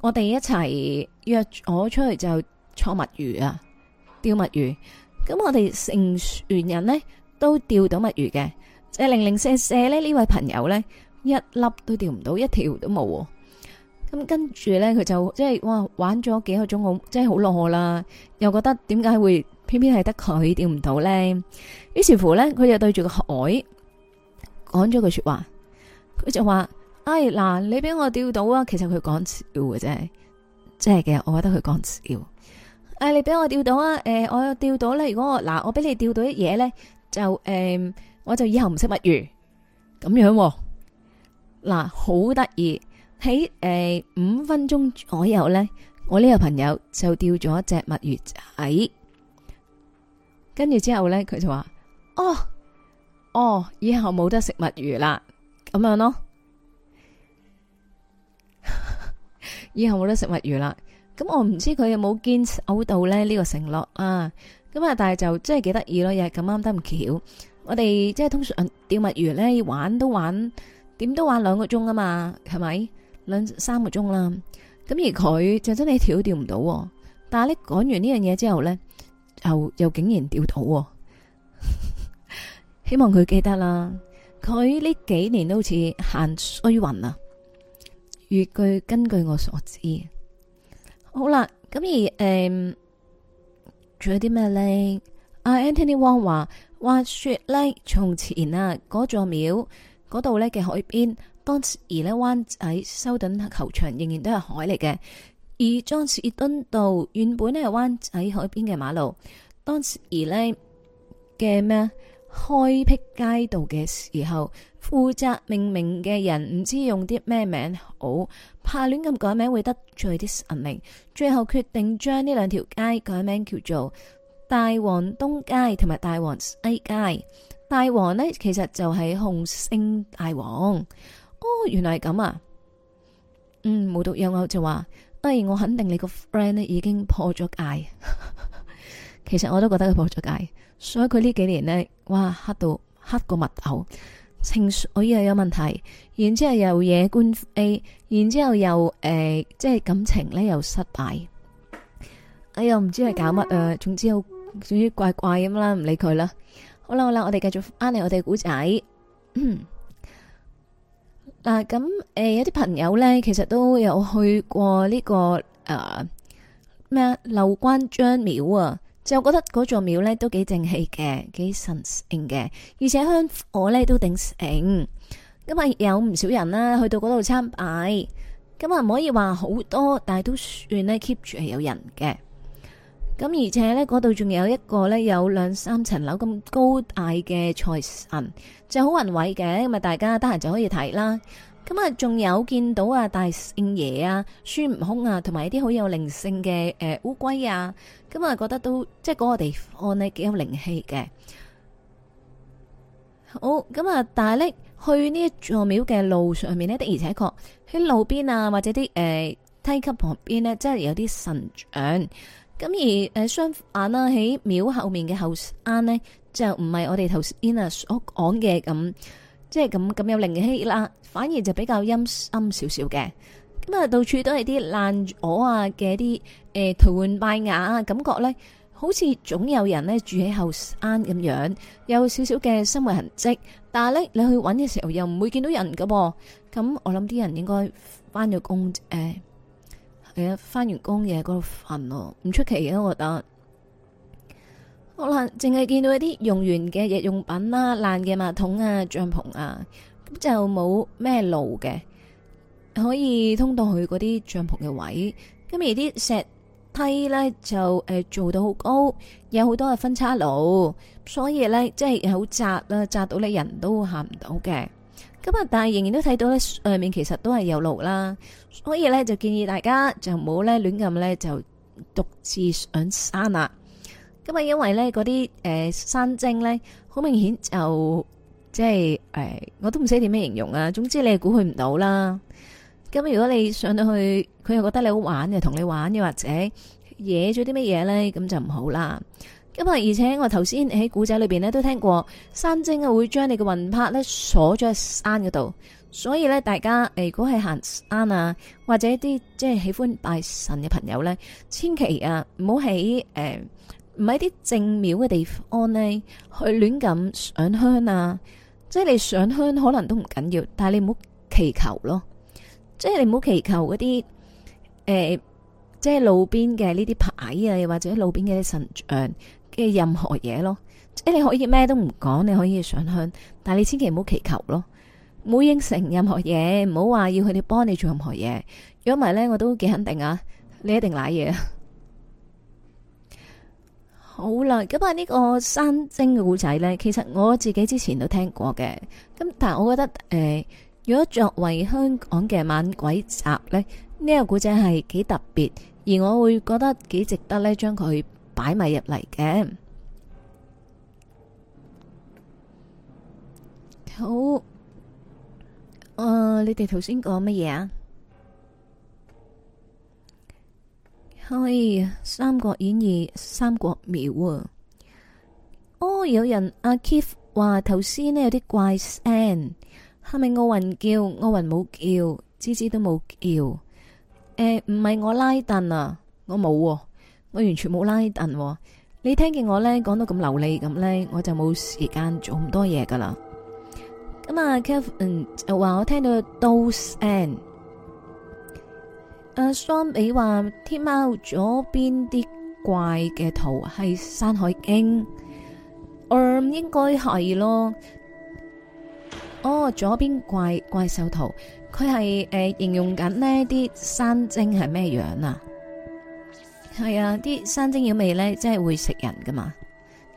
我哋一齊約我出去就坐墨魚啊，釣墨魚。咁我哋成船人咧都釣到墨魚嘅，即係零零舍舍咧呢位朋友咧一粒都釣唔到，一條都冇。咁跟住咧，佢就即係哇玩咗幾個鐘好，即係好落啦。又覺得點解會？偏偏係得佢釣唔到咧，於是乎咧，佢就對住個海講咗句說話，佢就話：哎嗱，你俾我釣到啊！其實佢講笑嘅啫，真係真係嘅，我覺得佢講笑。哎，你俾我釣到啊！誒、呃，我釣到咧、啊，如果我嗱，我俾你釣到啲嘢咧，就誒、呃，我就以後唔食墨魚。咁樣嗱、啊，好得意喺誒五分鐘左右咧，我呢個朋友就釣咗一隻墨魚仔。跟住之後呢，佢就話：哦，哦，以後冇得食墨魚啦，咁樣咯。 以後冇得食墨魚啦。咁、嗯、我唔知佢有冇堅持到呢呢個承諾啊。咁、嗯、啊，但係就真係幾得意咯，又係咁啱得咁巧。我哋即係通常釣墨魚呢，玩都玩，點都玩兩個鐘啊嘛，係咪兩三個鐘啦？咁、嗯、而佢就真係釣都釣唔到。但係呢，講完呢樣嘢之後呢。又又竟然掉土，啊， 希望佢記得啦。佢呢幾年都好似行衰運啊。粵句根據我所知，好啦，咁而誒，仲、嗯、有啲咩咧？阿 Anthony Wong 話話說咧，從前啊嗰座廟嗰度咧嘅海邊，當時咧灣仔修頓球場，仍然都係海嚟嘅。而莊士敦道原本係灣仔海邊嘅馬路，當時而咧嘅咩開辟街道嘅時候，負責命名嘅人唔知用啲咩名好，怕亂咁改名會得罪啲神明，最後決定將呢兩條街改名叫做大王東街同埋大王西街。大王呢其實就係洪聖大王哦，原來係咁啊。嗯，冇獨有偶就話。哎，我肯定你個 friend 咧已經破咗戒， 其實我都覺得佢破咗戒，所以佢呢幾年呢，哇，黑到黑過墨猴，情緒又有問題，然之後又惹官非，然之後又誒，即、呃、係感情咧又失敗，哎呀，唔知係搞乜啊，總之好，總之怪怪咁啦，唔理佢啦，好啦好啦，我哋繼續返嚟我哋古仔。 嗱、啊，咁誒、欸，有啲朋友咧，其實都有去過呢、這個誒咩啊，柳關張廟啊，就覺得嗰座廟咧都幾正氣嘅，幾神聖嘅，而且香火咧都頂醒，咁、嗯、日有唔少人啦，去到嗰度參拜，咁日唔可以話好多，但係都算咧 keep 住係有人嘅。咁而且呢，嗰度仲有一個呢，有兩三層樓咁高大嘅財神，就好宏偉嘅。咁啊，大家得閒就可以睇啦。咁啊，仲有見到啊大聖爺啊、孫悟空啊，同埋一啲好有靈性嘅誒、呃、烏龜啊。咁、嗯、啊，覺得都即係嗰個地方呢，幾有靈氣嘅。好，咁啊，但係呢去呢座廟嘅路上面呢，的而且確喺路邊啊，或者啲誒、呃、梯級旁邊呢，真係有啲神像。咁而誒相反啦，喺廟後面嘅後山呢，就唔係我哋頭先啊所講嘅咁，即係咁咁有靈氣啦，反而就比較陰森少少嘅。咁啊，到處都係啲爛咗啊嘅啲誒頹垣敗瓦啊，感覺呢好似總有人呢住喺後山咁樣，有少少嘅生活痕跡，但係呢你去揾嘅時候又唔會見到人㗎喎。咁我諗啲人應該翻咗工誒。翻完工嘢嗰度瞓咯，唔出奇嘅、啊、我覺得。好，我淨係見到一啲用完嘅日用品啦、啊、爛嘅馬桶啊、帳篷啊，咁就冇咩路嘅，可以通到去嗰啲帳篷嘅位。咁而啲石梯呢，就誒做到好高，有好多嘅分叉路，所以呢，即係好窄啦，窄到你人都行唔到嘅。咁啊，但係仍然都睇到咧，上面其實都係有路啦，所以咧就建議大家就唔好咧亂咁咧就獨自上山啦。咁啊，因為咧嗰啲誒山精咧，好明顯就即係誒、呃，我都唔識點樣形容啊。總之你估佢唔到啦。咁如果你上到去，佢又覺得你好玩，又同你玩，又或者惹咗啲乜嘢咧，咁就唔好啦。因為，而且我頭先喺古仔裏邊咧都聽過山精啊，會將你嘅魂魄咧鎖咗喺山嗰度。所以咧，大家如果係行山啊，或者啲即係喜歡拜神嘅朋友咧，千祈啊，唔好喺誒唔喺啲正廟嘅地方呢去亂咁上香啊！即係你上香可能都唔緊要，但係你唔好祈求咯。即係你唔好祈求嗰啲誒，即係路邊嘅呢啲牌啊，又或者路邊嘅神像。嘅任何嘢咯，即係你可以咩都唔講，你可以上香，但係你千祈唔好祈求咯，唔好應承任何嘢，唔好話要佢哋幫你做任何嘢。如果唔係呢，我都幾肯定啊，你一定瀨嘢。 好啦，咁啊呢個山精嘅故仔呢，其實我自己之前都聽過嘅。咁但係我覺得誒、呃，如果作為香港嘅猛鬼集呢，呢、呢個故仔係幾特別，而我會覺得幾值得呢將佢。將它擺埋入嚟嘅，好，誒，你哋頭先講乜嘢啊？係《三國演義》三國廟啊哦，有人阿 Keith 話頭先呢有啲怪聲，係咪奧運叫？奧運冇叫，芝芝都冇叫，誒，唔係我拉凳啊，我冇。我完全冇拉凳。哦，你聽見我咧講到咁流利咁咧，我就冇時間做咁多嘢噶啦。咁啊，Kevin 就話我聽到 d o s e and，阿雙你話天喵左邊啲怪嘅圖係《山海經》，嗯，應該係咯。哦，左邊怪怪獸圖，佢係誒形容緊呢啲山精係咩樣啊？係啊，啲山精妖魅咧，即係會食人噶嘛，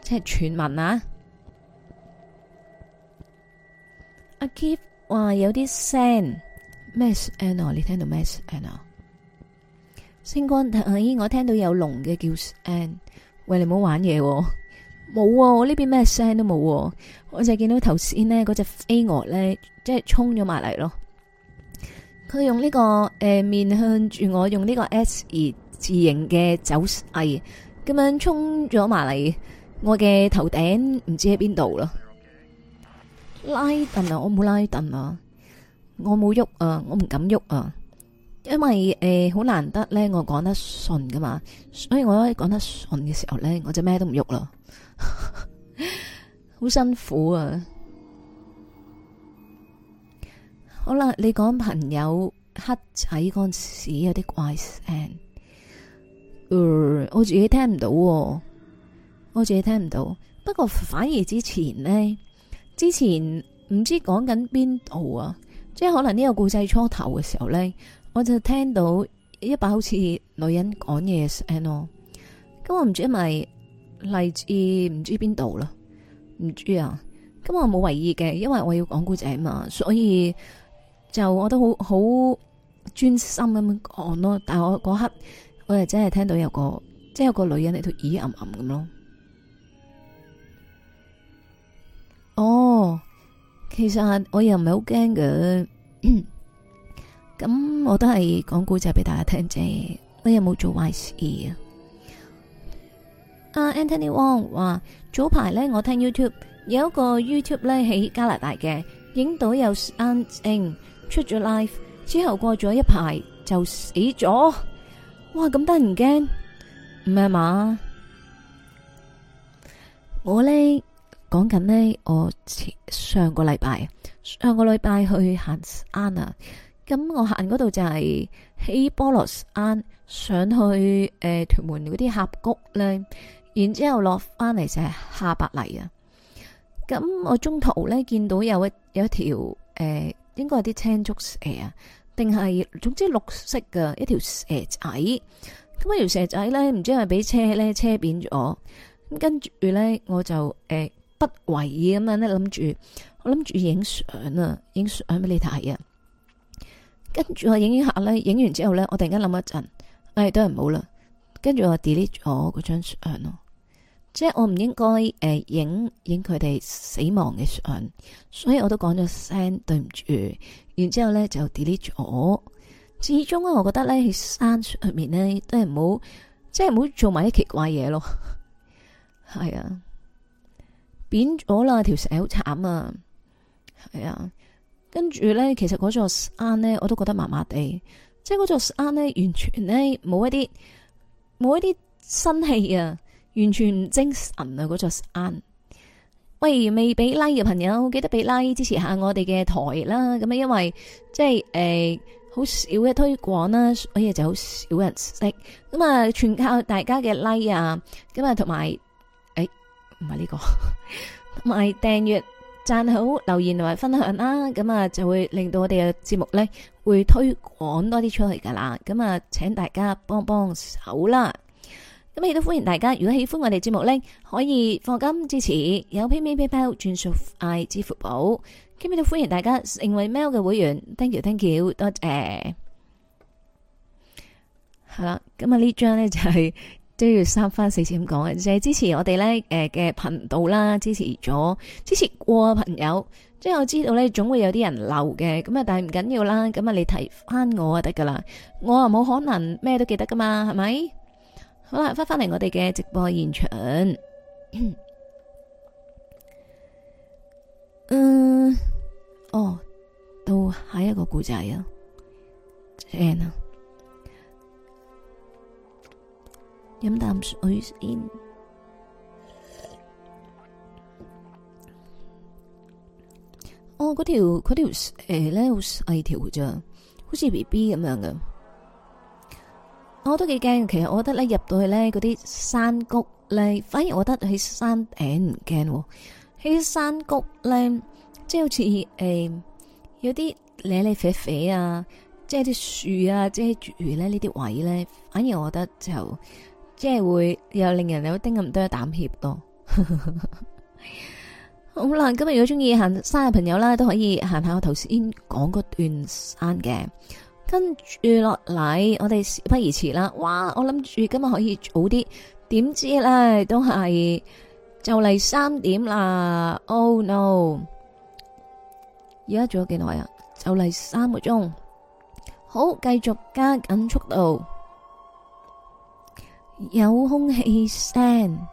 即係傳聞啊！阿 k i e 話有啲聲，咩聲？啊，你聽到咩聲？啊，星光頭先我聽到有龍嘅叫聲。喂，你唔好玩嘢，冇喎，我呢邊咩聲都冇，我就見到頭先呢嗰隻飛蛾咧，即係衝咗埋嚟咯。佢用呢個誒面向住我，用呢個 S 自營嘅走勢咁樣衝咗埋嚟我嘅頭頂，唔知喺邊度咯。拉凳啊，我冇拉凳啊，我冇喐啊，我唔敢喐啊，因為誒好、呃、難得咧，我講得順噶嘛，所以我喺講得順嘅時候咧，我就咩都唔喐啦，好 辛苦啊。好啦，你講朋友黑仔嗰時有啲怪聲。我自己聽唔到，我自己聽唔到,我自己聽不到。不過反而之前呢，之前唔知講緊邊度啊，即係可能呢個故仔初頭嘅時候呢，我就聽到一把好似女人講嘢嘅聲咯。咁我唔知係咪嚟自唔知邊度啦，唔知啊。咁我冇為意嘅，因為我要講故仔嘛，所以就我都好好專心咁講咯。但係我嗰刻。我又真係聽到有個，即係有個女人喺度耳吟吟暗咁咯。哦，其實我又唔係好驚嘅，咁我都係講古仔俾大家聽啫。我又冇做壞事啊。阿、uh, Anthony Wong 話：早排咧，我聽 YouTube 有一個 YouTube 咧喺加拿大嘅，影到有 ancing 出咗 live 之後過咗一排就死咗。哇，咁得人驚，唔係嘛？我咧講緊咧，我上個禮拜，上個禮拜去行山啊，咁我行嗰度就係喺菠蘿山，安，上去誒屯、hey 呃、門嗰啲峽谷咧，然之後落翻嚟就係下白泥啊。咁我中途咧見到有一有一條誒、呃，應該係啲青竹蛇啊。定係總之綠色嘅一條蛇仔，咁一條蛇仔咧，唔知係咪俾車咧車扁咗？咁跟住咧我就誒、呃、不為意咁樣咧諗住，我諗住影相啊，影相俾你睇啊，跟住我影影下咧，影完之後咧，我突然間諗一陣，唉、哎，都係唔好啦，跟住我 delete 咗嗰張相咯。即係我唔應該誒影影佢哋死亡嘅相，所以我都講咗聲對唔住。然之後咧就 delete 咗。始終咧，啊，我覺得咧喺山上面咧都係唔好，即係唔好做埋啲奇怪嘢咯。係 啊，扁咗啦條蛇好慘啊。係啊，跟住咧，其實嗰座山咧，我都覺得麻麻地。即係嗰座山咧，完全咧冇一啲冇一啲新氣啊！完全唔精神啊！嗰座山，喂，未俾 like 嘅朋友，記得俾 like 支持下我哋嘅台啦。咁啊，因為即係誒，好、欸、少嘅推廣啦，所以就好少人識。咁啊，全靠大家嘅 like 啊，咁啊，同埋誒，唔係呢個，同埋訂閱、讚好、留言同埋分享啦。咁啊，就會令到我哋嘅節目咧會推廣多啲出去噶啦。咁啊，請大家幫幫手啦。咁亦都歡迎大家，如果喜歡我哋節目咧，可以放金支持，有 PayMe、PayPal、轉數快、支付寶。咁亦都歡迎大家成為 mail 嘅會員，thank you，thank you，多謝，係、嗯、啦。咁啊呢張咧就係、是、都要三番四次咁講嘅，就係、是、支持我哋咧誒嘅頻道啦，支持咗支持過朋友，即係我知道咧，總會有啲人漏嘅。咁啊，但係唔緊要啦，咁啊你提翻我啊得噶啦，我又冇可能咩都記得噶嘛，係咪？好啦，翻返嚟我哋嘅直播現場，嗯。嗯，哦，到下一個故仔啊 c 啊，飲啖水先。哦，嗰條嗰條誒咧，好細條咋，好似 B B 咁樣嘅。我都幾驚，其實我覺得咧入到去咧嗰啲山谷咧，反而我覺得喺山頂唔驚，喺山谷咧，即係好似誒、欸、有啲咧咧啡啡啊，即係啲樹啊，即係遮住咧呢啲位咧，反而我覺得就即係會又令人有丁咁多膽怯多。 好啦，今日如果中意行山嘅朋友啦，都可以行下我頭先講嗰段山嘅。跟住落嚟，我哋事不宜遲啦。哇，我諗住今日可以早啲，點知咧都係就嚟三點啦。Oh no！而家做咗幾耐啊？就嚟三個鐘。好，繼續加緊速度，有空氣聲。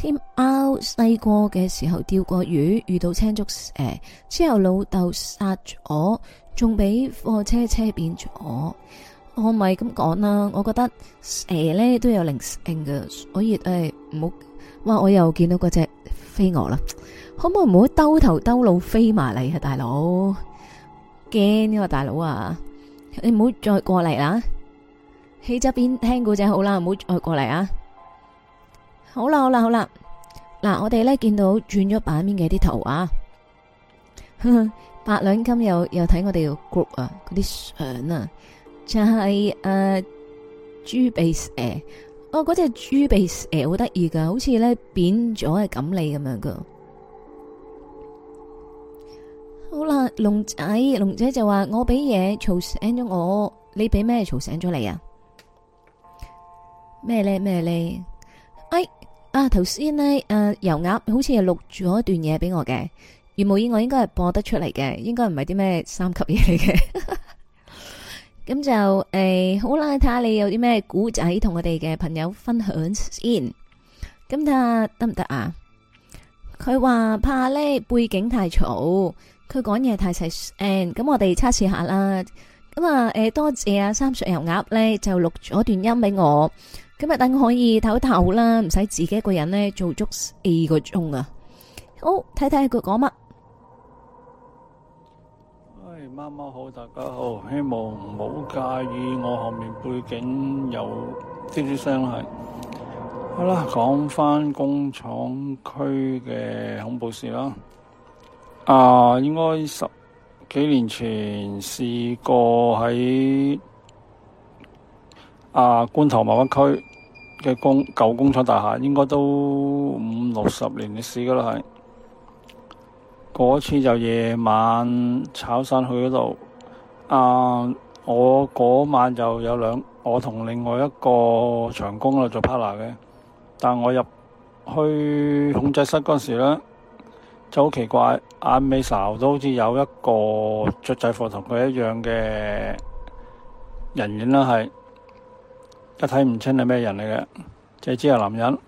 天喵細個嘅時候釣過魚，遇到青竹蛇，之後老豆殺咗，仲俾貨車車扁咗。我咪咁講啦，我覺得蛇咧都有靈性嘅，所以誒唔好。哇！我又見到嗰隻飛蛾啦，可唔可以唔好兜頭兜路飛埋嚟啊，大佬？驚呢個大佬啊！你唔好再過嚟啦，喺側邊聽古仔好啦，唔好再過嚟啊！好啦好啦好啦，嗱，我哋咧見到轉咗版面嘅啲圖啊，哼，八兩金又又睇我哋個 group 啊，嗰啲相啊，就係誒豬鼻蛇。哦，嗰隻豬鼻蛇好得意噶，好似咧扁咗嘅錦鯉咁樣噶。好啦，龍仔龍仔就話我俾嘢吵醒咗我，你俾咩吵醒咗你啊？咩咧咩咧？哎！啊，頭先咧，誒，油鴨好似又錄咗一段嘢俾我嘅，如無意外應該係播得出嚟嘅，應該唔係啲咩三級嘢嚟嘅。咁就誒，好啦，睇下你有啲咩古仔同我哋嘅朋友分享先。咁睇下得唔得啊？佢話怕咧背景太嘈，佢講嘢太細。誒，咁我哋測試下啦。咁啊，誒，多謝啊，三歲油鴨咧就錄咗段音俾我。今日等我可以唞唞啦，唔使自己一個人呢做足四個鐘啊！好，睇睇佢講乜。喂、哎，貓貓好，大家好，希望唔好介意我後面背景有啲啲聲，係。好啦，講翻工廠區嘅恐怖事啦。啊，應該十幾年前試過喺啊觀塘某一區，嘅工舊工廠大廈應該都五六十年歷史噶啦，係嗰次就夜晚炒散去嗰度，啊我嗰晚就有兩我同另外一個長工喺度做 partner 嘅，但我入去控制室嗰時咧就好奇怪，眼尾睄都好似有一個着制服同佢一樣嘅人影啦，係。一睇唔清係咩人嚟嘅，只知係男人。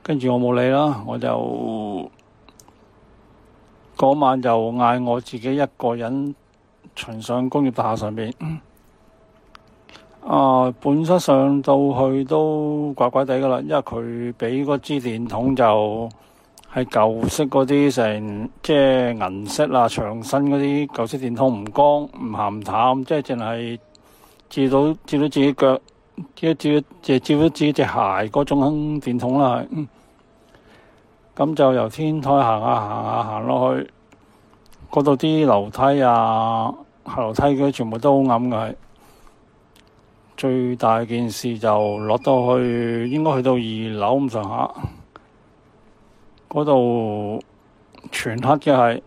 跟住我冇理啦，我就嗰晚就嗌我自己一個人巡上工業大廈上邊。啊，本身上到去都怪怪地噶啦，因為佢俾嗰支電筒就係舊式嗰啲成即係銀色啊，長身嗰啲舊式電筒不，唔光唔鹹淡，即係淨係照到照到自己腳。即係照，即只照一照隻鞋嗰種燈電筒啦，咁、嗯、就由天台行、啊啊、下行下行落去，嗰度啲樓梯啊、下樓梯啲全部都好暗嘅。係最大件事就落到去，應該去到二樓咁上下，嗰度全黑嘅，係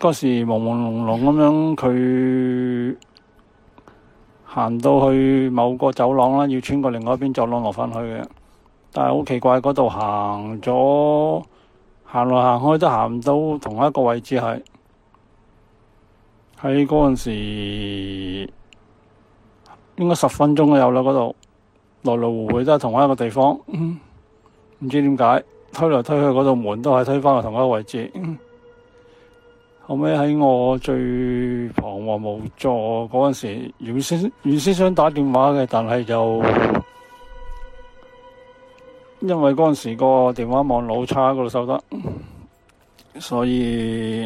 嗰時朦朦朧朧咁樣佢。行到去某個走廊啦，要穿過另外一邊走廊落翻去嘅，但係好奇怪，嗰度行咗行來行、嗯、去都行唔到同一個位置，係喺嗰陣時應該十分鐘都有啦，嗰度來來回回都係同一個地方，唔知點解推來推去嗰道門都係推翻去同一個位置。後尾喺我最彷徨無助嗰陣時如，原先原先想打電話嘅，但係就因為嗰陣時個電話網老差，嗰度收得，所以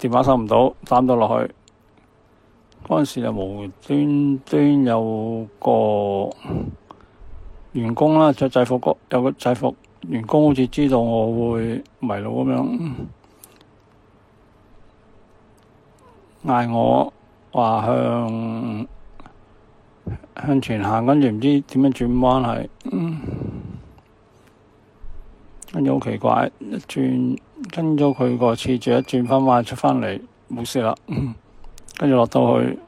電話收唔到，打唔到落去。嗰陣時就無端端有個員工啦，着制服個有個制服員工好似知道我會迷路咁樣。嗌我話，向向前行，跟住唔知點樣轉彎係，嗯跟住好奇怪，一轉跟咗佢個次，再一轉翻彎出翻嚟，冇事啦。跟住落到去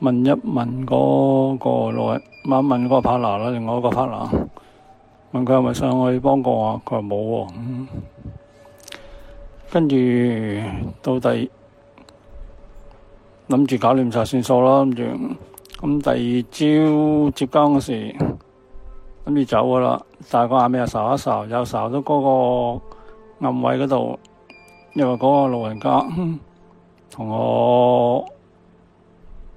問一問嗰個來，問一問嗰、嗰個 partner 啦，partner, 另外一個 partner，問佢係咪上去幫過我？佢話冇喎。跟、嗯、住到第。諗住搞掂晒算數啦。諗住，咁第二朝接更嗰時諗住走噶啦，但係個阿咩又掃一掃，又掃到嗰個暗位嗰度，因為嗰個老人家同我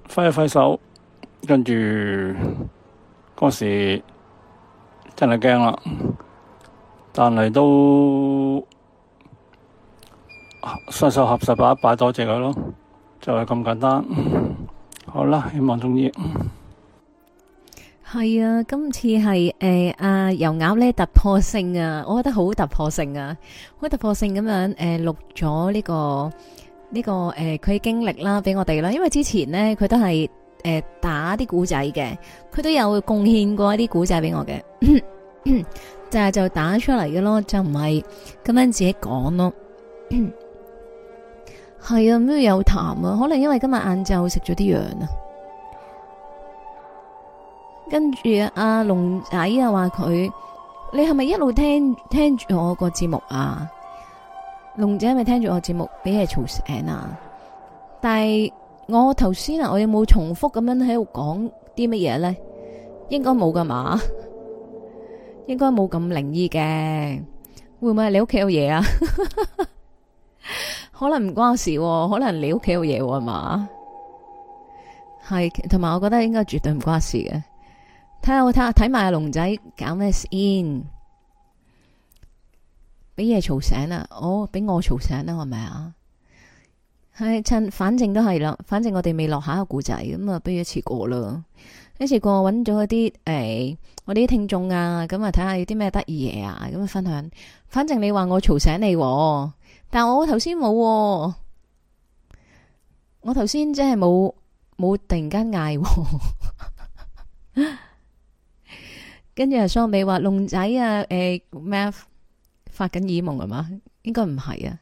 揮一揮手，跟住嗰時真係驚啦，但係都雙手合十，擺多謝佢咯。就係、是、咁簡單，好啦，希望鍾意係啊，今次係誒阿油鴨咧，突破性啊，我覺得好突破性啊，好突破性咁樣誒錄咗呢個呢、這個誒佢、呃、經歷啦，俾我哋啦。因為之前呢，佢都係誒、呃、打啲古仔嘅，佢都有貢獻過一啲古仔俾我嘅， 就係就打出嚟嘅咯，就唔係咁樣自己講咯。 係啊，咩有痰啊？可能因為今日晏晝食咗啲藥啊。跟住阿龍仔啊，話佢你係咪一路聽聽住我個節目啊？龍仔係咪聽住我節目俾你吵醒啊？但係我頭先啊，我有冇重複咁樣喺度講啲乜嘢呢？應該冇噶嘛，應該冇咁靈異嘅。會唔會係你屋企有嘢啊？ 可能唔關事，可能你屋企有嘢係嘛？係同埋，我覺得應該絕對唔關事嘅。睇下，我睇下，睇埋阿龍仔搞咩事？in 俾嘢嘈醒啦，哦，俾我嘈醒啦，係咪啊？係趁，反正都係啦。反正我哋未落下個故仔，咁啊，不如一次過啦。一次過我一，搵咗啲誒，我啲聽眾啊，咁啊，睇下有啲咩得意嘢啊，咁啊，分享。反正你話我嘈醒你。但我頭先冇，我頭先真係冇冇突然間嗌、哦， 跟住阿雙美話龍仔啊，誒、欸、咩發緊耳夢係嘛？應該唔係啊。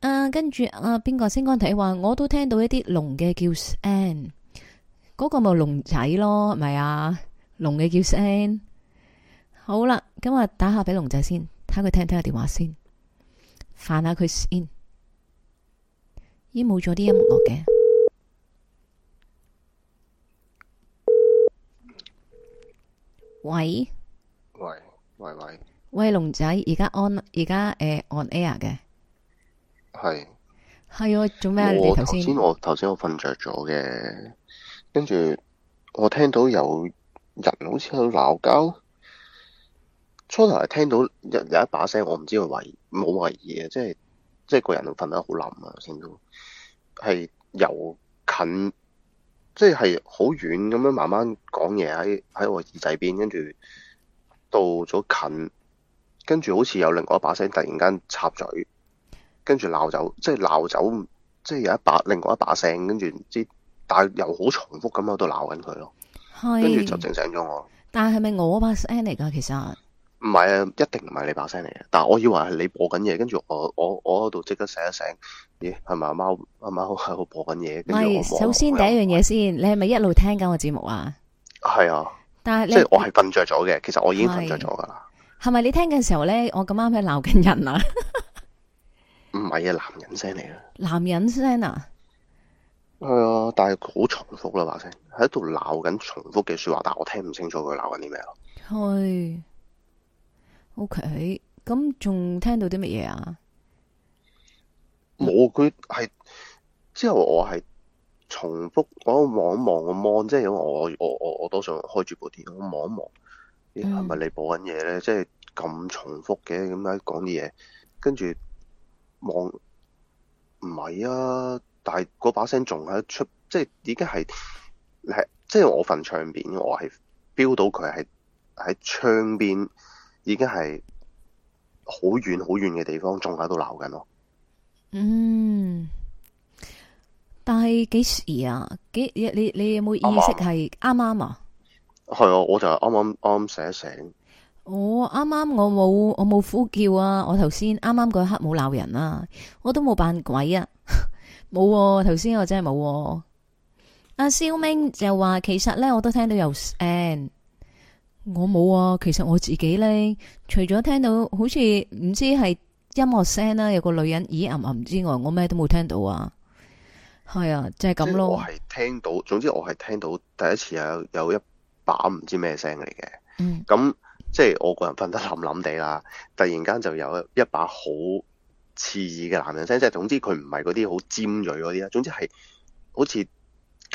啊，跟住啊，邊個星光體話我都聽到一啲龍嘅叫聲，嗰個咪龍仔咯，係咪啊？龍嘅叫聲，好啦，今日打下俾龍仔先，睇下佢聽唔聽下電話先。煩下佢先，咦，冇咗啲音樂嘅。喂，喂喂喂，喂龍仔，而家按，而家誒 on air 嘅，係係我做咩你頭先？我頭先我瞓着咗嘅，跟住我，我，我聽到有人好似喺度鬧交，初頭係聽到人有一把聲，我唔知佢喂。冇懷疑啊，即係即係個人，瞓得好冧啊，先都係由近，即係好遠咁樣慢慢講嘢喺喺我耳仔邊，跟住到咗近，跟住好似有另外一把聲突然間插嘴，跟住鬧走，即係鬧走，即係有一把另外一把聲，跟住知，但係又好重複咁喺度鬧緊佢咯，跟住就整醒咗我。但係係咪我把聲嚟㗎？其實？唔係啊，一定唔係你把聲嚟嘅，但係我以為係你播緊嘢，跟住我我我嗰度即刻醒一醒，咦係咪阿貓阿貓喺度播緊嘢？首先第一樣嘢先，你係咪一路聽緊我節目啊？係啊，但係即係我係瞓着咗嘅，其實我已經瞓着咗噶啦。係咪你聽緊嘅時候咧，我咁啱係鬧緊人啊？唔係啊，男人聲嚟啊，男人聲啊，係啊，但係好重複啦把聲，喺度鬧緊重複嘅說話，但我聽唔清楚佢鬧緊啲咩咯。係。O K，咁仲聽到啲乜嘢啊？冇，佢係之後我係重複，我望一望個 mon，即係因為我我我我都想開住部電腦望一望，係咪你播緊嘢咧？即係咁重複嘅咁樣講啲嘢，跟住望唔係啊？但係嗰把聲仲喺出，即係已經係係即係我份唱片，我係標到佢係喺窗邊已經係好遠好遠嘅地方，仲喺度鬧緊咯。嗯，但係幾時啊？幾你你你有冇意識係啱啱啊？係啊，我就係啱啱啱醒一醒，哦。我啱啱我冇我冇呼叫啊！我頭先啱啱嗰一刻冇鬧人啊，我都冇扮鬼啊，冇頭先我真係冇，啊。阿肖明就話，其實咧我都聽到有誒。嗯我冇啊，其實我自己咧，除咗聽到好似唔知係音樂聲啦，有個女人咦吟吟、嗯嗯、之外，我咩都冇聽到啊。係啊，就係、是、咁咯。我係聽到，總之我係聽到第一次有有一把唔知咩聲嚟嘅。嗯。咁即係我個人瞓得冧冧地啦，突然間就有一一把好刺耳嘅男人聲，即係總之佢唔係嗰啲好尖銳嗰啲啊。總之係好似。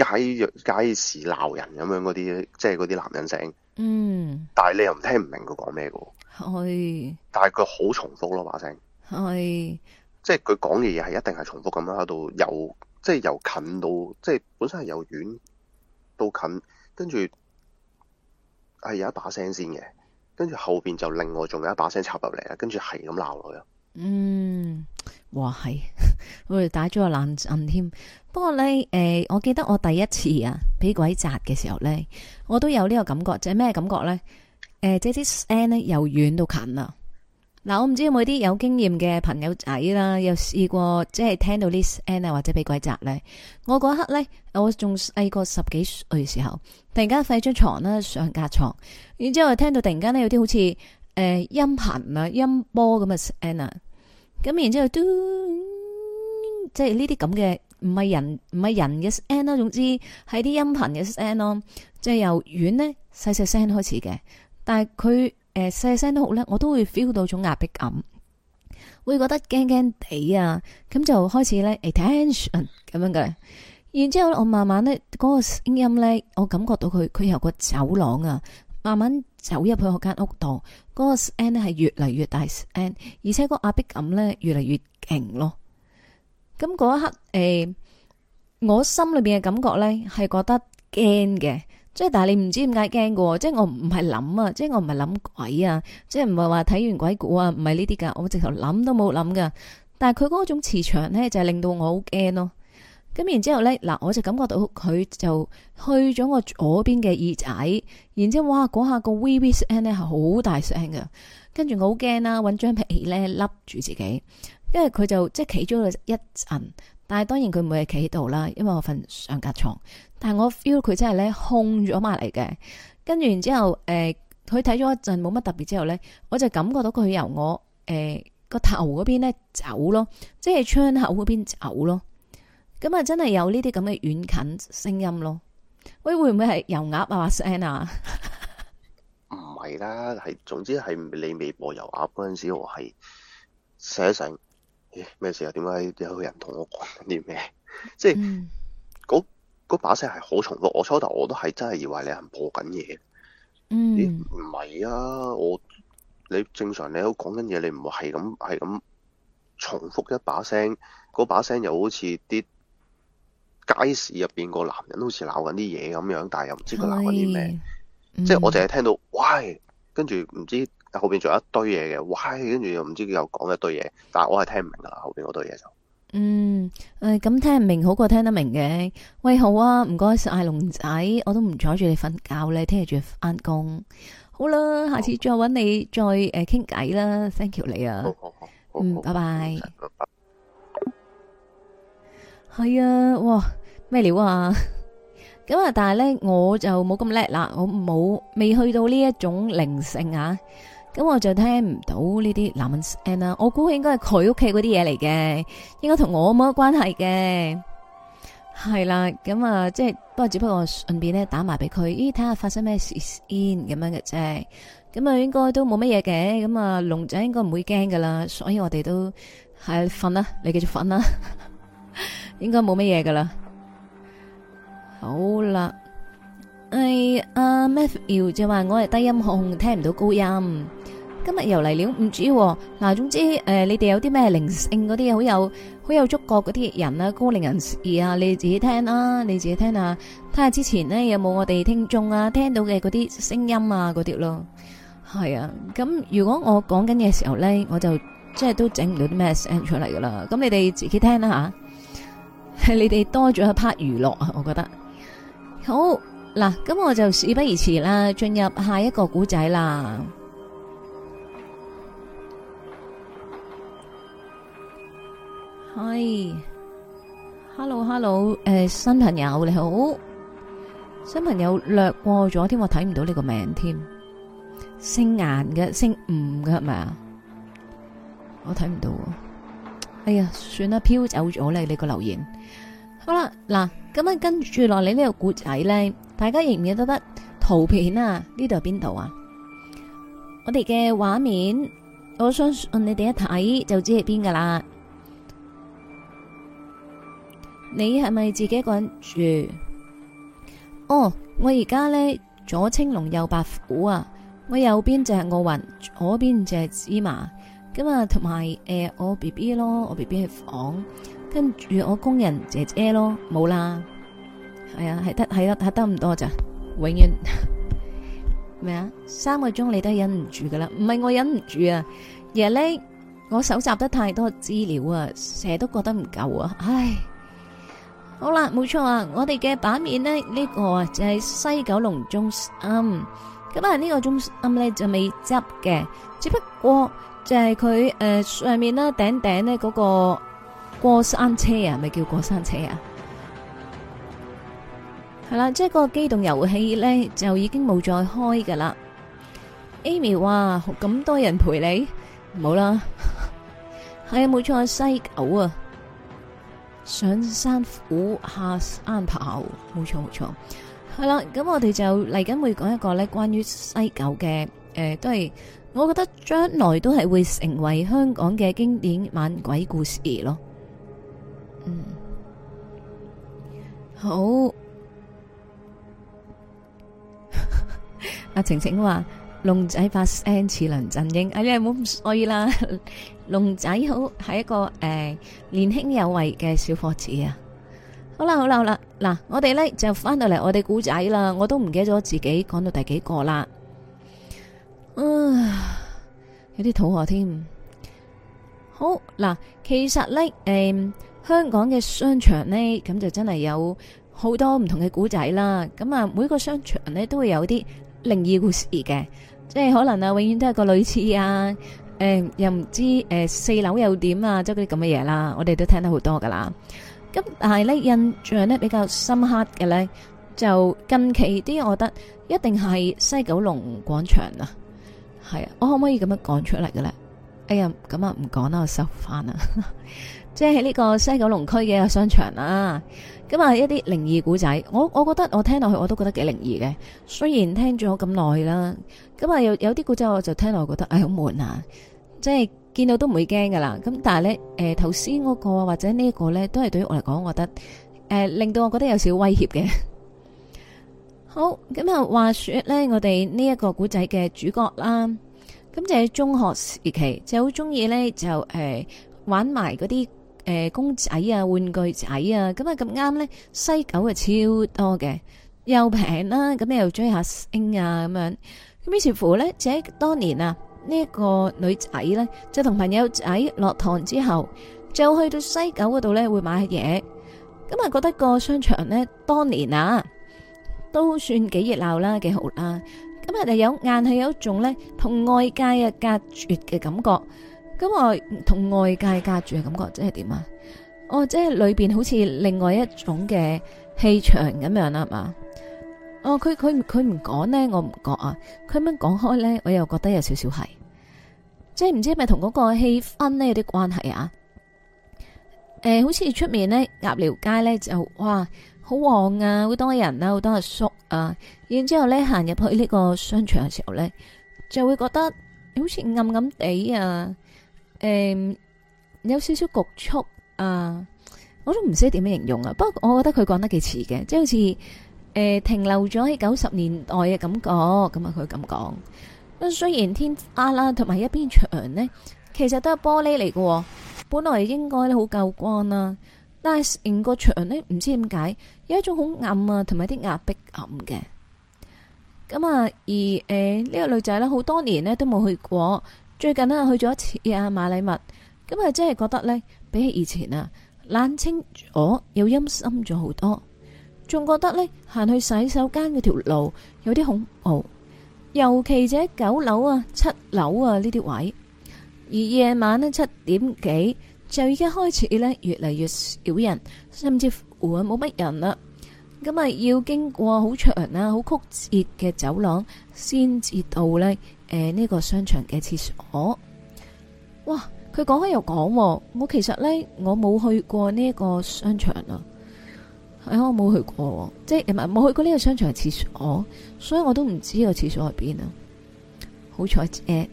街、街市鬧人咁樣嗰啲，即係嗰啲男人聲。嗯，但係你又唔聽唔明佢講咩喎。係，但係佢好重複咯把聲。係，即係佢講嘅嘢係一定係重複咁樣喺度由，即係由近到，即係本身係由遠到近，跟住係有一把聲先嘅，跟住後邊就另外仲有一把聲插入嚟，跟住係咁鬧佢咯。嗯，哇，係，我哋打咗個冷震添。不過咧，誒、呃，我記得我第一次啊俾鬼閘嘅時候咧，我都有呢個感覺，就係咩感覺咧？誒、呃，即係啲聲咧由遠到近啦。嗱、呃，我唔知有冇啲有，有經驗嘅朋友仔啦，又試過即係聽到聲呢聲啊，或者俾鬼閘咧。我嗰刻咧，我仲細個十幾歲嘅時候，突然間瞓喺張床啦，上架床，然之後聽到突然間咧有啲好似。誒，音頻啊，音波咁啊，聲啊，咁然之後都即係呢啲咁嘅，唔係人唔係人嘅聲咯，總之係啲音頻嘅聲咯，即係由遠咧細細聲開始嘅，但係佢誒細細聲都好咧，我都會 feel 到種壓迫感，會覺得驚驚地啊，咁就開始咧 attention 咁樣嘅，然之後我慢慢咧嗰個聲音咧，我感覺到佢佢有個走廊啊，慢慢。走入去嗰間屋度，嗰、那個聲呢係越嚟越大聲，而且嗰個壓迫感呢越嚟越勁咯。咁嗰一刻，誒、欸，我心裏邊嘅感覺呢係覺得驚嘅，即係但係你唔知點解驚喎，即係我唔係諗啊，即係我唔係諗鬼啊，即係唔係話睇完鬼故啊，唔係呢啲噶，我直頭諗都冇諗噶。但係佢嗰種磁場呢，就係、是、令到我好驚咯。咁然之後咧，嗱我就感覺到佢就去咗我左邊嘅耳仔，然之後哇嗰下個 V V 聲咧係好大聲㗎。跟住我好驚啦，搵張被咧笠住自己，因為佢就即係企咗一陣，但係當然佢唔會企喺度啦，因為我瞓上格床，但係我 feel 佢真係咧空咗埋嚟嘅，跟住然之後誒，佢睇咗一陣冇乜特別之後咧，我就感覺到佢由我誒個、呃、頭嗰邊咧走咯，即係窗口嗰邊走咯。咁啊，真係有呢啲咁嘅遠近聲音咯。喂，會唔會係油鴨啊？聲 啊？唔 係啦，係總之係你未播油鴨嗰陣時我寫寫，我係醒一醒，咩事啊？點解有個人同我講緊啲咩？即係嗰把聲係好重複。我初頭我都係真係以為你係播緊嘢。嗯，唔係啊，我你正常你都講緊嘢，你唔係咁係咁重複一把聲，嗰把聲又好似啲。街市入邊個男人好似鬧緊啲嘢咁樣，但係又唔知佢鬧緊啲咩，即係我淨係聽到喂，跟住唔知後邊仲有一堆嘢嘅。喂，跟住又唔知佢又講一堆嘢，但係我係聽唔明啦，後邊嗰堆嘢就，嗯，誒、呃，咁聽唔明好過聽得明嘅。喂，好啊，唔該晒龍仔，我都唔阻住你瞓覺咧，聽日住翻工，好啦，下次再搵你再誒傾偈啦，thank you 你啊，好好好，嗯，拜拜。拜拜係啊，哇，咩料啊？咁 啊，但係咧，我就冇咁叻啦，我冇未去到呢一種靈性啊，咁我就聽唔到呢啲男人聲啦、啊。我估應該係佢屋企嗰啲嘢嚟嘅，應該同我冇乜關係嘅。係啦、啊，咁啊，即係不過只不過順便咧打埋俾佢，咦，睇下發生咩事先咁樣嘅啫。咁啊，應該都冇乜嘢嘅。咁啊，龍仔應該唔會驚噶啦。所以我哋都係瞓啦，你繼續瞓啦。 應該冇咩嘢噶啦，好啦，誒阿 Matthew 就話我係低音控，聽唔到高音。今日又嚟了，唔知嗱，總之誒，你哋有啲咩靈性嗰啲嘢，好有好有觸覺嗰啲人啦，高靈人士啊，你自己聽啦，你自己聽下，睇下之前咧有冇我哋聽眾啊聽到嘅嗰啲聲音啊嗰啲咯。係啊，咁如果我講緊嘅時候咧，我就即係都整唔到啲咩聲出嚟噶啦。咁你哋自己聽啦吓。係你哋多咗一 part 娛樂啊，我覺得好，嗱，咁我就事不宜遲啦，進入下一個古仔啦。係，hello hello，誒新朋友你好，新朋友略過咗添，我睇唔到你個名添，姓顏嘅，姓吳嘅係咪啊？我睇唔到，哎呀，算啦，飄走咗咧，你個留言。好啦，嗱，咁啊，跟住落嚟呢個故仔咧，大家認唔認得得圖片啊？呢度係邊度啊？我哋嘅畫面，我相信你哋一睇就知係邊噶啦。你係咪自己一個人住？哦，我而家咧左青龍右白虎啊，我右邊就係奧雲，左邊就係芝麻，咁啊同埋誒我 B B 咯，我 B B 喺房。跟住我工人姐姐咯，冇啦，係啊，係得係咯，係得咁多咋，永遠咩啊？三個鐘你都忍唔住噶啦，唔係我忍唔住啊！而係咧，我搜集得太多資料啊，成日都覺得唔夠啊，唉！好啦，冇錯啊，我哋嘅版面咧呢個啊就係西九龍中心，咁啊呢個中心咧就未執嘅，只不過就係佢誒上面咧頂頂咧嗰個。過山車啊，咪叫過山車啊，係啦，即係個機動遊戲咧，就已經冇再開噶啦。Amy 話咁多人陪你，冇啦，係啊，冇錯，西九啊，上山虎下山跑，冇錯冇錯，係啦，咁我哋就嚟緊會講一個咧，關於西九嘅，誒，都係我覺得將來都係會成為香港嘅經典猛鬼故事咯。好，阿晴晴話龍仔把聲似林振英，哎呀，唔好咁衰啦。龍仔好係一個誒年輕有為嘅小伙子啊。好啦，好啦，好啦，嗱，我哋咧就翻到嚟，我哋古仔啦。我都唔記得咗自己講到第幾個啦，嗯，有啲肚餓添。好嗱，其實咧誒。香港嘅商場呢，咁就真係有好多唔同嘅古仔啦。咁啊，每個商場呢都會有啲靈異故事嘅，即係可能啊，永遠都係個女廁啊，誒、呃，又唔知誒、呃、四樓又點啊，即係嗰啲咁嘅嘢啦。我哋都聽得好多噶啦。咁但係呢，印象呢比較深刻嘅呢，就近期啲，我覺得一定係西九龍廣場啊。係啊，我可唔可以咁樣講出嚟嘅呢？哎呀，咁啊，唔講啦，我收翻啦。 即係呢個西九龍區嘅一個商場啦、啊，咁、嗯、啊一啲靈異古仔，我我覺得我聽落去我都覺得幾靈異嘅。雖然聽咗咁耐啦，咁、嗯、啊有有啲古仔我就聽落覺得唉好悶啊，即係見到都唔會驚噶啦。咁、嗯、但係呢，誒頭先嗰個或者這個呢一個呢，都係對於我嚟講，我覺得誒、呃、令到我覺得有少少威脅嘅。好，咁、嗯、啊話說呢，我哋呢一個古仔嘅主角啦，咁、嗯、就喺、是、中學時期就好中意呢，就誒、呃、玩埋嗰啲。誒，公仔啊，玩具仔啊，咁啊咁啱咧，西九啊超多嘅，又平啦，咁你又追下星啊咁樣，咁於是乎咧，即係當年啊，呢一個女仔咧，就同朋友仔落堂之後，就去到西九嗰度咧會買嘢，咁啊覺得個商場咧，當年啊，都算幾熱鬧啦，幾好啦，咁啊又有硬係有一種咧同外界啊隔絕嘅感覺。咁我同外界隔住嘅感覺即係點啊？哦，即係裏邊好似另外一種嘅氣場咁樣啦，係嘛？哦，佢佢佢唔講呢，我唔覺啊。佢咁樣講開呢，我又覺得有少少係，即係唔知係咪同嗰個氣氛呢有啲關係啊？誒、呃，好似出面呢，鴨寮街呢，就哇好旺啊，好多人啊，好多阿叔啊。然之後呢，行入去呢個商場嘅時候呢，就會覺得好似暗暗地啊。誒、嗯，有少少局促啊，我都唔知點樣形容啊。不過我覺得佢講得幾似嘅，即係好似誒、呃、停留咗喺九十年代嘅感覺。咁、嗯、啊，佢咁講。咁雖然天黑啦，同埋一邊牆呢，其實都係玻璃嚟嘅，本來應該咧好夠光啦。但係成個牆呢，唔知點解有一種好暗啊，同埋啲壓迫暗嘅。咁、嗯、啊，而誒呢、嗯，這個女仔咧，好多年呢都冇去過。最近咧去咗一次啊買禮物，咁啊真係覺得呢，比起以前啊冷清咗，又陰森咗好多，仲覺得呢，行去洗手間嗰條路有啲恐怖，尤其係九樓啊、七樓啊呢啲位，而夜晚呢，七點幾就已經開始呢，越嚟越少人，甚至乎冇乜人啦，咁啊要經過好長啊好曲折嘅走廊先至到呢。誒，呢個商場嘅廁所，哇！佢講開又講，我其實呢，我冇去過呢個商場啊，係、哎、我冇去過，即係唔係冇去過呢個商場嘅廁所，所以我都唔知個廁所喺邊、呃、啊。好彩啫。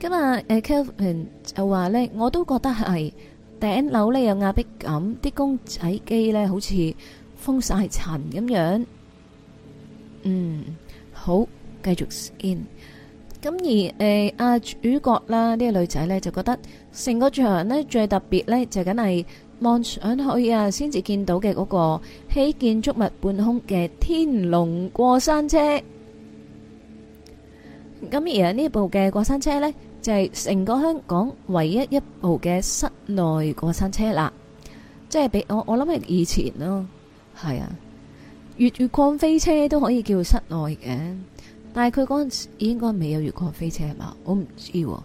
今日誒，Calvin 就話呢，我都覺得係頂樓呢有壓迫感，啲公仔機呢好似封晒塵咁樣。嗯，好。繼續 in，咁而誒阿、呃啊、主角啦，呢、這個女仔呢，就覺得成個場呢，最特別呢，就梗係望上去啊，先至見到嘅嗰個喺建築物半空嘅天龍過山車。咁而呢、啊、部嘅過山車呢，就係、是、成個香港唯一一部嘅室內過山車啦，即係俾我我諗係以前咯，係啊，越越礦飛車，都可以叫室內嘅。但係佢嗰陣應該未有月光飛車係嘛？我唔知，啊，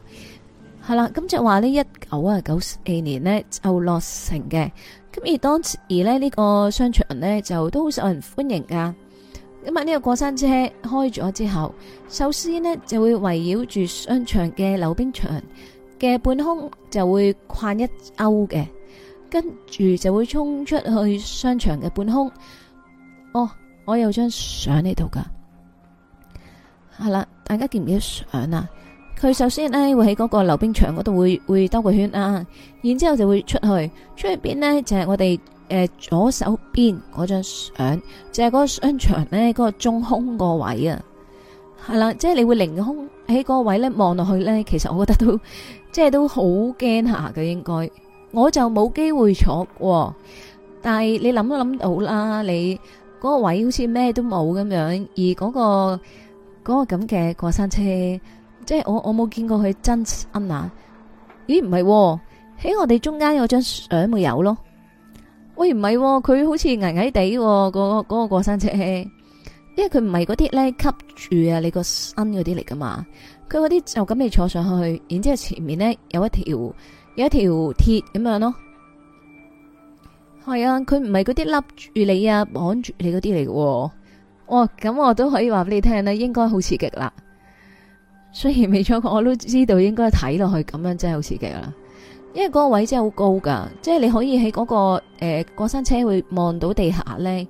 係啦。咁就話呢，一九啊九四年呢就落成嘅。咁而當時呢，呢個商場呢就都好受人歡迎噶。咁啊呢個過山車開咗之後，首先呢就會圍繞住商場嘅溜冰場嘅半空就會跨一歐嘅，跟住就會衝出去商場嘅半空。哦，我有張相喺度噶。係啦，大家見唔見到相啊？佢首先咧會喺嗰個溜冰場嗰度會會兜個圈啊，然之後就會出去，出去邊咧就係我哋誒左手邊嗰張相，就係嗰個商場咧嗰個中空個位啊。係啦，即係你會凌空喺嗰個位咧望落去咧，其實我覺得都即係都好驚嚇嘅應該。我就冇機會坐，但係你諗都諗到啦，你嗰個位好似咩都冇咁樣，而嗰個。嗰個咁嘅過山車，即係我我冇見過佢真身啊！咦，唔係喎，喺我哋中間有張相咪有咯？喂，唔係喎，佢好似矮矮地個嗰個過山車，因為佢唔係嗰啲咧吸住啊你個身嗰啲嚟噶嘛，佢嗰啲就咁你坐上去，然之後前面咧有一條有一條鐵咁樣咯。係啊，佢唔係嗰啲笠住你啊，綁住你嗰啲嚟喎。哇、哦，咁我都可以話俾你聽咧，應該好刺激啦！雖然未坐過，我都知道應該睇落去咁樣真係好刺激啦，因為嗰個位真係好高噶，即係你可以喺嗰、嗰個誒、呃、過山車會望到地下咧，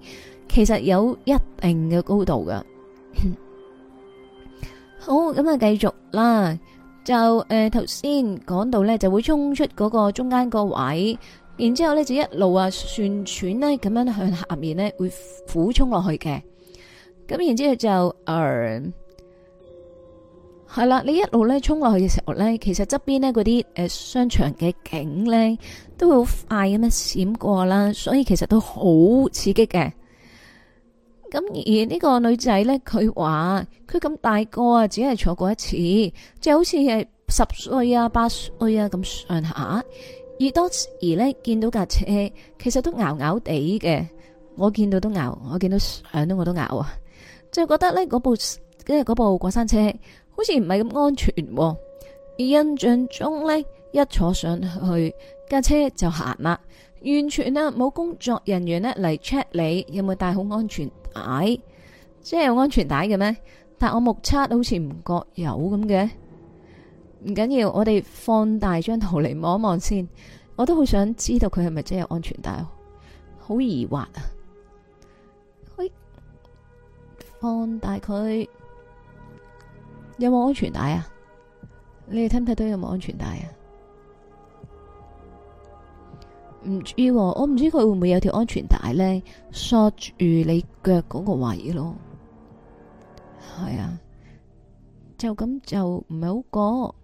其實有一定嘅高度噶。 好，咁啊繼續啦，就誒頭先講到咧，就會沖出嗰個中間個位，然之後咧就一路啊旋轉咧，咁樣向下面咧會俯沖落去嘅。咁然之後就誒，係、呃、啦，你一路咧衝落去嘅時候咧，其實側邊咧嗰啲誒商場嘅景咧，都會好快咁樣閃過啦，所以其實都好刺激嘅。咁而呢個女仔咧，佢話佢咁大個啊，只係坐過一次，即係好似係十歲啊、八歲啊咁上下。而當時咧見到架車，其實都嘔嘔地嘅，我見到都嘔，我見到響到我都嘔啊。就覺得呢部即係部過山車好似唔係咁安全、啊，而印象中呢，一坐上去架車就行啦，完全啊冇工作人員呢嚟 check 你有冇帶好安全帶，即係有安全帶嘅咩？但我目測好似唔覺有咁嘅，唔緊要，我哋放大張圖嚟望一望先，我都好想知道佢係咪真係有安全帶，好疑惑啊！放大佢有冇安全帶啊？你哋睇唔睇到有冇安全帶啊？唔知喎，我唔知佢會唔會有條安全帶咧，索住你腳嗰個位咯。係啊，就咁就唔係好過。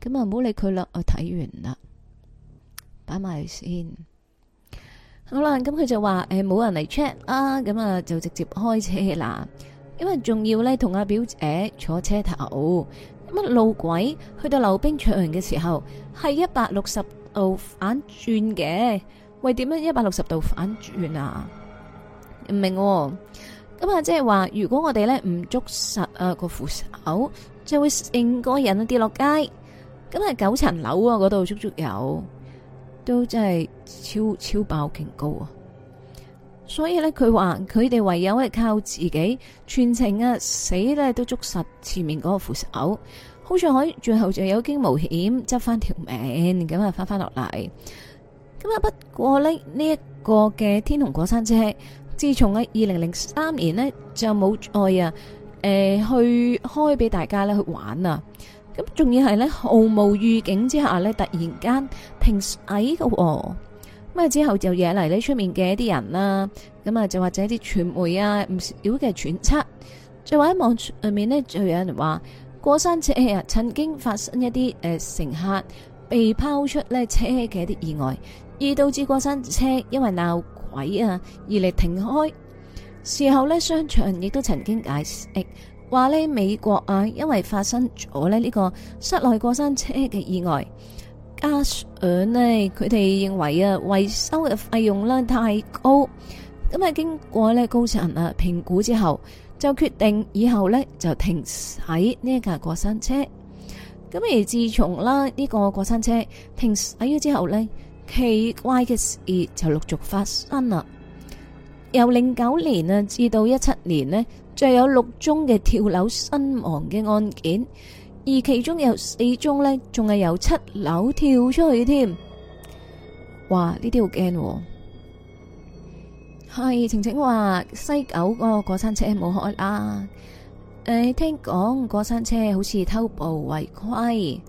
咁啊，唔好理佢啦。我睇完啦，擺埋先。好啦，咁佢就話誒冇人嚟 check 啊，咁啊就直接開車啦。因為仲要咧同阿表姐坐車頭，乜路軌去到溜冰場嘅時候係一百六十度反轉嘅，喂點樣一百六十度反轉啊？唔明，哦。咁啊，即係話如果我哋咧唔捉實啊個扶手，就會成個人跌落街。咁係九層樓啊，嗰度足足有。都真係超超爆勁高啊！所以呢，佢話佢哋唯有係靠自己，全程啊，死咧都捉實前面嗰個扶手，好彩喺最後就有驚無險執翻條命，咁啊翻翻落嚟。咁啊，不過呢，呢、這、一個嘅天虹過山車，自從喺二零零三年呢，就冇再啊誒、呃、去開俾大家呢去玩啊。咁仲要係咧毫無預警之下咧，突然間停駛喎，咁啊之後就惹嚟呢出面嘅一啲人啦，咁啊就或者啲傳媒啊，唔少嘅揣測，再話喺網上面呢，就有人話過山車啊曾經發生一啲誒、呃、乘客被拋出呢車嘅一啲意外，而導致過山車因為鬧鬼啊而嚟停開，事後呢，商場亦都曾經解釋。話呢美國啊，因為發生咗咧呢個室內過山車嘅意外，加上呢，佢哋認為啊維修嘅費用咧太高，咁啊經過呢高層啊評估之後，就決定以後呢，就停駛呢一架過山車。咁而自從啦呢個過山車停駛咗之後呢，奇怪嘅事就陸續發生啦。由零九年啊至到一七年呢。就有六宗嘅跳樓身亡嘅案件，而其中有四宗呢，仲係由七樓跳出去添。哇！呢啲好驚喎、哦。係晴晴話西九嗰個過山車冇開啦。誒、呃，聽講過山車好似偷步違規，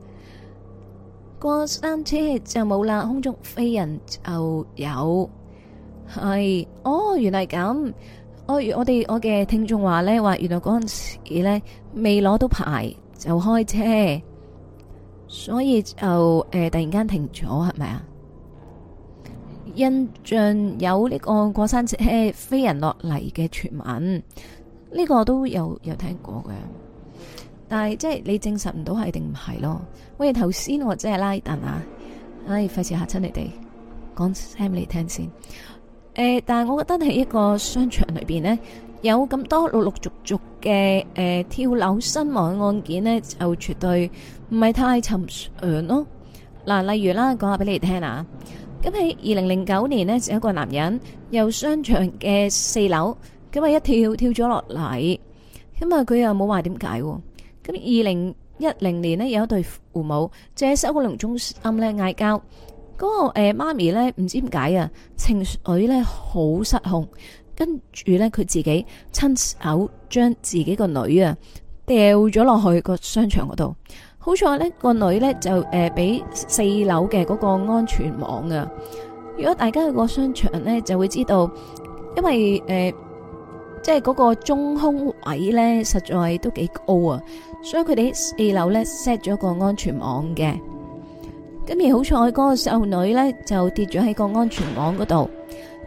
過山車就冇啦，空中飛人就有。係哦，原來咁。我我哋我嘅聽眾話呢，話原來嗰陣時呢，未攞到牌就開車，所以就誒、呃、突然間停咗係咪啊？印象有呢個過山車飛人落嚟嘅傳聞，呢、呢個都有有聽過嘅，但係即係你證實唔到係定唔係咯？喂，頭先我真係拉頓啊，唉，費事吓親你哋，講聲你聽先。誒，但係我覺得喺一個商場裏邊呢，有咁多陸陸續續嘅誒跳樓身亡嘅案件呢，就絕對唔係太尋常咯。嗱，例如啦，講下俾你哋聽啊。咁喺二零零九年呢，就有一個男人由商場嘅四樓，咁啊一跳跳咗落嚟，咁啊佢又冇話點解。咁二零一零年呢，有一對父母就喺收骨龍中心咧嗌交。嗰、那個誒媽、呃、咪咧，唔知點解啊，情緒咧好失控，跟住咧佢自己親手將自己個女啊掉咗落去個商場嗰度。好彩呢，個女咧就誒俾、呃、四樓嘅嗰個安全網啊。如果大家去個商場咧，就會知道，因為誒即係嗰個中空位咧，實在都幾高啊，所以佢哋四樓咧 set 咗個安全網嘅。咁而好彩，嗰、那個細路女呢就跌咗喺個安全網嗰度，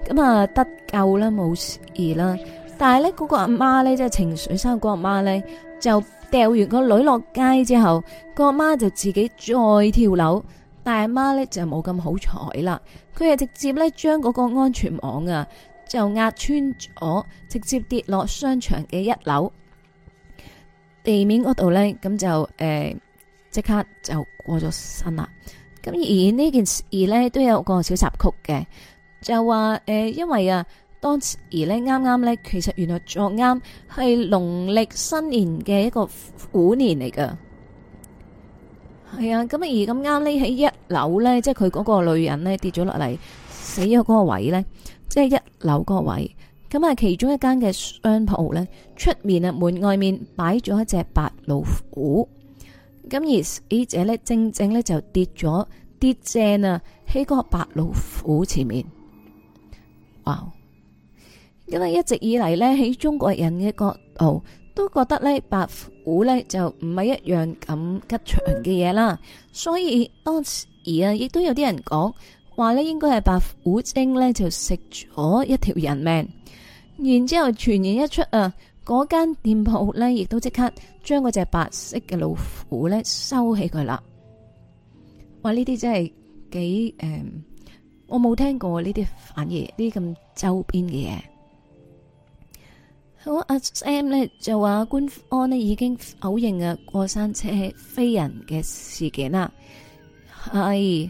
咁、嗯、啊得救啦，冇事啦。但係呢，嗰、那個阿媽呢，即係情緒生嗰個阿媽呢，就掉、是、完個女落街之後，個阿媽就自己再跳樓。但阿媽呢，就冇咁好彩啦，佢係直接呢將嗰個安全網啊就壓穿咗，直接跌落商場嘅一樓地面嗰度呢。咁就誒即、呃、刻就過咗身啦。咁而呢件事呢都有個小插曲嘅，就話誒、呃，因為啊，當時呢啱啱呢，其實原來作啱係農曆新年嘅一個虎年嚟噶，係啊，咁而咁啱呢，喺一樓呢，即係佢嗰個女人呢跌咗落嚟，死咗嗰個位呢，即係一樓嗰個位，咁啊其中一間嘅商鋪呢，出面啊門外面擺咗一隻白老虎。咁而死者呢，正正呢就跌咗跌正啊！喺個白老虎前面，哇！因為一直以嚟呢，喺中國人嘅角度都覺得呢，白虎呢就唔係一樣咁吉祥嘅嘢啦。所以當時啊，亦都有啲人講話呢，應該係白虎精呢就食咗一條人命，然之後傳言一出啊！嗰間店鋪咧，亦都即刻將嗰隻白色嘅老虎咧收起佢啦。哇！呢啲真係幾誒，我冇聽過呢啲反而呢啲咁周邊嘅嘢。好阿、啊、Sam 咧就話，官方咧已經否認啊過山車飛人嘅事件啦。係，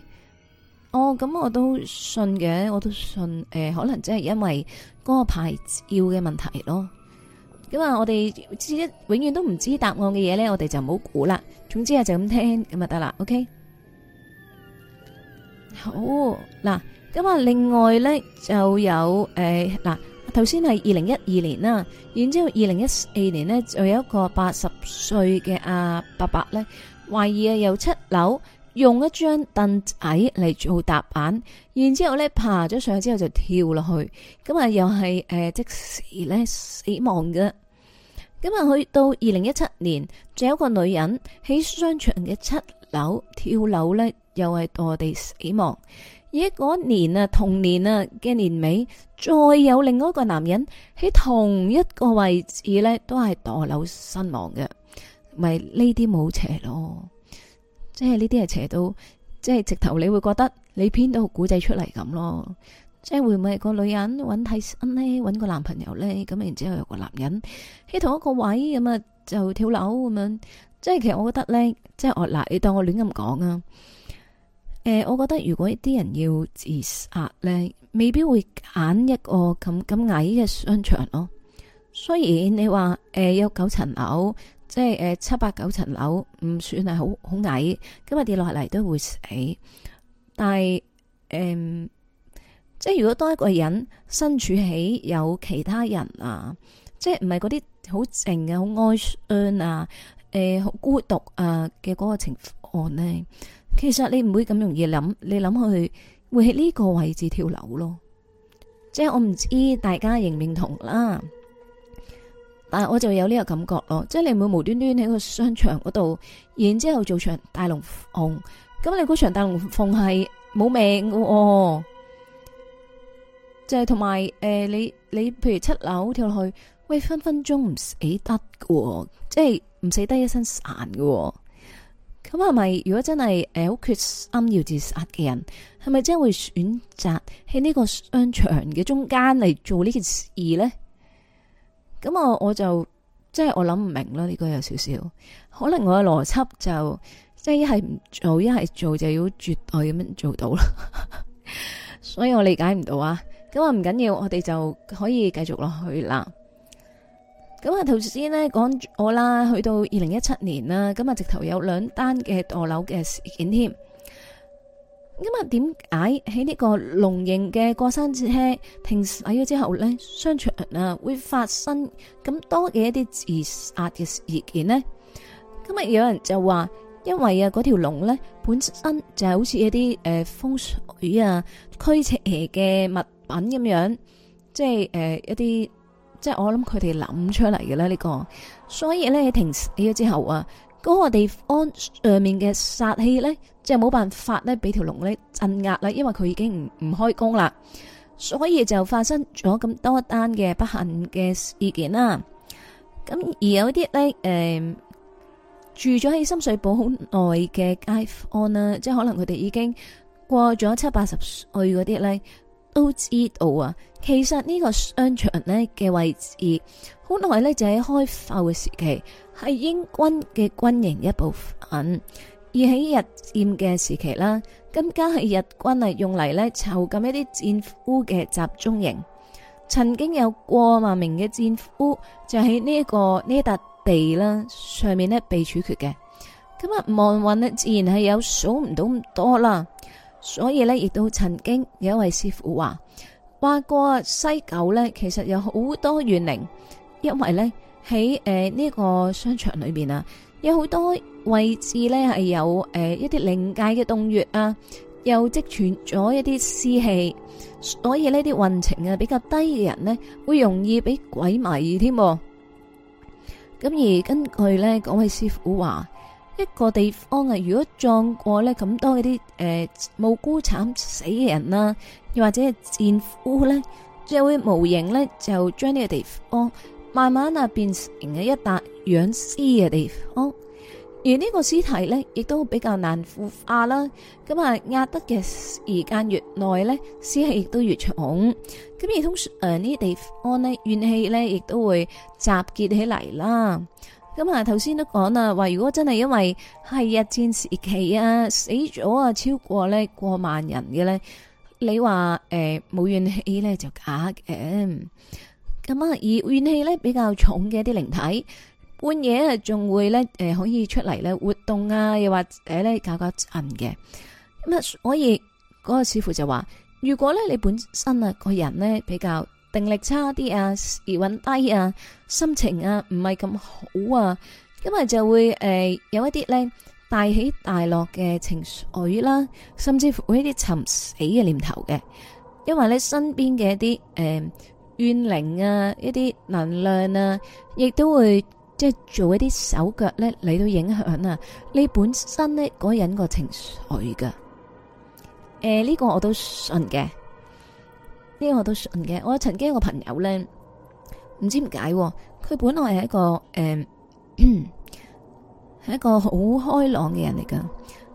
哦咁我都信嘅，我都信誒、呃，可能真係因為嗰個牌照嘅問題咯。咁啊，我哋知一永遠都唔知答案嘅嘢咧，我哋就唔好估啦。總之啊，就咁聽咁就得啦，OK 好。好嗱，咁啊，另外咧就有誒嗱，頭先係二零一二年啦，然之後二零一四年呢，就有一個八十歲嘅阿、啊、伯伯咧，懷疑啊由七樓用一張凳仔嚟做踏板，然之後咧爬咗上去之後就跳落去，咁啊又係誒、呃、即時咧死亡嘅。今日去到二零一七年，仲有個女人喺商場嘅七樓跳樓呢，又係墮地死亡。而嗰年啊，同年啊嘅年尾，再有另外一個男人喺同一個位置呢都係墮樓身亡嘅。咪呢啲冇邪咯，即係呢啲係邪到，即係直頭你會覺得你編到古仔出嚟咁咯。即係會唔會係個女人揾替身呢？揾個男朋友咧，咁然之後有個男人喺同一個位咁啊，就跳樓咁樣。即係其實我覺得咧，即係我嗱，你當我亂咁講啊。誒、呃，我覺得如果一啲人要自殺咧，未必會揀一個咁咁矮嘅商場咯。雖然你話誒、呃、有九層樓，即係誒、呃、七八九層樓，唔算係好好矮，今日跌落嚟都會死。但係誒。呃即係如果當一個人身處喺有其他人啊，即係唔係嗰啲好靜嘅，好哀傷啊、誒、呃、好孤獨啊嘅嗰個情況咧，其實你唔會咁容易諗，你諗去會喺呢個位置跳樓咯。即係我唔知大家認唔認同啦，但係我就有呢個感覺咯。即係你唔會無端端喺個商場嗰度，然之後做場大龍鳳，咁你嗰場大龍鳳係冇命喎。就係同埋誒，你你譬如七樓跳落去，喂，分分鐘唔死得㗎喎，即係唔死得一身殘㗎喎。咁係咪如果真係誒好決心要自殺嘅人，係咪真會選擇喺呢個商場嘅中間嚟做呢件事咧？咁我我就即係我諗唔明咯。呢個有少少可能我嘅邏輯就即係一係唔做，一係做就要絕對咁樣做到啦。 所以我理解唔到啊。咁啊唔緊要，我哋就可以繼續落去啦。咁啊，頭先呢講我啦，去到二零一七年啦，咁啊直頭有兩單嘅墮樓嘅事件添。咁啊，點解喺呢個龍形嘅過山車停駛咗之後呢，商場啊會發生咁多嘅一啲自殺嘅事件呢？今日有人就話，因為啊嗰條龍呢本身就係好似一啲誒風水啊驅邪嘅物。咁樣，即係誒、呃，一啲即係我諗佢哋諗出嚟嘅咧。呢、這個所以咧停死咗之後啊，嗰、那個地方上面嘅煞氣咧，即係冇辦法咧，俾條龍咧鎮壓啦，因為佢已經唔唔開工啦，所以就發生咗咁多單嘅不幸嘅事件啦、啊。咁而有啲咧，誒、呃、住咗喺深水埗好耐嘅街坊啦，即係可能佢哋已經過咗七八十歲嗰啲咧。都知道啊，其實呢個商場呢嘅位置，好耐呢就喺開埠嘅時期，係英軍嘅軍營一部分；而喺日佔嘅時期啦，更加係日軍係用嚟呢囚禁一啲戰俘嘅集中營。曾經有過萬名嘅戰俘就喺呢一個呢笪地啦上面呢被處決嘅，咁啊，亡魂呢自然係有數唔到咁多啦。所以咧，亦都曾經有一位師傅話話過西九咧，其實有好多怨靈，因為咧喺誒呢個商場裏邊啊，有好多位置咧係有誒一啲靈界嘅洞穴啊，又積存咗一啲屍氣，所以呢啲運程啊比較低嘅人呢，會容易俾鬼迷添。咁而根據呢，嗰位師傅話。一個地方啊，如果撞過咧咁多啲誒、呃、無辜慘死嘅人啦、啊，又或者戰俘咧，就會無形咧就將呢個地方慢慢啊變成咗一笪養屍嘅地方。而這個屍呢個屍體咧，亦都比較難腐化啦。咁啊壓得嘅時間越耐咧，屍氣亦都越重。咁而通常誒呢啲地方咧，怨氣咧亦都會集結起嚟啦。咁啊，頭先都講啦，話如果真係因為係日戰時期啊，死咗啊超過呢過萬人嘅咧，你話誒冇怨氣咧就假嘅。咁啊，而怨氣咧比較重嘅啲靈體，半夜啊仲會咧誒、呃、可以出嚟咧活動啊，又或誒咧搞搞震嘅咁啊，所以嗰、個師傅就話，如果咧你本身啊個人咧比較。定力差啲啊，氣運低啊，心情啊唔係咁好啊，咁咪就會誒、呃、有一啲咧大起大落嘅情緒啦，甚至乎一啲尋死嘅念頭嘅，因為咧身邊嘅一啲誒、呃、怨靈啊一啲能量啊，亦都會即係做一啲手腳咧嚟到影響啊你本身咧嗰人個情緒噶，誒、呃、呢、呢個我都信嘅。呢、這個、我都信嘅。我曾經有個朋友呢，唔知點解，佢本來係一個誒係、呃、一個好開朗嘅人嚟噶。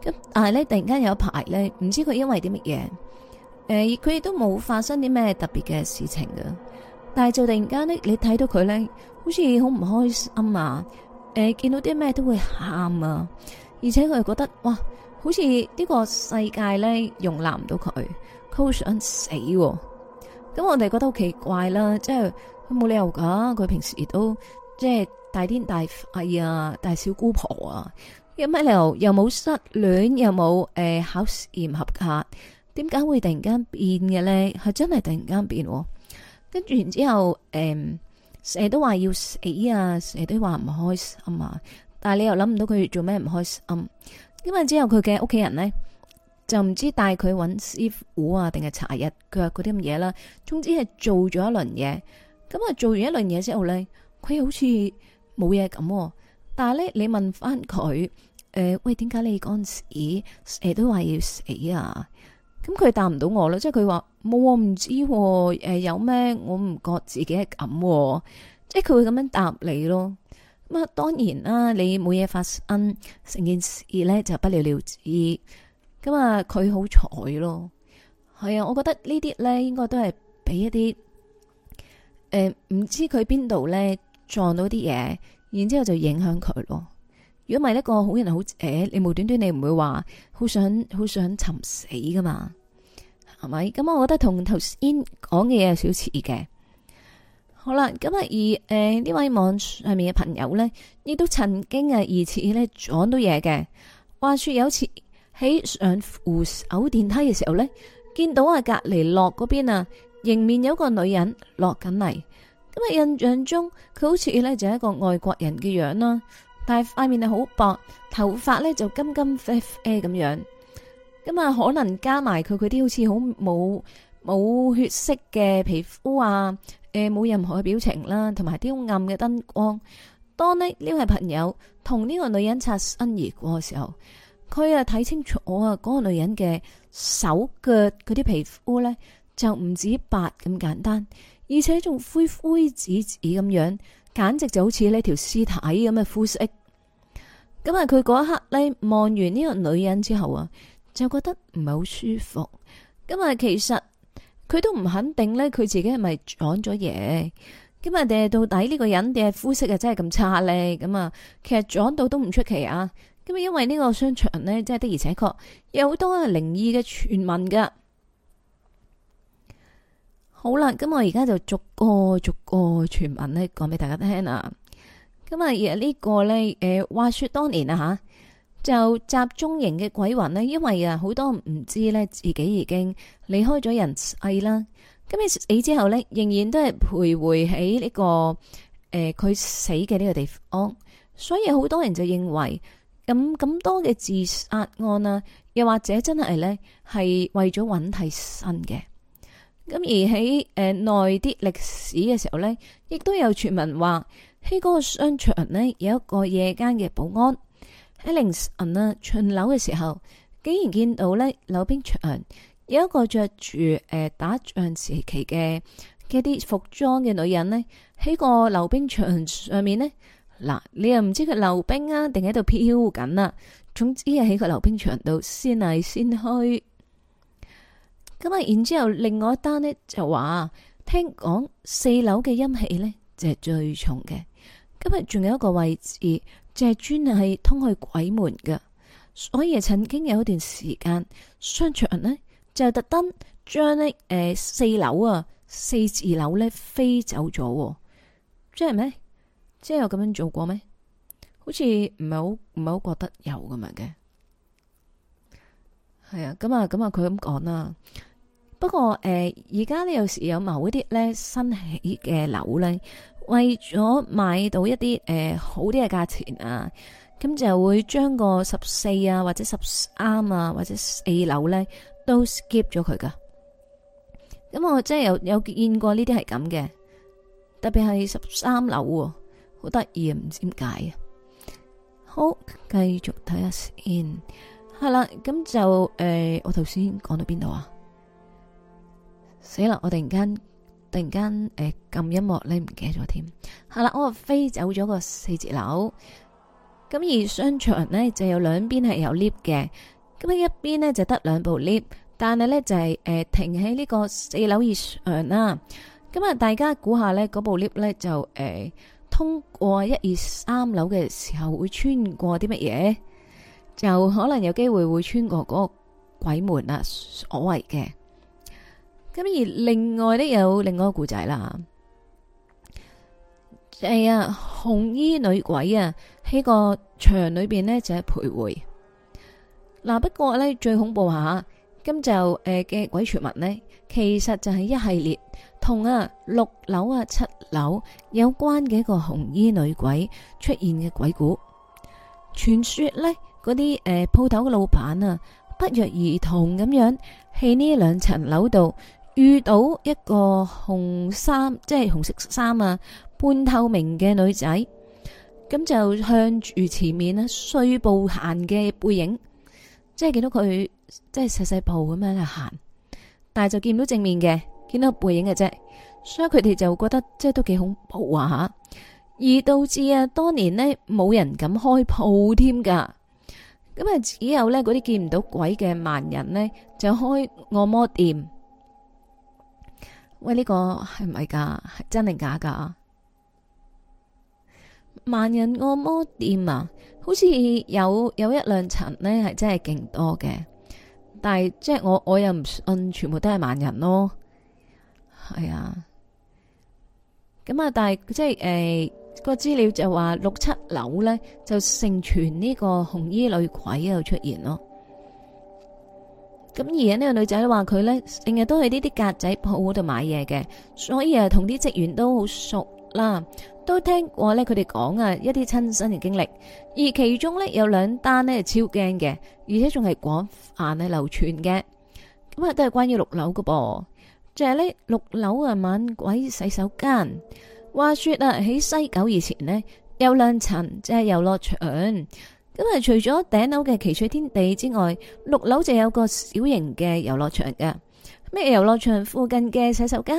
咁但係呢，突然間有一排呢，唔知佢因為啲乜嘢？誒、呃，佢亦都冇發生啲咩特別嘅事情噶。但係就突然間呢，你睇到佢呢，好似好唔開心啊！誒、呃，見到啲咩都會喊啊！而且佢覺得哇，好似呢個世界呢，容納唔到佢，佢好想死、啊。咁我哋覺得好奇怪啦，即係佢冇理由噶，佢平時都即係大癲大肺啊，大小姑婆啊，有咩理由？又冇失戀，又冇誒考試唔合格，點解會突然間變嘅咧？係真係突然間變，跟住然之後誒，成、呃、日都話要死啊，成日都話唔開心啊，但係你又諗唔到佢做咩唔開心、啊？因為之後佢嘅屋企人咧？就唔知帶佢揾師傅啊，定係查日腳嗰啲咁嘢啦。總之係做咗一輪嘢，咁啊做完一輪嘢之後咧，佢好似冇嘢咁。但係咧，你問翻佢誒，喂點解你嗰陣時，欸，都話要死啊？咁佢答唔到我咯，即係佢話冇，我唔知喎。有咩，我唔覺自己係咁，即係佢會咁樣答你咯。咁啊，當然啦，你冇嘢發生，成件事咧就不了了之。咁啊，佢好彩咯，係啊，我覺得這些呢啲咧，應該都係俾一啲誒，唔、呃、知佢邊度咧撞到啲嘢，然之後就影響佢咯。如果唔係一個好人好，好、呃、誒，你無端端你唔會話好想好想尋死噶嘛，係咪？咁，我覺得同頭先講嘅嘢有少似嘅。好啦，咁啊，而誒呢位網上面嘅朋友咧，亦都曾經係，疑似咧講到嘢嘅，話說有次。喺上扶手電梯嘅時候呢，見到啊隔籬落嗰邊啊，迎面有一個女人落緊嚟。咁啊，印象中佢好似呢就係一個外國人嘅樣啦，但係塊面係好薄，頭髮呢就金金啡啡咁樣。咁啊，可能加埋佢佢啲好似好冇冇血色嘅皮膚啊，誒、呃、冇任何嘅表情啦，同埋啲暗嘅燈光。當呢呢位朋友同呢個女人擦身而過嘅時候。佢啊睇清楚，我啊嗰個女人嘅手腳嗰啲皮膚呢，就唔止白咁簡單，而且仲灰灰紫紫咁樣，簡直就好似呢條屍體咁嘅膚色。咁啊，佢嗰一刻呢，望完呢個女人之後啊，就覺得唔係好舒服。咁啊，其實佢都唔肯定呢，佢自己係咪撞咗嘢？咁啊，定到底呢個人嘅膚色啊，真係咁差呢？咁啊，其實撞到都唔出奇啊！咁啊，因為呢個商場呢，即係的而且確有好多靈異嘅傳聞噶。好啦，咁我而家就逐個逐個傳聞呢講俾大家聽啊。咁啊，而呢個呢，誒，話說當年啊，吓就集中營嘅鬼魂呢，因為啊，好多唔知呢，自己已經離開咗人世啦。咁你死之後呢，仍然都係徘徊喺呢、這個誒佢、呃、死嘅呢個地方，所以好多人就認為。咁咁多嘅自殺案啊，又或者真係咧係為咗揾替身嘅。咁而喺誒內啲歷史嘅時候咧，亦都有傳聞話喺嗰個商場咧有一個夜間嘅保安喺凌晨啊巡樓嘅時候，竟然見到咧溜冰場有一個着住誒打仗時期嘅嘅啲服裝嘅女人咧喺個溜冰場上面咧。嗱，你又唔知佢溜冰啊，定喺度飄緊啦。總之係喺個溜冰場度先嚟，先去。咁呀，然之後，另外一單呢，就話聽講四樓嘅陰氣呢，就係最重嘅。今日仲有一個位置就係專係通去鬼門噶，所以曾經有一段時間商場呢，就特登將呢誒四樓啊四字樓呢飛走咗，即係咩？即係有咁樣做過咩？好似唔係好唔係好覺得有咁樣嘅係啊。咁啊咁啊，佢咁講啦。不過誒，而、呃、家呢，有時有某一啲咧新起嘅樓咧，為咗買到一啲誒、呃、好啲嘅價錢啊，咁就會將個十四啊或者十三啊或者四樓咧都 skip 咗佢噶。咁我真係有有見過呢啲係咁嘅，特別係十三樓。好得意啊，唔知點解啊！好，繼續睇下先，係啦，咁就誒、呃，我頭先講到邊度啊？死啦！我突然間突然間誒，撳音樂咧，唔記得咗添。係啦，我飛走咗個四字樓，咁而商場呢就有兩邊係有 lift 嘅，咁啊一邊呢就得兩部 lift，但係咧就係、是、誒、呃、停喺呢個四樓以上啦。咁啊，大家估下呢嗰部 lift 咧就誒。呃通過一二三樓嘅時候，會穿過啲乜嘢？就可能有機會會穿過嗰個鬼門啦所謂嘅。咁而另外都有另外一個故仔啦，係、就是、啊，紅衣女鬼啊喺個場裏邊呢就係、是、徘徊。嗱、啊，不過呢，最恐怖下，咁就誒嘅鬼傳聞呢，其實就係一系列。同啊六樓啊七樓有關嘅一個紅衣女鬼出現嘅鬼故，傳說呢嗰啲誒鋪頭嘅老闆啊不約而同咁樣喺呢兩層樓度遇到一個紅衫，即係紅色衫啊半透明嘅女仔，咁就向住前面呢碎步行嘅背影，即係見到佢即係細細步咁樣行，但係就見唔到正面嘅。見到背影嘅啫，所以佢哋就覺得即係都幾恐怖啊吓、啊，而導致啊當年呢冇人敢開鋪添噶，咁啊只有呢，嗰啲見唔到鬼嘅盲人呢，就開按摩店。喂，呢、呢個係咪噶？係真定假噶？盲人按摩店啊，好似有有一兩層呢，係真係勁多嘅，但係即係我我又唔信全部都係盲人咯。係啊，咁啊，但係即係誒個資料就話六七樓呢，就盛傳呢個紅衣女鬼喺度出現咯。咁而家呢個女仔話佢呢成日都去呢啲格仔鋪嗰度買嘢嘅，所以啊同啲職員都好熟啦，都聽過呢佢哋講啊一啲親身嘅經歷，而其中呢，有兩單呢超驚嘅，而且仲係廣泛流傳啊流傳嘅，咁啊都係關於六樓嘅噃。就係呢六樓啊，猛鬼洗手間。話說啊，喺西九以前呢有兩層，即係遊樂場。咁啊，除咗頂樓嘅奇趣天地之外，六樓就有個小型嘅遊樂場噶。咩遊樂場？附近嘅洗手間。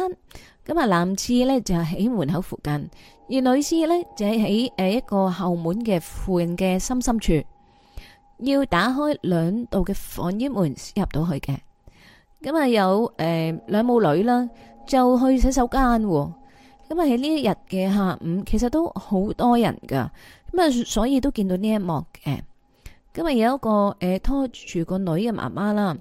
咁啊，男廁呢就係喺門口附近，而女廁呢就喺誒一個後門嘅附近嘅深深處，要打開兩道嘅防煙門入到去嘅。咁啊有誒兩、呃、母女啦，就去洗手間喎。咁啊喺呢一日嘅下午，其實都好多人噶。咁、嗯、啊所以都見到呢一幕嘅。咁、嗯、啊、嗯、有一個誒、呃、拖住個女嘅媽媽啦，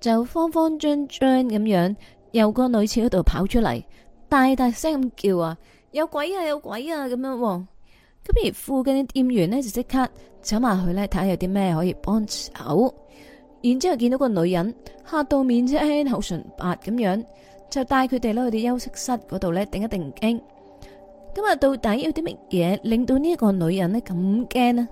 就慌慌張張咁樣由個女廁嗰度跑出嚟，大大聲咁叫啊，有鬼啊，有鬼啊咁樣喎。咁、嗯、而附近嘅店員呢，就即刻走埋去呢睇下有啲咩可以幫手。然之後見到個女人嚇到面青口唇白咁樣，就帶佢哋咧去啲休息室嗰度咧定一定驚。咁啊，到底有啲乜嘢令到呢個女人呢咁驚呢？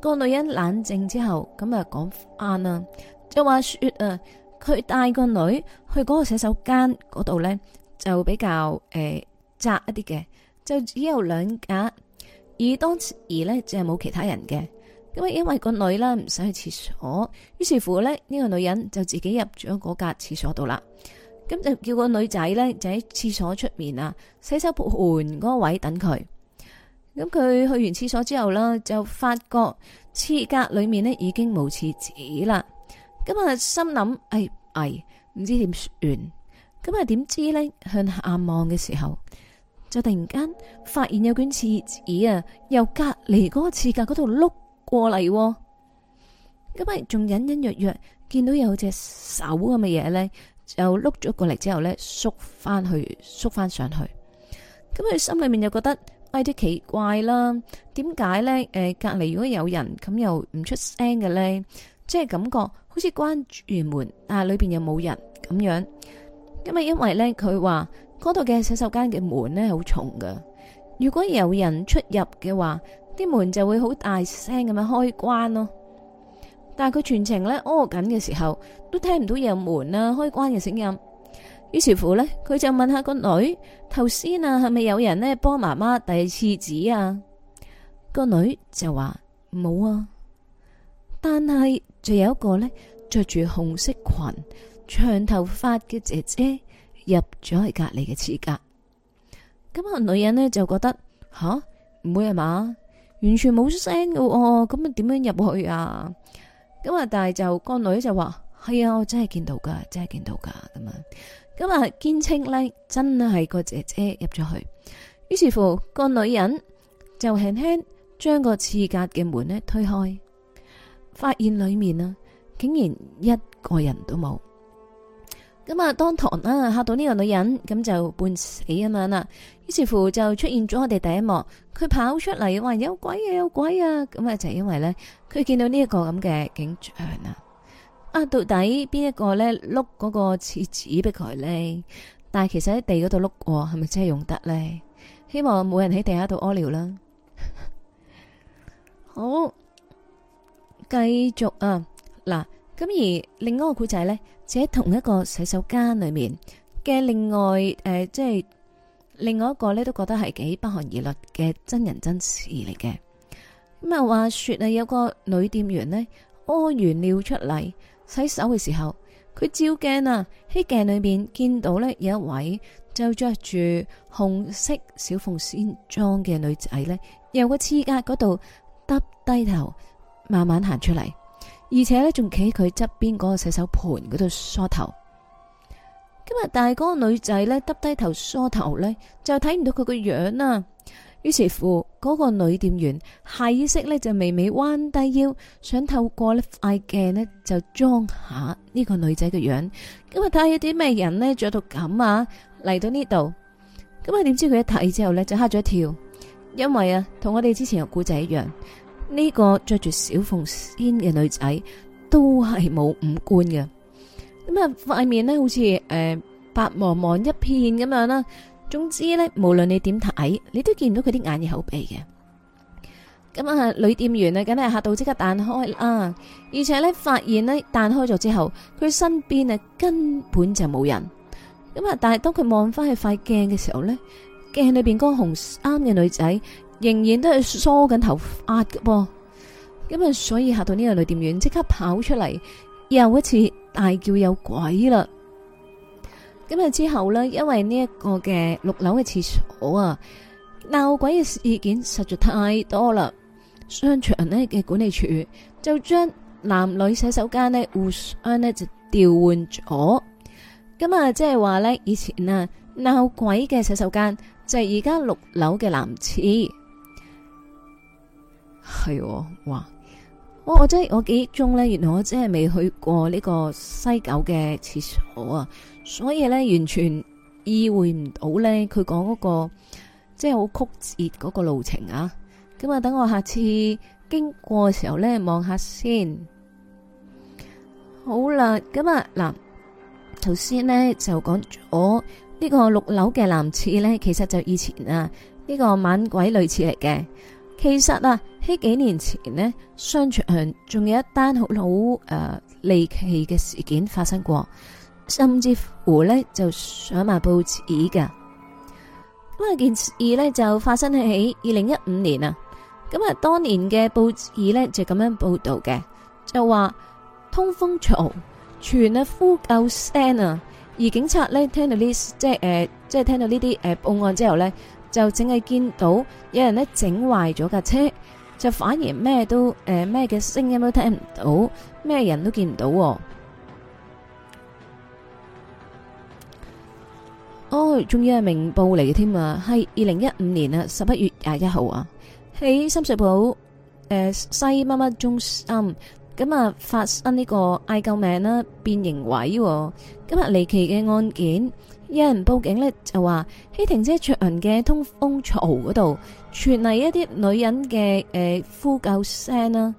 個女人冷靜之後咁啊講返啊，就話說啊，佢帶個女去嗰個洗手間嗰度咧就比較誒、呃、窄一啲嘅，就只有兩格，而當時而咧淨係冇其他人嘅。咁啊，因為個女啦唔使去廁所，於是乎呢、呢個女人就自己入咗嗰格廁所度啦。咁就叫個女仔呢就喺廁所出面啊，洗手盆嗰位等佢。咁佢去完廁所之後啦，就發覺廁格裏面呢已經冇廁紙啦。咁啊，心諗哎哎，唔知點算。咁啊，點知呢？向下望嘅時候，就突然間發現有卷廁紙啊，由隔籬嗰個廁格嗰度碌過嚟、哦，咁咪仲隱隱約約見到有隻手咁嘅嘢呢，就碌咗過嚟之後呢，縮翻去，縮翻上去。咁佢心裏面又覺得唉，啲、哎、奇怪啦，點解呢？誒、呃，隔離如果有人咁又唔出聲嘅呢？即係感覺好似關住門啊，裏邊又冇人咁樣。咁啊，因為呢，佢話嗰度嘅洗手間嘅門呢好重噶，如果有人出入嘅話。啲門就會好大聲咁樣開關咯，但係佢全程咧屙緊嘅時候都聽唔到有門呀、開關嘅聲音。於是乎呢，佢就問下個女頭先啊，係咪有人呢幫媽媽遞廁紙啊？個女就話冇啊，但係就有一個呢，着住紅色裙、長頭髮嘅姐姐入咗喺隔籬嘅廁格。咁啊，女人呢，就覺得吓，唔會呀嘛？完全冇出聲嘅，咁啊點樣入去啊？咁啊，但係就，個女就話：係啊，我真係見到噶，真係見到噶咁啊，咁啊，堅稱咧真係個姐姐入咗去。於是乎，個女人就輕輕將個廁格嘅門咧推開，發現裏面啊竟然一個人都冇。咁啊，當堂啊嚇到呢個女人，咁就半死咁樣啦。於是乎就出現咗我哋第一幕，佢跑出嚟，話有鬼啊有鬼啊！咁啊就係因為咧，佢見到呢一個咁嘅景象啊，啊到底邊一個咧碌嗰個廁紙俾佢咧？但係其實喺地嗰度碌，係咪真係用得咧？希望冇人喺地下度屙尿啦。 好，繼續啊嗱，咁而另一個古仔咧，喺同一個洗手間裏面嘅另外誒、呃，即係另外一個咧，都覺得係幾不寒而栗嘅真人真事嚟嘅。咁啊，話說啊，有個女店員呢屙完尿出嚟洗手嘅時候，佢照鏡啊，喺鏡裏面見到咧有一位就着住紅色小鳳仙裝嘅女仔咧，由個廁格嗰度耷低頭，慢慢行出嚟。而且咧，仲企喺佢側邊嗰個洗手盆嗰度梳頭。今日但係嗰個女仔咧，耷低頭梳頭咧，就睇唔到佢個樣啊。於是乎，嗰個女店員下意識咧就微微彎低腰，想透過呢塊鏡呢，就裝下呢個女仔嘅樣。今日睇下有啲咩人呢，着到咁啊，嚟到呢度。咁啊，點知佢一睇之後咧就嚇咗一跳，因為啊，同我哋之前嘅故仔一樣。呢、個着住小鳳仙嘅女仔都係冇五官嘅，咁啊塊面呢好似，誒、呃、白茫茫一片咁樣啦。總之呢，無論你點睇，你都見唔到佢啲眼耳口鼻嘅。咁、呃、啊女店員啊，梗係嚇到即刻彈開啦，而且呢，發現呢彈開咗之後，佢身邊啊根本就冇人。咁、呃、啊，但係當佢望翻去塊鏡嘅時候呢，鏡裏邊嗰個紅衫嘅女仔，仍然都係梳緊頭髮嘅噃，咁啊，所以吓到呢個女店員即刻跑出嚟，又一次大叫有鬼啦！咁啊之後呢，因為呢一個嘅六樓嘅廁所啊，鬧鬼嘅事件實在太多啦，商場呢嘅管理處就將男女洗手間呢互相呢就調換咗，咁啊即係話呢，以前啊鬧鬼嘅洗手間就係而家六樓嘅男廁。係、哦，哇！我我真係我記憶中咧，原來我真係未去過呢個西九嘅廁所啊，所以呢，完全意會唔到呢。佢講嗰個即係好曲折嗰個路程啊。咁啊，等我下次經過嘅時候呢，望下先。好啦，咁啊嗱，頭先呢，就講咗呢個六樓嘅男廁呢，其實就以前啊呢、呢個猛鬼女廁嚟嘅。其實啊，喺幾年前呢商場仲有一單好好誒離奇嘅事件發生過，甚至乎呢就上埋報紙嘅。咁啊，件事咧就發生喺二零一五年啊。咁啊，當年嘅報紙呢就咁樣報道嘅，就話通風槽傳啊呼救聲啊，而警察呢聽到呢，即係誒、呃，即係聽到呢啲誒報案之後呢就淨係見到有人咧整壞咗架車，就反而咩都誒咩嘅聲音都聽唔到，咩人都見唔到哦。哦，仲要係明報嚟嘅添啊！係二零一五年啊十一月廿一號啊，喺深水埗誒、呃、西乜乜中心咁啊、嗯嗯、發生呢個嗌救命啦、啊，變形位今日離奇嘅案件。有人報警呢就話喺停車場嘅通風槽嗰度傳嚟一啲女人嘅，呃、呼救聲啦、啊。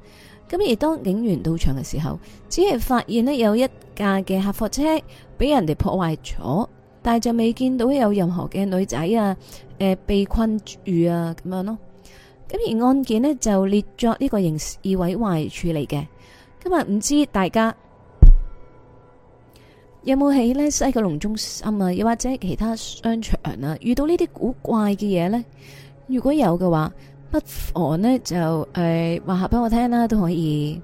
咁而當警員到場嘅時候，只係發現呢有一架嘅客貨車俾人哋破壞咗，但係就未見到有任何嘅女仔啊誒、呃、被困住啊咁樣咯。咁而案件呢就列作呢個刑事以毀壞處理嘅。今日唔知大家。有冇喺咧西九龍中心啊，又或者其他商場啊，遇到呢啲古怪嘅嘢呢？如果有嘅話，不妨呢就誒話下俾我聽啦，都可以。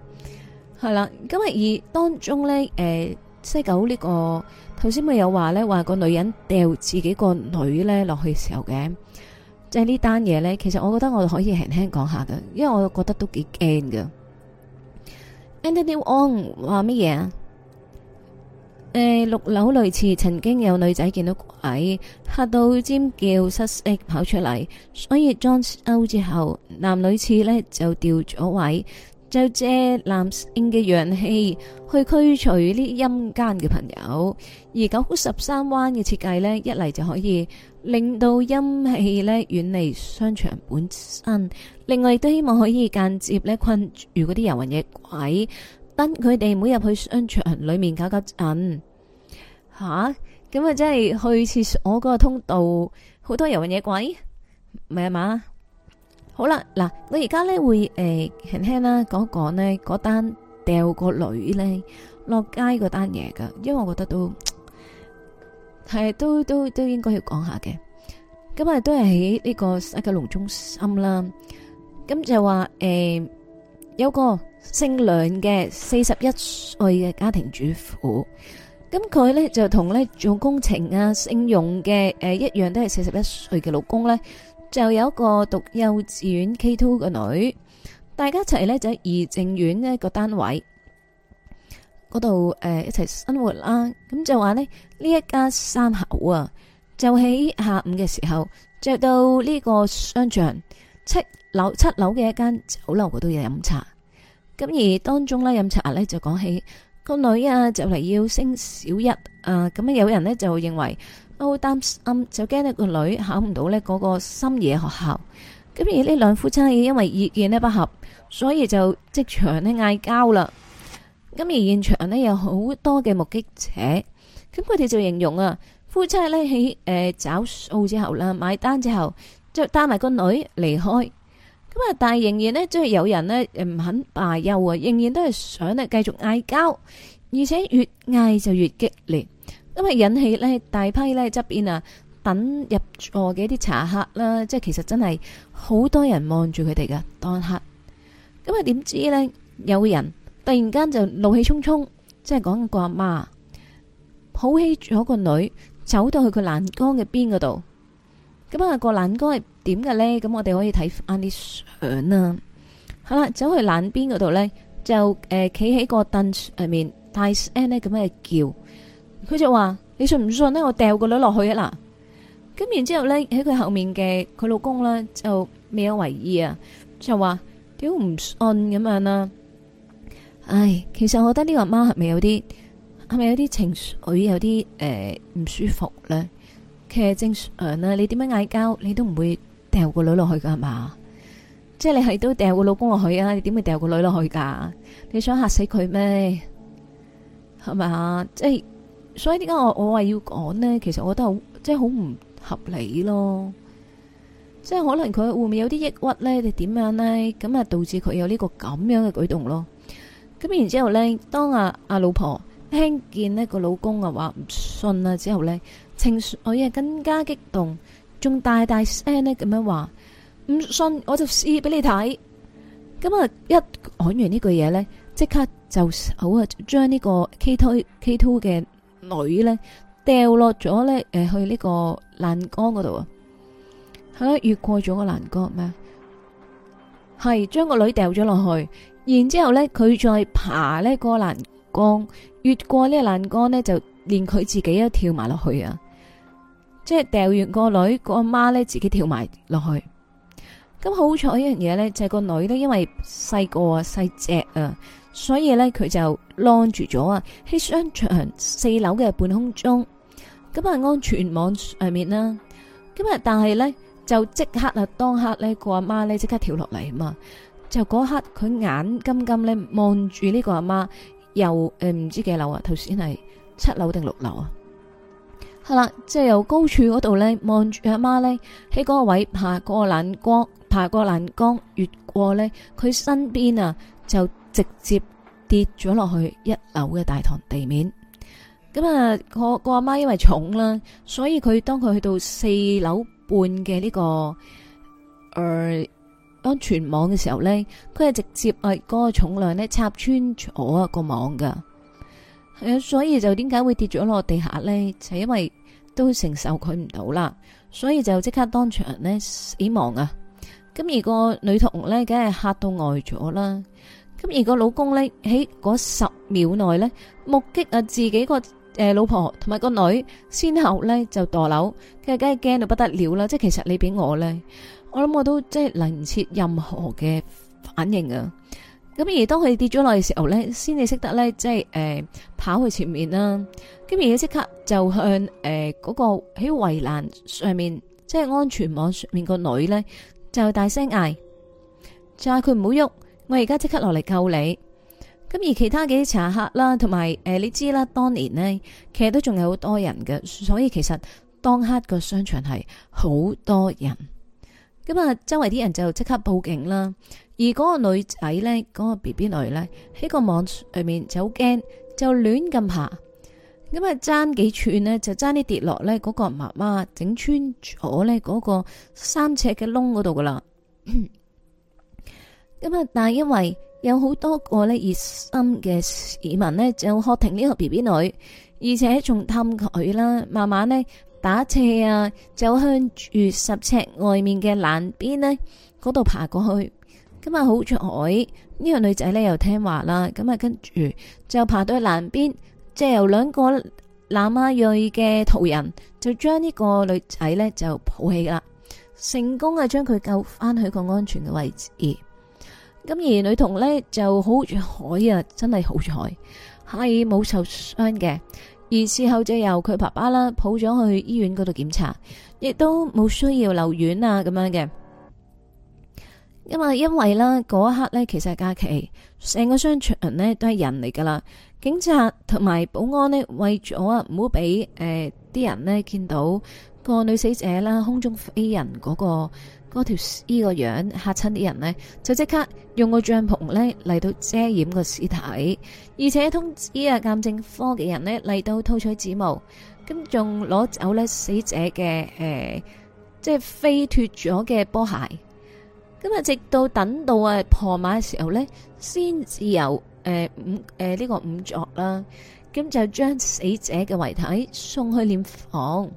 係啦，今日而當中呢，誒、欸、西九呢個，頭先咪有話呢，話個女人掉自己個女呢落去嘅時候嘅，即係呢單嘢呢。其實我覺得我可以輕輕講下嘅，因為我覺得都幾驚噶。咩嘢叫戇話乜嘢？誒、呃，六樓類似曾經有女仔見到鬼，嚇到尖叫失色跑出嚟，所以裝修之後男女廁呢就掉咗位，就借男性嘅陽氣去驅除呢陰間嘅朋友。而九十三彎嘅設計呢，一嚟就可以令到陰氣呢遠離商場本身，另外都希望可以間接呢困住嗰啲遊魂嘅鬼。等佢哋每日去商場裏面搞搞震吓，咁啊，即係去廁所嗰個通道，好多遊魂嘢鬼，咪係嘛？好啦，嗱，我而家咧會誒輕輕啦講講咧嗰單掉個女咧落街嗰單嘢噶，因為我覺得都係都都都應該要講下嘅。咁咪都係喺呢個世界隆中心啦，咁就話誒。有個姓梁嘅四十一歲嘅家庭主婦，咁佢呢就同呢做工程啊姓容嘅誒一樣，都係四十一歲嘅老公呢，就有一個讀幼稚園 K2 嘅女，大家一齊呢就喺怡靜苑呢個單位嗰度誒一齊生活啦。咁就話呢呢一家三口啊，就喺下午嘅時候就到呢個商場七。樓七樓嘅一間酒樓嗰度飲茶，咁而當中咧飲茶人咧就講起個女啊就嚟要升小一啊，咁啊有人呢就認為好擔心，哦 -um, 就驚咧個女考唔到呢嗰個深夜學校，咁而呢兩夫妻因為意見咧不合，所以就即場咧嗌交啦。咁而現場呢有好多嘅目擊者，咁佢哋就形容啊，夫妻呢喺誒、呃、找數之後啦，買單之後，就係帶埋個女離開。咁啊！但係仍然呢，即係有人呢，唔肯罷休啊！仍然都係想呢繼續嗌交，而且越嗌就越激烈，咁啊引起呢大批呢側邊啊等入座嘅一啲茶客啦，即係其實真係好多人望住佢哋嘅當刻，咁啊，點知呢，有人突然間就怒氣冲沖，即係講個阿媽抱起咗個女，走到去佢欄杆嘅邊嗰度。咁啊，個懶哥係點嘅咧？咁我哋可以睇翻啲相啦。好啦，走去懶邊嗰度咧，就誒企喺個凳上面，大聲咧咁樣叫。佢就話：你信唔信咧？我掉個女落去啊！啦咁然之後咧喺佢後面嘅佢老公咧就未有為意啊？就話：屌唔信咁樣啦。唉，其實我覺得呢個阿媽係咪有啲係咪有啲情緒有啲誒唔舒服咧？正常啦，你點樣嗌交，你都唔會掉個女落去噶，係嘛？即係你係都掉個老公落去啊？你點會掉個女落去噶？你想嚇死佢咩？係咪？即係所以點解我我話要講呢？其實我覺得好即係好唔合理咯。即係可能佢會唔會有啲抑鬱呢？你點樣呢？咁啊導致佢有呢個咁樣嘅舉動咯？咁然之後呢，當阿、啊、阿、啊、老婆聽見呢個老公嘅話唔信啊之後呢。情緒我依家更加激動，仲大大聲咧咁樣話唔信，我就試俾你睇。咁啊，一講完呢句嘢咧，即刻就好啊，將呢個 K Two K Two 嘅女咧掉落咗咧，誒、呃、去呢個欄杆嗰度啊，係啊，越過咗個欄杆咩？係將個女掉咗落去，然之後咧佢再爬呢個欄杆，越過呢個欄杆咧就連佢自己都跳埋落去啊！即係掉完個女，個阿媽咧自己跳埋落去。咁好彩一樣嘢呢，就係個女呢因為細個啊，細隻啊，所以呢，佢就晾住咗啊，喺商場四樓嘅半空中，咁啊安全網上面啦。咁啊，但係呢，就即刻啊，當刻呢，個阿媽呢即刻跳落嚟啊嘛。就嗰刻佢眼金金呢，望住呢個阿媽，又誒唔知幾樓啊？頭先係七樓定六樓啊？係啦，即 係樂由高處嗰度咧，望住阿媽咧喺嗰個位爬過欄杆，爬過欄杆越過咧，佢身邊啊就直接跌咗落去一樓嘅大堂地面。咁、那、啊、個，個個阿媽因為重啦，所以佢當佢去到四樓半嘅呢、這個誒、呃、安全網嘅時候咧，佢係直接啊嗰個重量咧插穿咗一個網㗎。係啊，所以就點解會跌咗落地下呢？就因為都承受佢唔到啦，所以就即刻當場呢死亡啊！咁而個女童呢，梗係吓到呆咗啦。咁而個老公呢，喺嗰十秒內呢，目擊啊自己個誒老婆同埋個女先後呢就墮樓，佢梗係驚到不得了啦！即係其實你俾我呢，我諗我都即係嚟唔切任何嘅反應啊！咁而當佢跌咗落嘅時候咧，先至識得咧，即係誒、呃、跑去前面啦。咁而即刻就向誒嗰、呃那個喺圍欄上面，即係安全網上面個女咧，就大聲嗌，就嗌佢唔好喐，我而家即刻落嚟救你。咁而其他嘅茶客啦，同埋誒你知啦，當年呢，其實都仲有好多人嘅，所以其實當刻個商場係好多人。咁啊，周圍啲人就即刻報警啦。而嗰個女仔咧，嗰、嗰個 B B 女咧，喺個網上面就好驚，就亂咁爬。咁啊，爭幾寸呢，就爭啲跌落咧，嗰個媽媽整穿咗咧，嗰個三尺嘅窿嗰度噶啦。咁啊， 但係因為有好多個咧熱心嘅市民呢，就喝停呢個 B B 女，而且仲氹佢啦，慢慢呢。打斜啊，就向住十尺外面嘅欄邊呢嗰度爬過去。咁啊好彩，呢個女仔呢又聽話啦。咁啊跟住就爬到去欄邊，即係由兩個南亞裔嘅途人就將呢個女仔呢就抱起啦，成功啊將佢救翻去個安全嘅位置。咁而女童呢就好彩啊，真係好彩，係冇受傷嘅。而事後就由佢爸爸啦抱咗去醫院嗰度檢查，亦都冇需要留院啊咁樣嘅。因啊，因為呢嗰一刻呢，其實係假期，成個商場呢都係人嚟噶啦。警察同埋保安呢，為咗啊唔好俾誒啲人呢見到個女死者啦，空中飛人嗰個。嗰條屍個樣吓親啲人呢，就即刻用個帳篷呢嚟到遮掩個屍體，而且通知啊鑑證科嘅人呢嚟到偷取指紋，咁仲攞走呢死者嘅誒、呃，即係飛脫咗嘅波鞋。咁啊，直到等到啊破馬嘅時候呢，先至由誒五誒呢個仵作啦，咁就將死者嘅遺體送去殮房。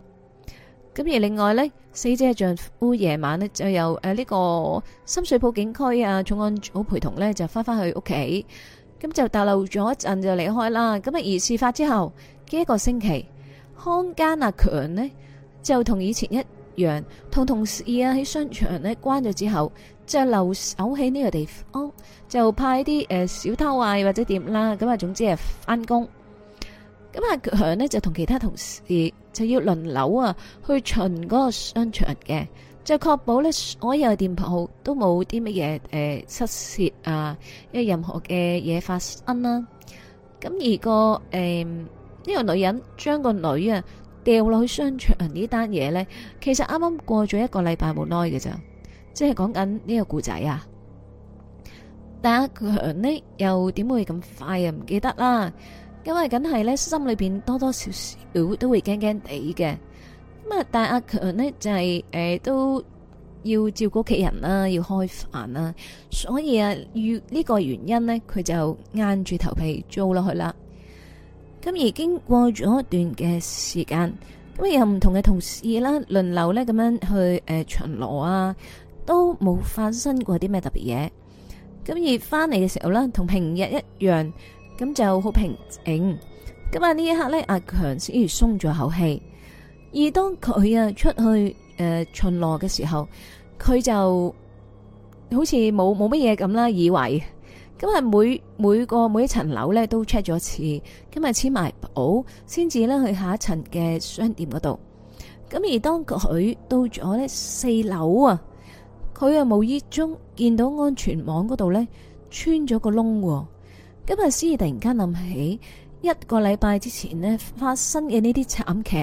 咁而另外咧，死者丈夫夜晚咧就由誒呢個深水埗警區啊，重案組陪同咧就翻翻去屋企，咁就逗留咗一陣就離開啦。咁啊，而事發之後嘅一個星期，康家阿強呢就同以前一樣，同同事啊喺商場咧關咗之後，就留守喺呢個地方，就派啲誒、呃、小偷啊或者點啦，咁啊，總之係翻工。咁阿強呢，就同其他同事就要輪流啊去巡嗰個商場嘅，就確保咧所有店鋪都冇啲乜嘢誒失竊啊，因為任何嘅嘢發生啦，啊。咁而個誒呢，呃這個女人將個女啊掉落去商場呢單嘢呢，其實啱啱過咗一個禮拜冇耐嘅咋，即係講緊呢個故仔啊。但阿強呢，又點會咁快啊唔記得啦？因為梗係咧，心裏邊多多少少都會驚驚地嘅。咁啊，但阿強呢，就係、是、誒、呃、都要照顧屋企人啦，要開飯啦，所以啊，與呢個原因呢，佢就硬住頭皮租落去啦。咁而經過咗一段嘅時間，咁又唔同嘅同事啦，輪流咧咁樣去誒、呃、巡邏啊，都冇發生過啲咩特別嘢。咁而翻嚟嘅時候呢，同平日一樣。咁就好平靜。咁日呢一刻呢，阿強先鬆咗口氣。而當佢啊出去誒、呃、巡邏嘅時候，佢就好似冇冇乜嘢咁啦，以為咁日每每個每一層樓呢都 check 咗一次，今日簽埋簿，先至呢去下一層嘅商店嗰度。咁而當佢到咗呢四樓啊，佢啊無意中見到安全網嗰度呢穿咗個窿哦。今日思儀突然間諗起一個禮拜之前咧發生嘅呢啲慘劇，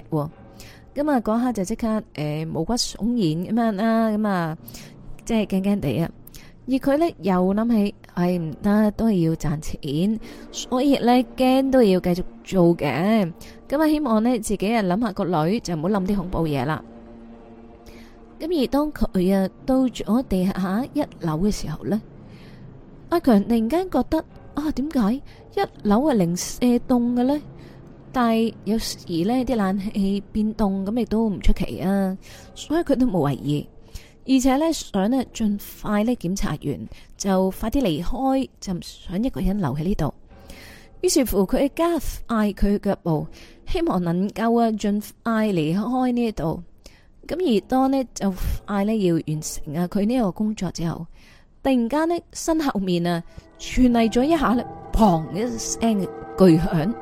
咁啊嗰刻就即刻誒毛骨悚然咁樣啦，咁啊即係驚驚地啊。而佢咧又諗起係唔得，都係要賺錢，所以咧驚都要繼續做嘅。咁啊，希望咧自己啊諗下個女就唔好諗啲恐怖嘢啦。咁而當佢啊到咗地下一樓嘅時候咧，阿強突然間覺得。啊，點解一樓係零射凍嘅呢？但係有時呢啲冷氣變凍咁，亦都唔出奇啊。所以佢都冇懷疑，而且呢，想呢盡快呢檢查完就快啲離開，就唔想一個人留喺呢度。於是乎，佢加嗌佢腳步，希望能夠啊盡快離開呢度。咁而當呢，就快呢要完成啊佢呢個工作之後，突然間呢，身後面啊～傳嚟咗一下咧，砰一聲巨響。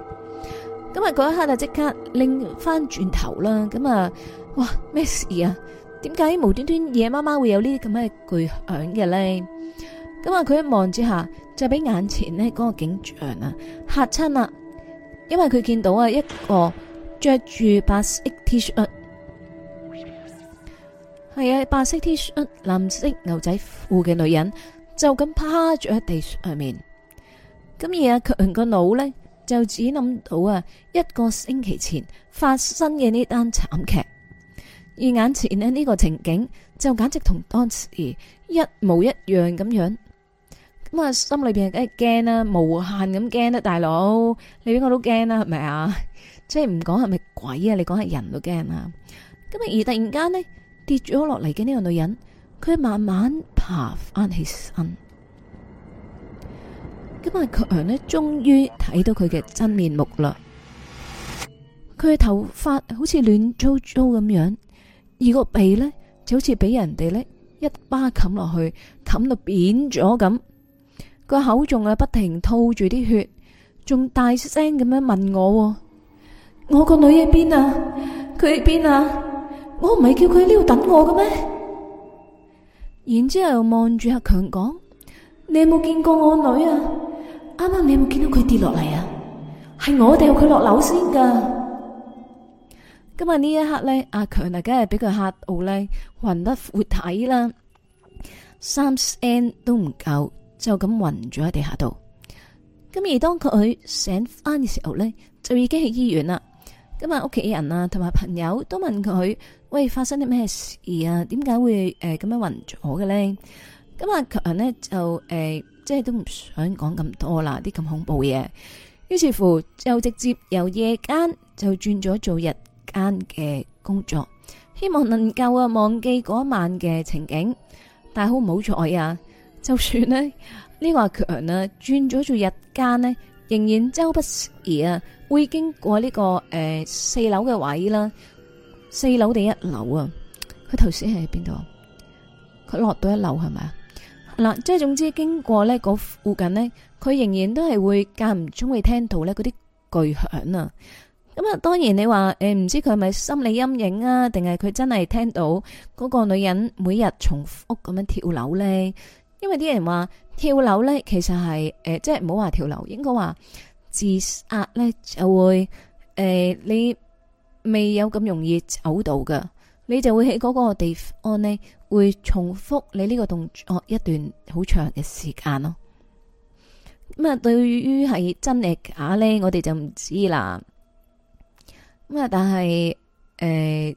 咁啊，嗰一刻就即刻擰翻轉頭啦。咁啊，哇，咩事啊？點解無端端夜媽媽會有呢啲咁嘅巨響嘅咧？咁啊，佢一望之下，就俾眼前咧嗰個景象啊嚇親啦。因為佢見到啊一個着住白色 T 恤，係啊白色 T 恤，藍色牛仔褲嘅女人。就咁趴咗喺地上面，咁而阿強個腦呢，就只諗到啊一個星期前發生嘅呢單慘劇，而眼前呢個情景就簡直同當時一模一樣咁樣。咁啊，心裏邊梗係驚啦，無限咁驚啦，大佬你俾我都驚啦，係咪啊？即係唔講係咪鬼啊？你講係人都驚啊。咁啊，而突然間呢，跌咗落嚟嘅呢個女人。佢慢慢爬翻起身，咁阿強呢，終於睇到佢嘅真面目啦。佢嘅頭髮好似亂糟糟咁樣，而個鼻呢，就好似俾人哋呢一巴冚落去，冚到扁咗咁。個口仲係不停吐住啲血，仲大聲咁樣問我：我個女喺邊啊？佢喺邊啊？我唔係叫佢喺呢度等我嘅咩？然之後望住阿強講：你有冇見過我女啊？啱啱你有冇見到佢跌落嚟啊？係我掉佢落樓先噶。今日呢一刻咧，阿強啊，梗係俾佢吓到咧，暈得活體啦，三仙都唔夠，就咁暈咗喺地下度。咁而當佢醒翻嘅時候咧，就已經喺醫院啦。今日屋企人啊，同埋朋友都問佢：喂，發生啲咩事啊？點解會誒咁、呃、樣暈咗嘅咧？咁、嗯、啊，阿強呢，就誒、呃，即係都唔想講咁多啦，啲咁恐怖嘢。於是乎，就直接由夜間就轉咗做日間嘅工作，希望能夠啊忘記嗰晚嘅情景。但係好唔好彩啊？就算呢，呢、呢個強啊轉咗做日間呢，仍然周不時啊。會經過呢個誒四樓嘅位啦，四樓定一樓啊？佢頭先係喺邊度啊？佢落到一樓係咪啊？嗱，即係總之經過咧，呢附近咧，佢仍然都係會間唔中會聽到咧嗰啲巨響啊。咁啊，當然你話誒，唔知佢係咪心理陰影啊，定係佢真係聽到嗰個女人每日重複咁樣跳樓咧？因為啲人話跳樓咧，其實係誒，即係唔好話跳樓，應該話。自殺咧就會，呃、你未有咁容易走到㗎。你就會喺嗰個地方呢，會重複你呢個動作一段好長嘅時間咯。咁、嗯、啊，對於係真亦假呢，我哋就唔知啦。咁、嗯、啊，但係、呃、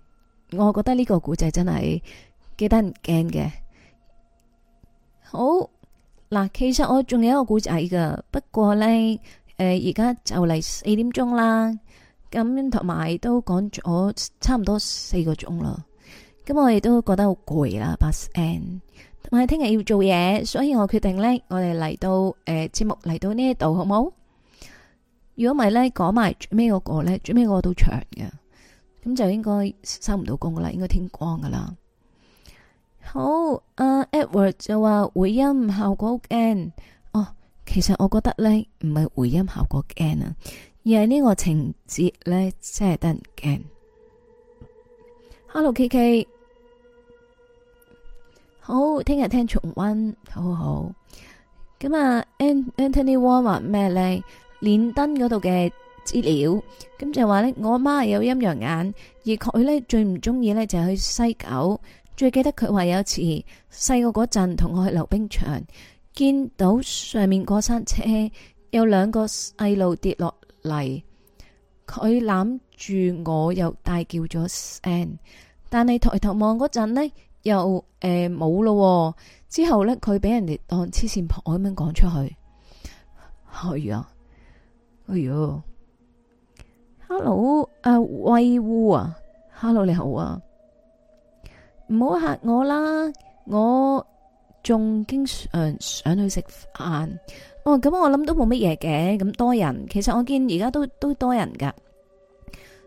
我覺得呢個古仔真係幾得人驚嘅。好，嗱，其實我仲有一個古仔㗎，不過咧。誒、呃，而家就嚟四點鐘啦，咁同埋都講咗差唔多四個鐘啦，咁我哋都覺得好攰啦。But，同埋聽日要做嘢，所以我決定呢，我哋嚟到誒節、呃、目嚟到呢度好冇？如果唔係呢，講埋最尾嗰個呢，最尾嗰個都長嘅，咁就應該收唔到工噶啦，應該天光噶啦。好，阿、啊、Edward 就話回音效果好驚。其實我覺得咧，唔係回音效果驚啊，而係呢個情節咧，真係得人驚。Hello，KK 好，聽日聽重温，好好。咁啊，Anthony Wong 話咩咧？連登嗰度嘅資料，咁就話咧，我媽有陰陽眼，而佢咧最唔中意咧就係去西九，最記得佢話有一次細個嗰陣同我去溜冰場。見到上面過山車有兩個細路跌落嚟，佢攬住我又大叫咗聲，但係抬頭望嗰陣呢，又誒冇咯。之後呢，佢俾人哋當痴線婆咁樣講出去。係啊，哎喲，hello，誒威烏啊，hello 你好啊，唔好嚇我啦，我。仲經常上，上去食飯哦，咁我諗都冇乜嘢嘅，咁多人，其實我見而家都都多人噶，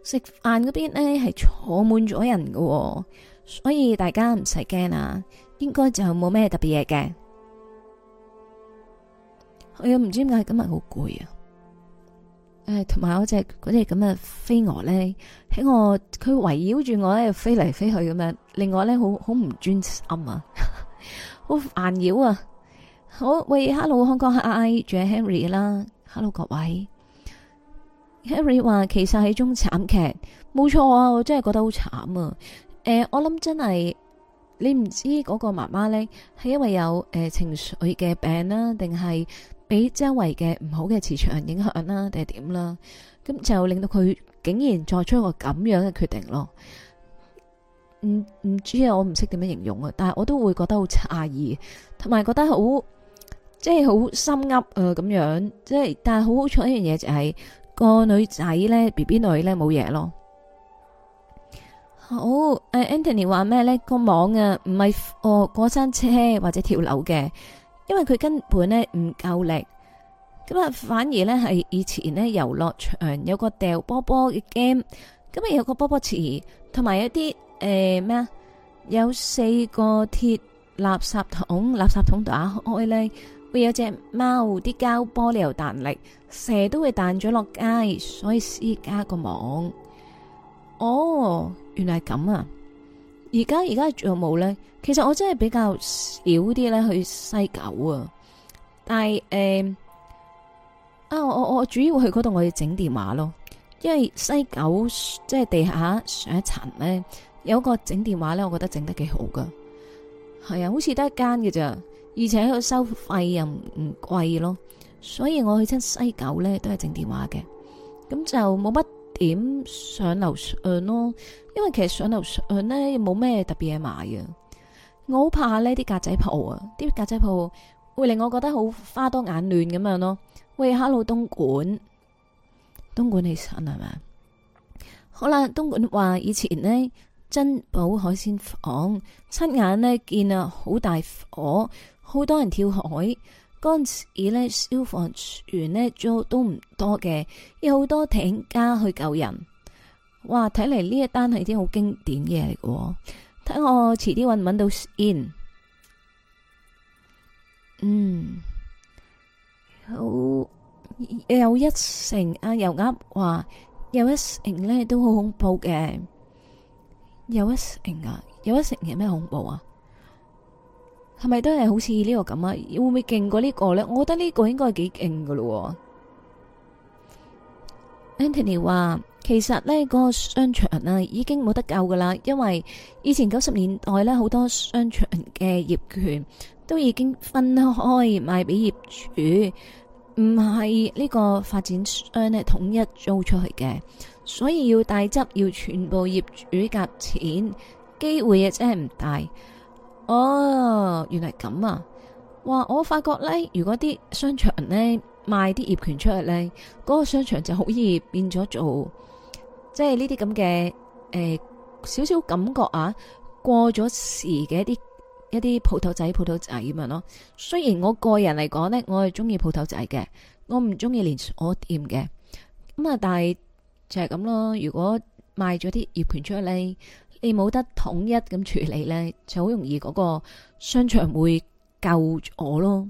食飯嗰邊呢係坐滿咗人噶，哦，所以大家唔使驚啊，應該就冇咩特別嘢嘅。有這樣的飛我又唔知點解今日好攰啊！誒，同埋嗰隻只咁嘅飛蛾咧，喺我佢圍繞住我咧飛嚟飛去咁樣，令我咧好好唔專心啊！ 好煩擾啊！好喂，Hello，香港係 I 仲有 Henry 啦。Hello，各位，Henry 話其實係種慘劇，冇錯啊！我真係覺得好慘啊！誒、呃，我諗真係你唔知嗰個媽媽呢，係因為有誒、呃、情緒嘅病啦、啊，定係俾周圍嘅唔好嘅磁場影響啦、啊，定係點啦？咁就令到佢竟然作出一個咁樣嘅決定咯。唔、嗯、唔知啊，我唔識點樣形容啊，但係我都會覺得好詫異，同埋覺得好即係好心悒啊咁樣，即係但係好好彩一樣嘢就係、是、個女仔咧，B B 女咧冇嘢咯。好，Anthony 話咩呢？個網啊唔係哦過山車或者跳樓嘅，因為佢根本呢唔夠力咁啊，反而呢，係以前呢，遊樂場有個掉波波嘅 game，咁啊有個波波池，同埋有啲。誒、嗯、咩？有四個鐵垃圾桶，垃圾桶打開咧，會有隻貓啲膠玻璃又彈力，蛇都會彈咗落街，所以先加個網。哦，原來係咁啊！而家而家仲有冇咧？其實我真係比較少啲咧去西九啊。但係誒、嗯，啊我我主要去嗰度我要整電話咯，因為西九，即係地下上一層咧。有個整電話呢，我覺得整得幾好噶，係啊，好似得一間嘅咋，而且佢收費又唔貴咯，所以我去親西九呢，都係整電話嘅，咁就冇乜點上樓上咯，因為其實上樓上呢，冇咩特別嘢買啊，我好怕呢啲格仔鋪啊，啲格仔鋪會令我覺得好花多眼亂咁樣咯，喂 Hello，東莞，東莞起身係咪啊？好啦，東莞話以前呢。珍寶海鮮舫，親眼呢見啊，好大火，好多人跳海。嗰陣時咧，消防員咧都都唔多嘅，有好多艇家去救人。哇！睇嚟呢一單係啲好經典嘅嚟嘅喎。睇我遲啲揾唔揾到 in，嗯，有有一成啊，有鴨話有一成呢，都好恐怖嘅。有一成啊，有一成係咩恐怖啊？係咪都係好似呢個咁啊？會唔會勁過呢個呢？我覺得呢個應該係幾勁噶咯。Anthony 話，其實呢，嗰個商場啊，已經冇得救噶啦，因為以前九十年代呢，好多商場嘅業權都已經分開賣俾業主。唔係呢個發展商咧統一租出去嘅，所以要大執，要全部業主夾錢，機會啊真係唔大。哦，原來咁啊！哇，我發覺咧，如果啲商場咧賣啲業權出去咧，嗰個商場就好易變咗做，即係呢啲咁嘅誒，少少感覺啊，過咗時嘅一啲。一啲鋪頭仔、鋪頭仔咁樣咯。雖然我個人嚟講呢，我係中意鋪頭仔嘅，我唔中意連鎖店嘅。咁啊，但係就係咁咯。如果賣咗啲業權出嚟，你冇得統一咁處理呢，就好容易嗰個商場會救咗我咯。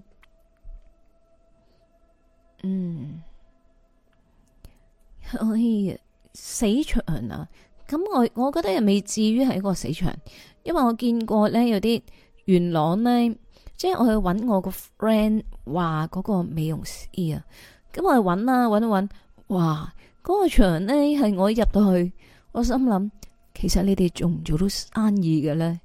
嗯，可、哎、以死場啊？咁我我覺得又未至於係一個死場，因為我見過呢，有啲。元朗咧，即係我去搵我個 friend 話嗰個美容師啊，咁我去搵啊，搵一搵，哇，嗰個場咧係我入到去，我心諗，其實你哋做唔做到生意嘅咧？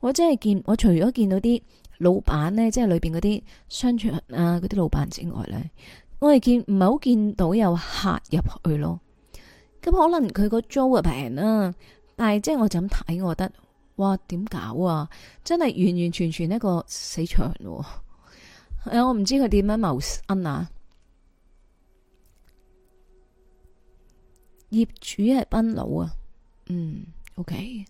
我真係見，我除咗見到啲老闆咧，即係裏邊嗰啲商場啊，嗰啲老闆之外咧，我係見唔係好見到有客入去咯。咁可能佢個租啊平啦，但係即係我就咁睇，我覺得。哇，點搞啊！真係完完全全一個死場喎！嗯，我唔知佢點樣謀生啊。業主係賓佬啊。嗯，OK。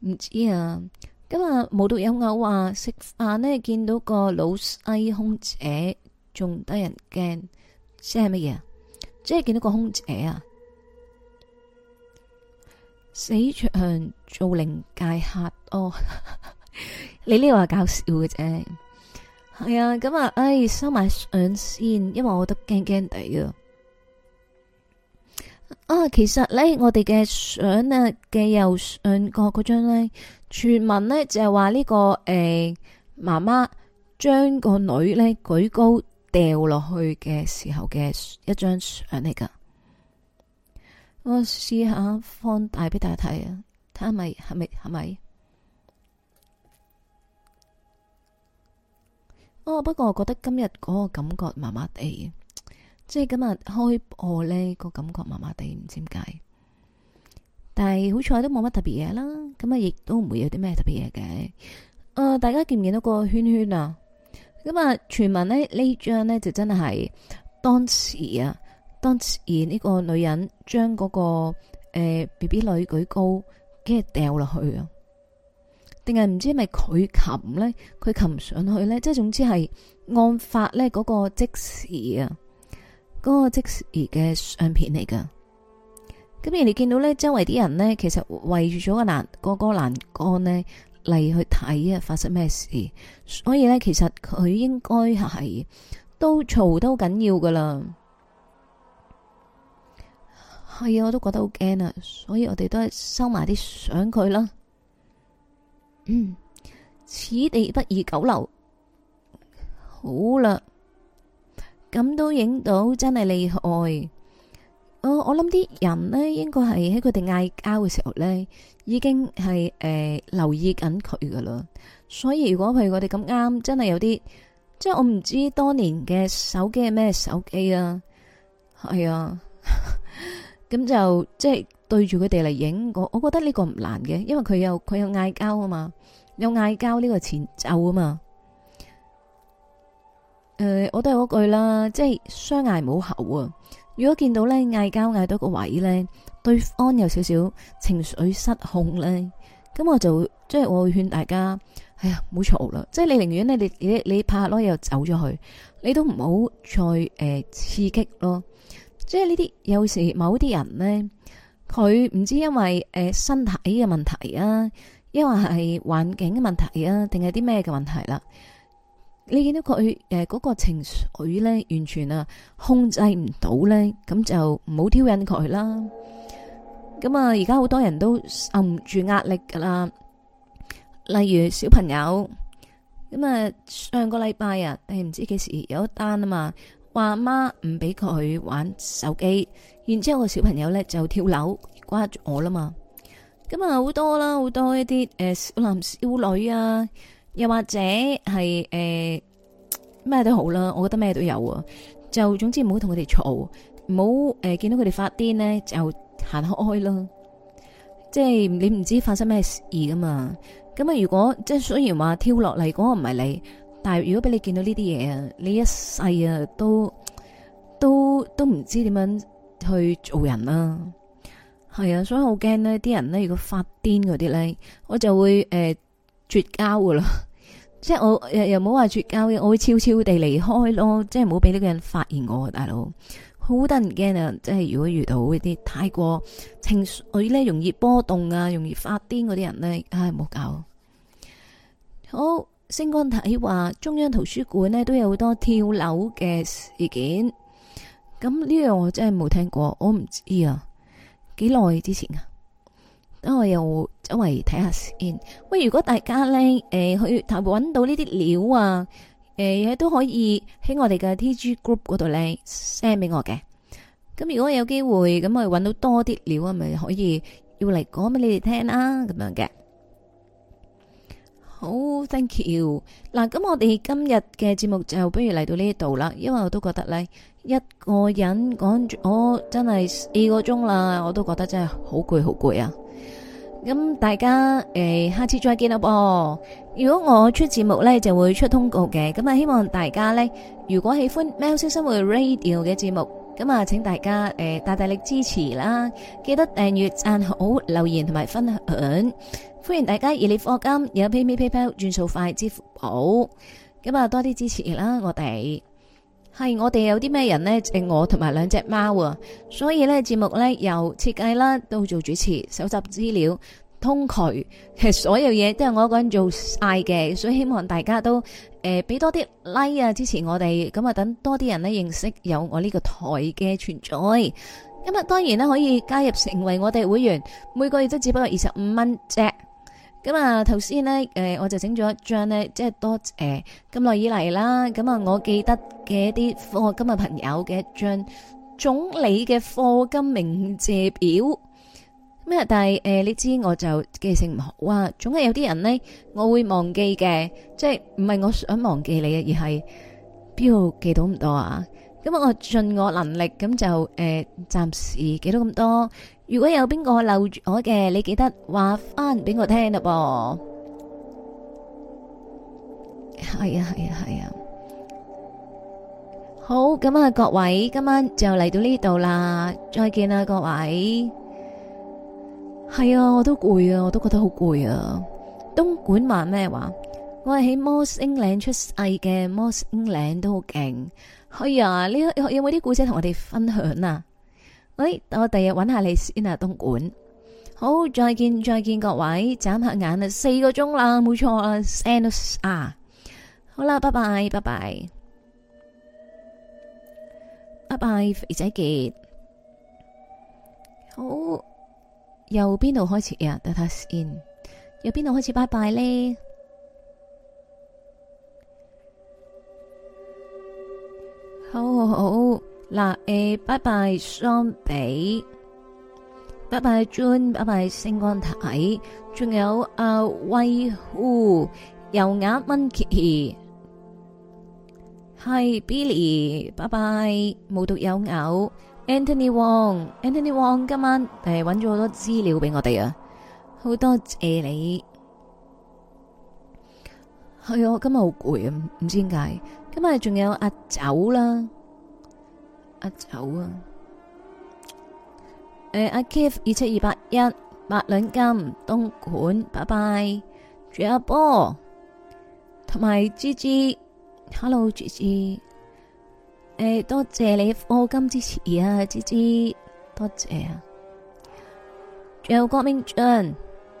唔知啊。今日無獨有偶啊，食飯呢見到個老細空姐，仲得人驚。即係乜嘢啊？即係見到個空姐啊！死場做靈界客哦！Oh, 你呢個話搞笑嘅啫，係啊咁啊，唉、哎、收埋相先，因為我覺得驚驚地啊。啊，其實咧，我哋嘅相啊，嘅右上角嗰張咧，傳聞咧就係、是、話、這個欸、呢個誒媽媽將個女咧舉高掉落去嘅時候嘅一張相嚟噶。我試下放大俾大家睇啊，睇下咪係咪係咪。哦，不過我覺得今日嗰個感覺麻麻地，即係今日開播呢個感覺麻麻地，唔知點解。但係好彩都冇乜特別嘢啦，咁啊亦都唔會有啲咩特別嘢嘅。誒、呃，大家見唔見到個圈圈啊？咁啊，傳聞呢呢張呢，就真係當時啊。當時呢個女人將嗰個誒 BB 女舉高，跟住掉落去啊，定係唔知係咪佢擒咧？佢擒上去咧，即係總之係案發咧嗰個即時啊，嗰個即時嘅相片嚟噶。咁人哋見到咧，周圍啲人咧，其實圍住咗個欄，個個欄杆呢嚟去睇啊，發生咩事？所以咧，其實佢應該係都嘈都緊要噶啦。係啊，我都覺得好驚啊，所以我哋都係收埋啲相佢啦。嗯，此地不宜久留。好啦，咁都影到真係厲害。哦，我諗啲人呢，應該係喺佢哋嗌交嘅時候呢，已經係誒留意緊佢噶啦。所以如果譬如我哋咁啱，真係有啲即係我唔知當年嘅手機係咩手機啊，係啊。咁就即係、就是、對住佢哋嚟影我，覺得呢個唔難嘅，因為佢有佢有嗌交啊嘛，有嗌交呢個前奏啊嘛。誒、呃，我都係嗰句啦，即係相嗌冇喉啊。如果見到咧嗌交嗌到個位咧，對方有少少情緒失控咧，咁我就即係、就是、我會勸大家，哎呀，唔好嘈啦。即、就、係、是、你寧願你你你拍落又走咗去，你都唔好再誒、呃、刺激咯。即係呢啲有時某啲人咧，佢唔知因為誒身體嘅問題啊，抑或係環境嘅問題啊，定係啲咩嘅問題啦？你見到佢誒嗰個情緒咧，完全啊控制唔到咧，咁就唔好挑引佢啦。咁啊，而家好多人都受唔住壓力噶啦。例如小朋友，咁啊，上個禮拜啊，誒唔知幾時有一單啊嘛。話阿媽唔俾佢玩手機，然之後個小朋友咧就跳樓，關住我啦嘛。咁啊好多啦，好多一啲誒、呃，小男小女啊，又或者係誒咩都好啦，我覺得咩都有啊。就總之唔好同佢哋嘈，唔好誒見到佢哋發癲咧就行開開咯。即係你唔知發生咩事噶嘛。咁啊如果即係雖然話跳落嚟嗰個唔係你。但係如果俾你見到呢啲嘢啊，你一世啊都都都唔知點樣去做人啦，啊，係啊，所以好驚呢啲人咧，如果發癲嗰啲咧，我就會誒、欸、絕交噶啦， 即係我又又冇話絕交嘅，我會悄悄地離開咯，即係唔好俾呢個人發現我，大佬好得人驚啊！即係如果遇到一啲太過情緒咧，容易波動啊、容易發癲嗰啲人咧，唉冇搞好。星光體話中央圖書館咧都有好多跳樓嘅事件，咁呢樣我真係冇聽過，我唔知啊，幾耐之前啊？等我又周圍睇下先。喂，如果大家咧誒去頭揾到呢啲料啊，誒嘢都可以喺我哋嘅 T G Group 嗰度咧 send 俾我嘅。咁如果有機會，咁我哋揾到多啲料啊，咪可以要嚟講俾你哋聽啦，咁樣嘅。好，thank you。嗱，咁我哋今日嘅節目就不如嚟到呢一度啦，因為我都覺得咧，一個人講咗真係四個鐘啦，我都覺得真係好攰，好攰啊！咁大家誒，下次再見啦噃。如果我出節目咧，就會出通告嘅。咁啊，希望大家咧，如果喜歡喵式生活 radio 嘅節目，咁啊，請大家誒，大大力支持啦！記得訂閱、贊好、留言同埋分享。歡迎大家，而你課金有 PayMe PayPal 轉數快，支付寶，咁啊，多啲支持啦。我哋係我哋有啲咩人呢？誒，就是、我同埋兩隻貓啊，所以呢節目呢，由設計啦到做主持、搜集資料、通渠，其實所有嘢都係我一個人做晒嘅，所以希望大家都誒俾、呃、多啲 like 啊支持我哋，咁啊，就等多啲人呢認識有我呢個台嘅存在。咁啊當然呢可以加入成為我哋會員，每個月都只不過二十五蚊啫。咁啊，頭先咧，誒，我就整咗一張咧，即係多誒，咁、呃、耐以嚟啦。咁啊，我記得嘅一啲課金嘅朋友嘅一張總理嘅課金名借表。咩？但係誒，你知我就記性唔好啊，總係有啲人咧，我會忘記嘅，即係唔係我想忘記你啊，而係邊度記到咁多啊。咁、嗯、我盡我能力，咁就誒、呃，暫時記到咁多。如果有邊個留住我嘅，你記得話翻畀我聽咯噃。係啊係啊係啊。好，咁啊各位，今晚就嚟到呢度啦，再見啦各位。係啊，我都攰啊，我都覺得好攰啊。東莞話咩話？我係喺摩星嶺出世嘅，摩星嶺都好勁。係啊，呢有冇啲故仔同我哋分享啊？喂、哎，到我第日搵下你先啊，東莞。好，再見再見各位，眨下眼啊，四個鐘啦，冇錯啦 Sanders 啊。好啦，拜拜拜拜拜拜，肥仔杰。好，由邊度開始呀？等下先，由邊度開始拜拜咧？好好，好，好。嗱誒，拜拜雙比，拜拜 June，拜拜星光體，仲有阿威呼油鴨 Micky，係 Billy，拜拜無獨有偶 Anthony Wong，Anthony Wong 今晚誒揾咗好多資料俾我哋啊，好多謝你。係啊，我今日好攰啊，唔唔知點解。今日仲有阿酒啦。阿九啊！誒，阿 Kif 二七二八一八兩金東莞，拜拜。仲有阿波，同埋芝芝，Hello 芝芝，誒，多謝你課金支持啊，芝芝，多謝啊。仲有郭明俊、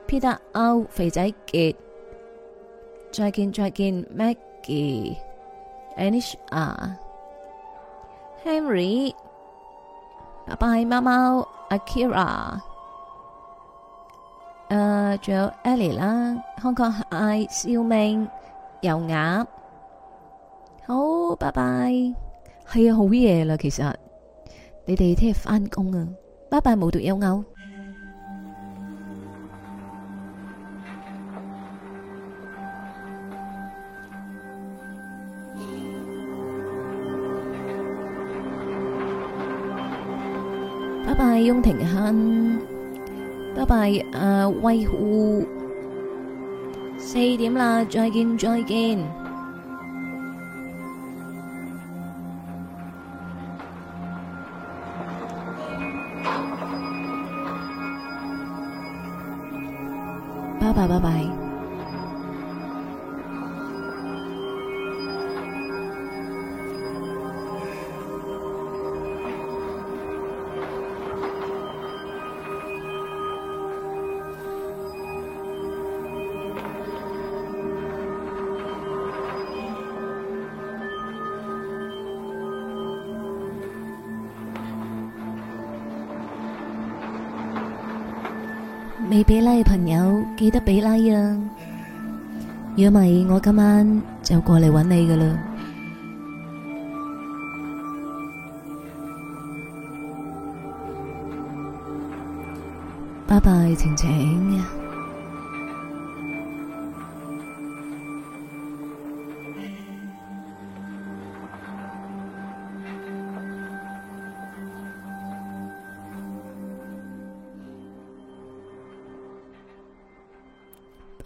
Peter 歐肥仔杰，再見再見，Maggie，Anisha。Henry，拜拜，貓貓，Akira，誒，仲有 Ellie 啦，康康，I，小明，有鴨，好，拜拜，係啊，好夜啦，其實，你哋聽日返工啊，拜拜，無獨有偶。拜拜，雍庭欣，拜拜，阿威戶，四點啦，再見，再見，拜拜，拜拜。記得俾拉呀，如果唔係，我今晚就過嚟揾你噶啦，拜拜，晴晴。